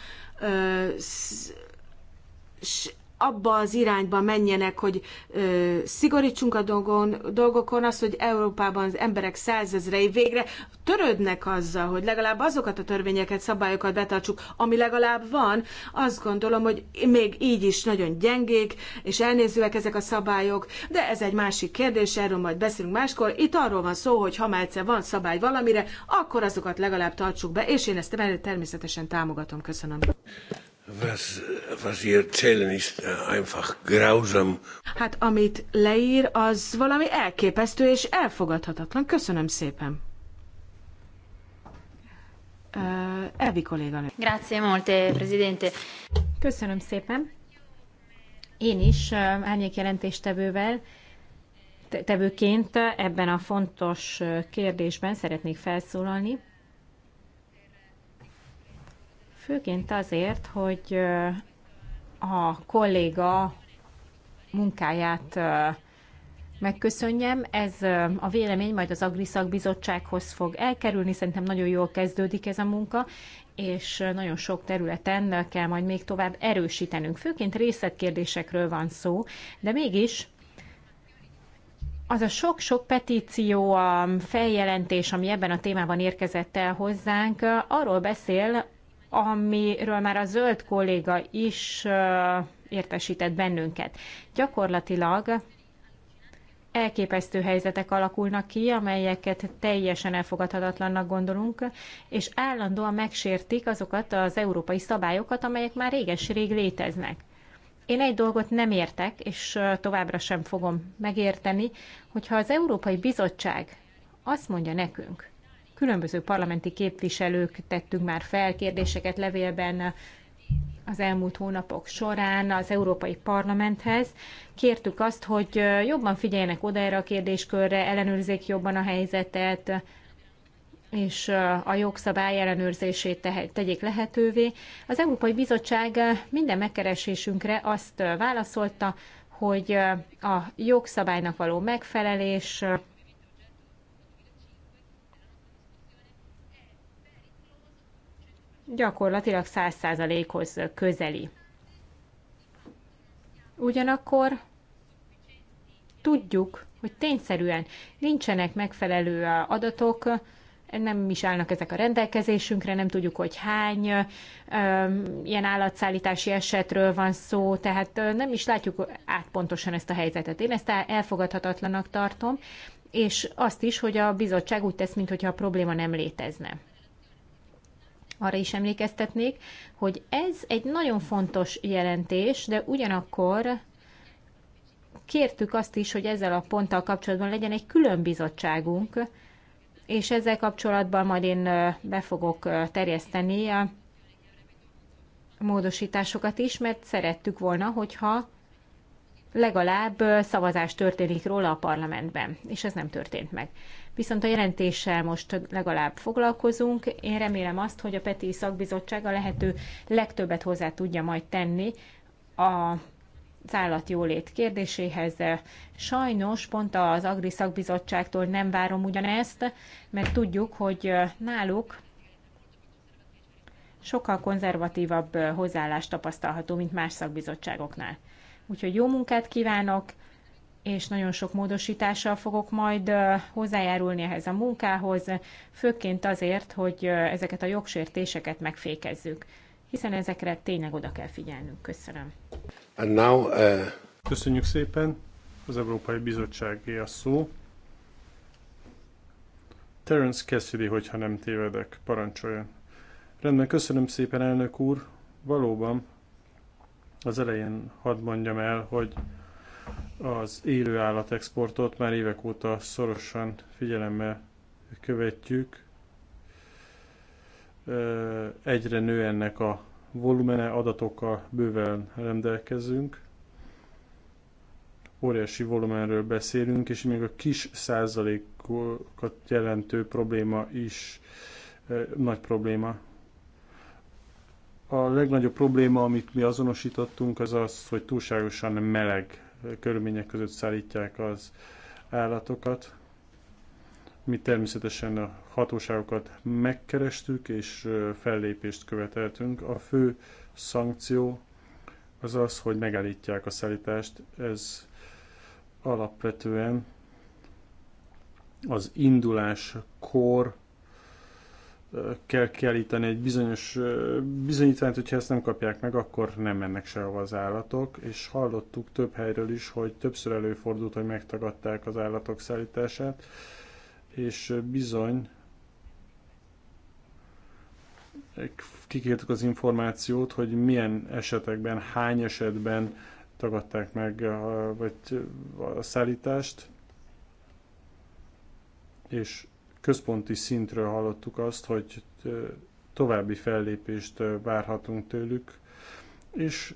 abba az irányba menjenek, hogy ö, szigorítsunk a dolgon, dolgokon, az, hogy Európában az emberek százezrei végre törődnek azzal, hogy legalább azokat a törvényeket, szabályokat betartsuk, ami legalább van, azt gondolom, hogy még így is nagyon gyengék és elnézőek ezek a szabályok, de ez egy másik kérdés, erről majd beszélünk máskor. Itt arról van szó, hogy ha már egyszer van szabály valamire, akkor azokat legalább tartsuk be, és én ezt természetesen támogatom. Köszönöm. Was, was ihr ist eh, einfach grausam. Hát amit leír, az valami elképesztő és elfogadhatatlan. Köszönöm szépen. Uh, Evi kolléganő. Grazie molte, presidente. Köszönöm szépen. Én is uh, árnyékjelentéstevővel tevőként ebben a fontos kérdésben szeretnék felszólalni. Főként azért, hogy a kolléga munkáját megköszönjem. Ez a vélemény majd az Agriszak Bizottsághoz fog elkerülni. Szerintem nagyon jól kezdődik ez a munka, és nagyon sok területen kell majd még tovább erősítenünk. Főként részletkérdésekről van szó, de mégis az a sok-sok petíció, a feljelentés, ami ebben a témában érkezett el hozzánk, arról beszél, amiről már a zöld kolléga is értesített bennünket. Gyakorlatilag elképesztő helyzetek alakulnak ki, amelyeket teljesen elfogadhatatlannak gondolunk, és állandóan megsértik azokat az európai szabályokat, amelyek már réges-rég léteznek. Én egy dolgot nem értek, és továbbra sem fogom megérteni, hogyha az Európai Bizottság azt mondja nekünk, Különböző parlamenti képviselők tettünk már fel kérdéseket levélben az elmúlt hónapok során az Európai Parlamenthez. Kértük azt, hogy jobban figyeljenek oda erre a kérdéskörre, ellenőrzék jobban a helyzetet, és a jogszabály ellenőrzését tegyék lehetővé. Az Európai Bizottság minden megkeresésünkre azt válaszolta, hogy a jogszabálynak való megfelelés gyakorlatilag 100%-hoz közeli. Ugyanakkor tudjuk, hogy tényszerűen nincsenek megfelelő adatok, nem is állnak ezek a rendelkezésünkre, nem tudjuk, hogy hány ilyen állatszállítási esetről van szó, tehát nem is látjuk át pontosan ezt a helyzetet. Én ezt elfogadhatatlanak tartom, és azt is, hogy a bizottság úgy tesz, mintha a probléma nem létezne arra is emlékeztetnék, hogy ez egy nagyon fontos jelentés, de ugyanakkor kértük azt is, hogy ezzel a ponttal kapcsolatban legyen egy külön bizottságunk, és ezzel kapcsolatban majd én be fogok terjeszteni a módosításokat is, mert szerettük volna, hogyha legalább szavazás történik róla a parlamentben, és ez nem történt meg. Viszont a jelentéssel most legalább foglalkozunk. Én remélem azt, hogy a PETI szakbizottság a lehető legtöbbet hozzá tudja majd tenni a az állatjólét kérdéséhez. Sajnos pont az Agri Szakbizottságtól nem várom ugyanezt, mert tudjuk, hogy náluk sokkal konzervatívabb hozzáállást tapasztalható, mint más szakbizottságoknál. Úgyhogy jó munkát kívánok, és nagyon sok módosítással fogok majd hozzájárulni ehhez a munkához, főként azért, hogy ezeket a jogsértéseket megfékezzük, hiszen ezekre tényleg oda kell figyelnünk. Köszönöm. And now, uh... Köszönjük szépen. Az Európai Bizottságé a szó. Terence Cassidy, hogyha nem tévedek, parancsoljon. Rendben, köszönöm szépen, elnök úr. Valóban az elején hadd mondjam el, hogy az élő állatexportot már évek óta szorosan figyelemmel követjük. Egyre nő ennek a volumene, adatokkal bőven rendelkezünk. Óriási volumenről beszélünk, és még a kis százalékokat jelentő probléma is nagy probléma a legnagyobb probléma, amit mi azonosítottunk, az az, hogy túlságosan meleg körülmények között szállítják az állatokat. Mi természetesen a hatóságokat megkerestük és fellépést követeltünk. A fő szankció az az, hogy megállítják a szállítást. Ez alapvetően az induláskor kell kiállítani egy bizonyos bizonyítványt, hogyha ezt nem kapják meg, akkor nem mennek sehova az állatok, és hallottuk több helyről is, hogy többször előfordult, hogy megtagadták az állatok szállítását, és bizony kikértük az információt, hogy milyen esetekben, hány esetben tagadták meg a, vagy a szállítást, és központi szintről hallottuk azt, hogy további fellépést várhatunk tőlük, és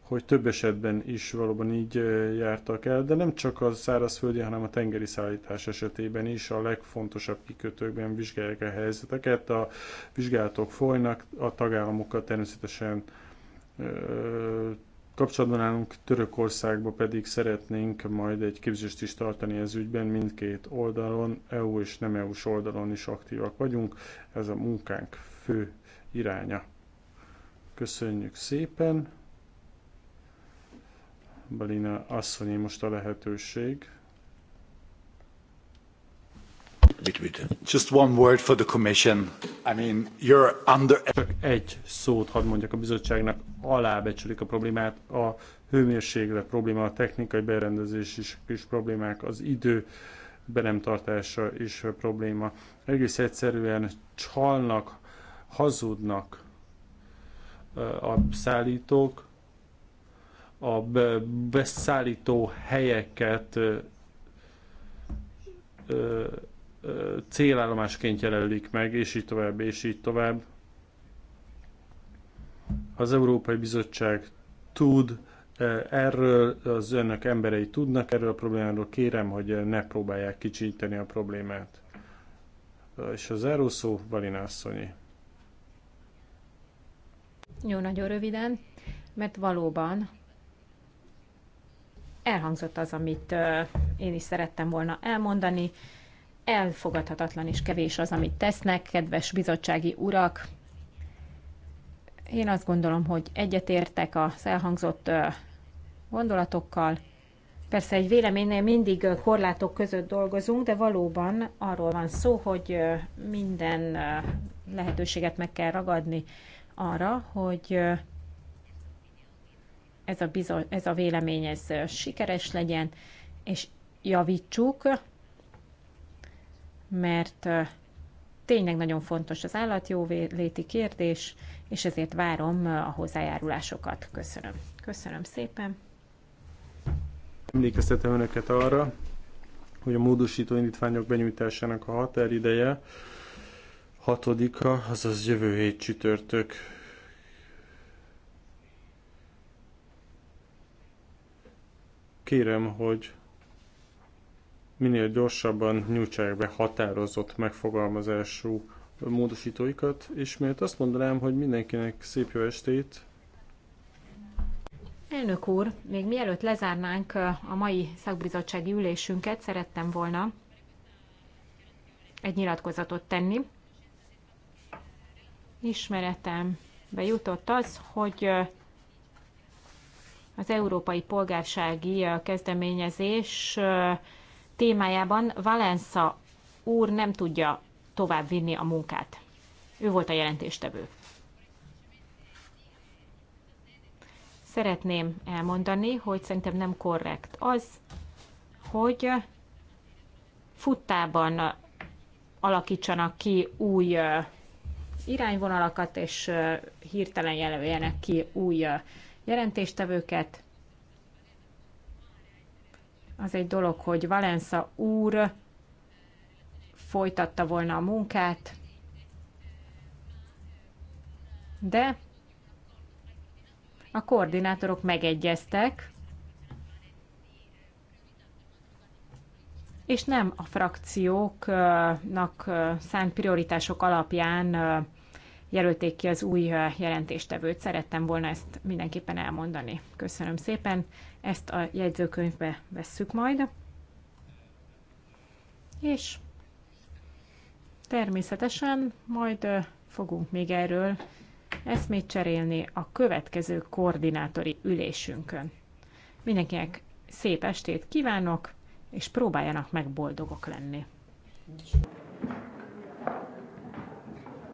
hogy több esetben is valóban így jártak el, de nem csak a szárazföldi, hanem a tengeri szállítás esetében is a legfontosabb kikötőkben vizsgálják a helyzeteket. A vizsgálatok folynak, a tagállamokkal természetesen Kapcsolatban állunk Törökországba pedig szeretnénk majd egy képzést is tartani ez ügyben mindkét oldalon, EU és nem EU-s oldalon is aktívak vagyunk. Ez a munkánk fő iránya. Köszönjük szépen! Balina asszonyi most a lehetőség bitte, bitte. Just one word for the commission. I mean, you're under... Csak egy szót hadd mondjak a bizottságnak, alábecsülik a problémát, a hőmérséklet probléma, a technikai berendezés is, is problémák, az idő be nem tartása is probléma. Egész egyszerűen csalnak, hazudnak a szállítók, a beszállító helyeket célállomásként jelölik meg, és így tovább, és így tovább. Az Európai Bizottság tud erről, az önök emberei tudnak erről a problémáról, kérem, hogy ne próbálják kicsinteni a problémát. És az zárószó Balinászonyi. Jó, nagyon röviden, mert valóban elhangzott az, amit én is szerettem volna elmondani elfogadhatatlan és kevés az, amit tesznek, kedves bizottsági urak. Én azt gondolom, hogy egyetértek az elhangzott gondolatokkal. Persze egy véleménynél mindig korlátok között dolgozunk, de valóban arról van szó, hogy minden lehetőséget meg kell ragadni arra, hogy ez a, bizony, ez a vélemény ez sikeres legyen, és javítsuk mert tényleg nagyon fontos az állatjóléti kérdés, és ezért várom a hozzájárulásokat. Köszönöm. Köszönöm szépen. Emlékeztetem Önöket arra, hogy a módosító indítványok benyújtásának a határideje 6-a, azaz jövő hét csütörtök. Kérem, hogy minél gyorsabban nyújtsák be határozott megfogalmazású módosítóikat. Ismét azt mondanám, hogy mindenkinek szép jó estét! Elnök úr, még mielőtt lezárnánk a mai szakbizottsági ülésünket, szerettem volna egy nyilatkozatot tenni. Ismeretem bejutott az, hogy az európai polgársági kezdeményezés témájában Valensa úr nem tudja továbbvinni a munkát. Ő volt a jelentéstevő. Szeretném elmondani, hogy szerintem nem korrekt az, hogy futtában alakítsanak ki új irányvonalakat, és hirtelen jelöljenek ki új jelentéstevőket. Az egy dolog, hogy Valensa úr folytatta volna a munkát, de a koordinátorok megegyeztek, és nem a frakcióknak szánt prioritások alapján jelölték ki az új jelentéstevőt. Szerettem volna ezt mindenképpen elmondani. Köszönöm szépen. Ezt a jegyzőkönyvbe vesszük majd. És természetesen majd fogunk még erről eszmét cserélni a következő koordinátori ülésünkön. Mindenkinek szép estét kívánok, és próbáljanak meg boldogok lenni.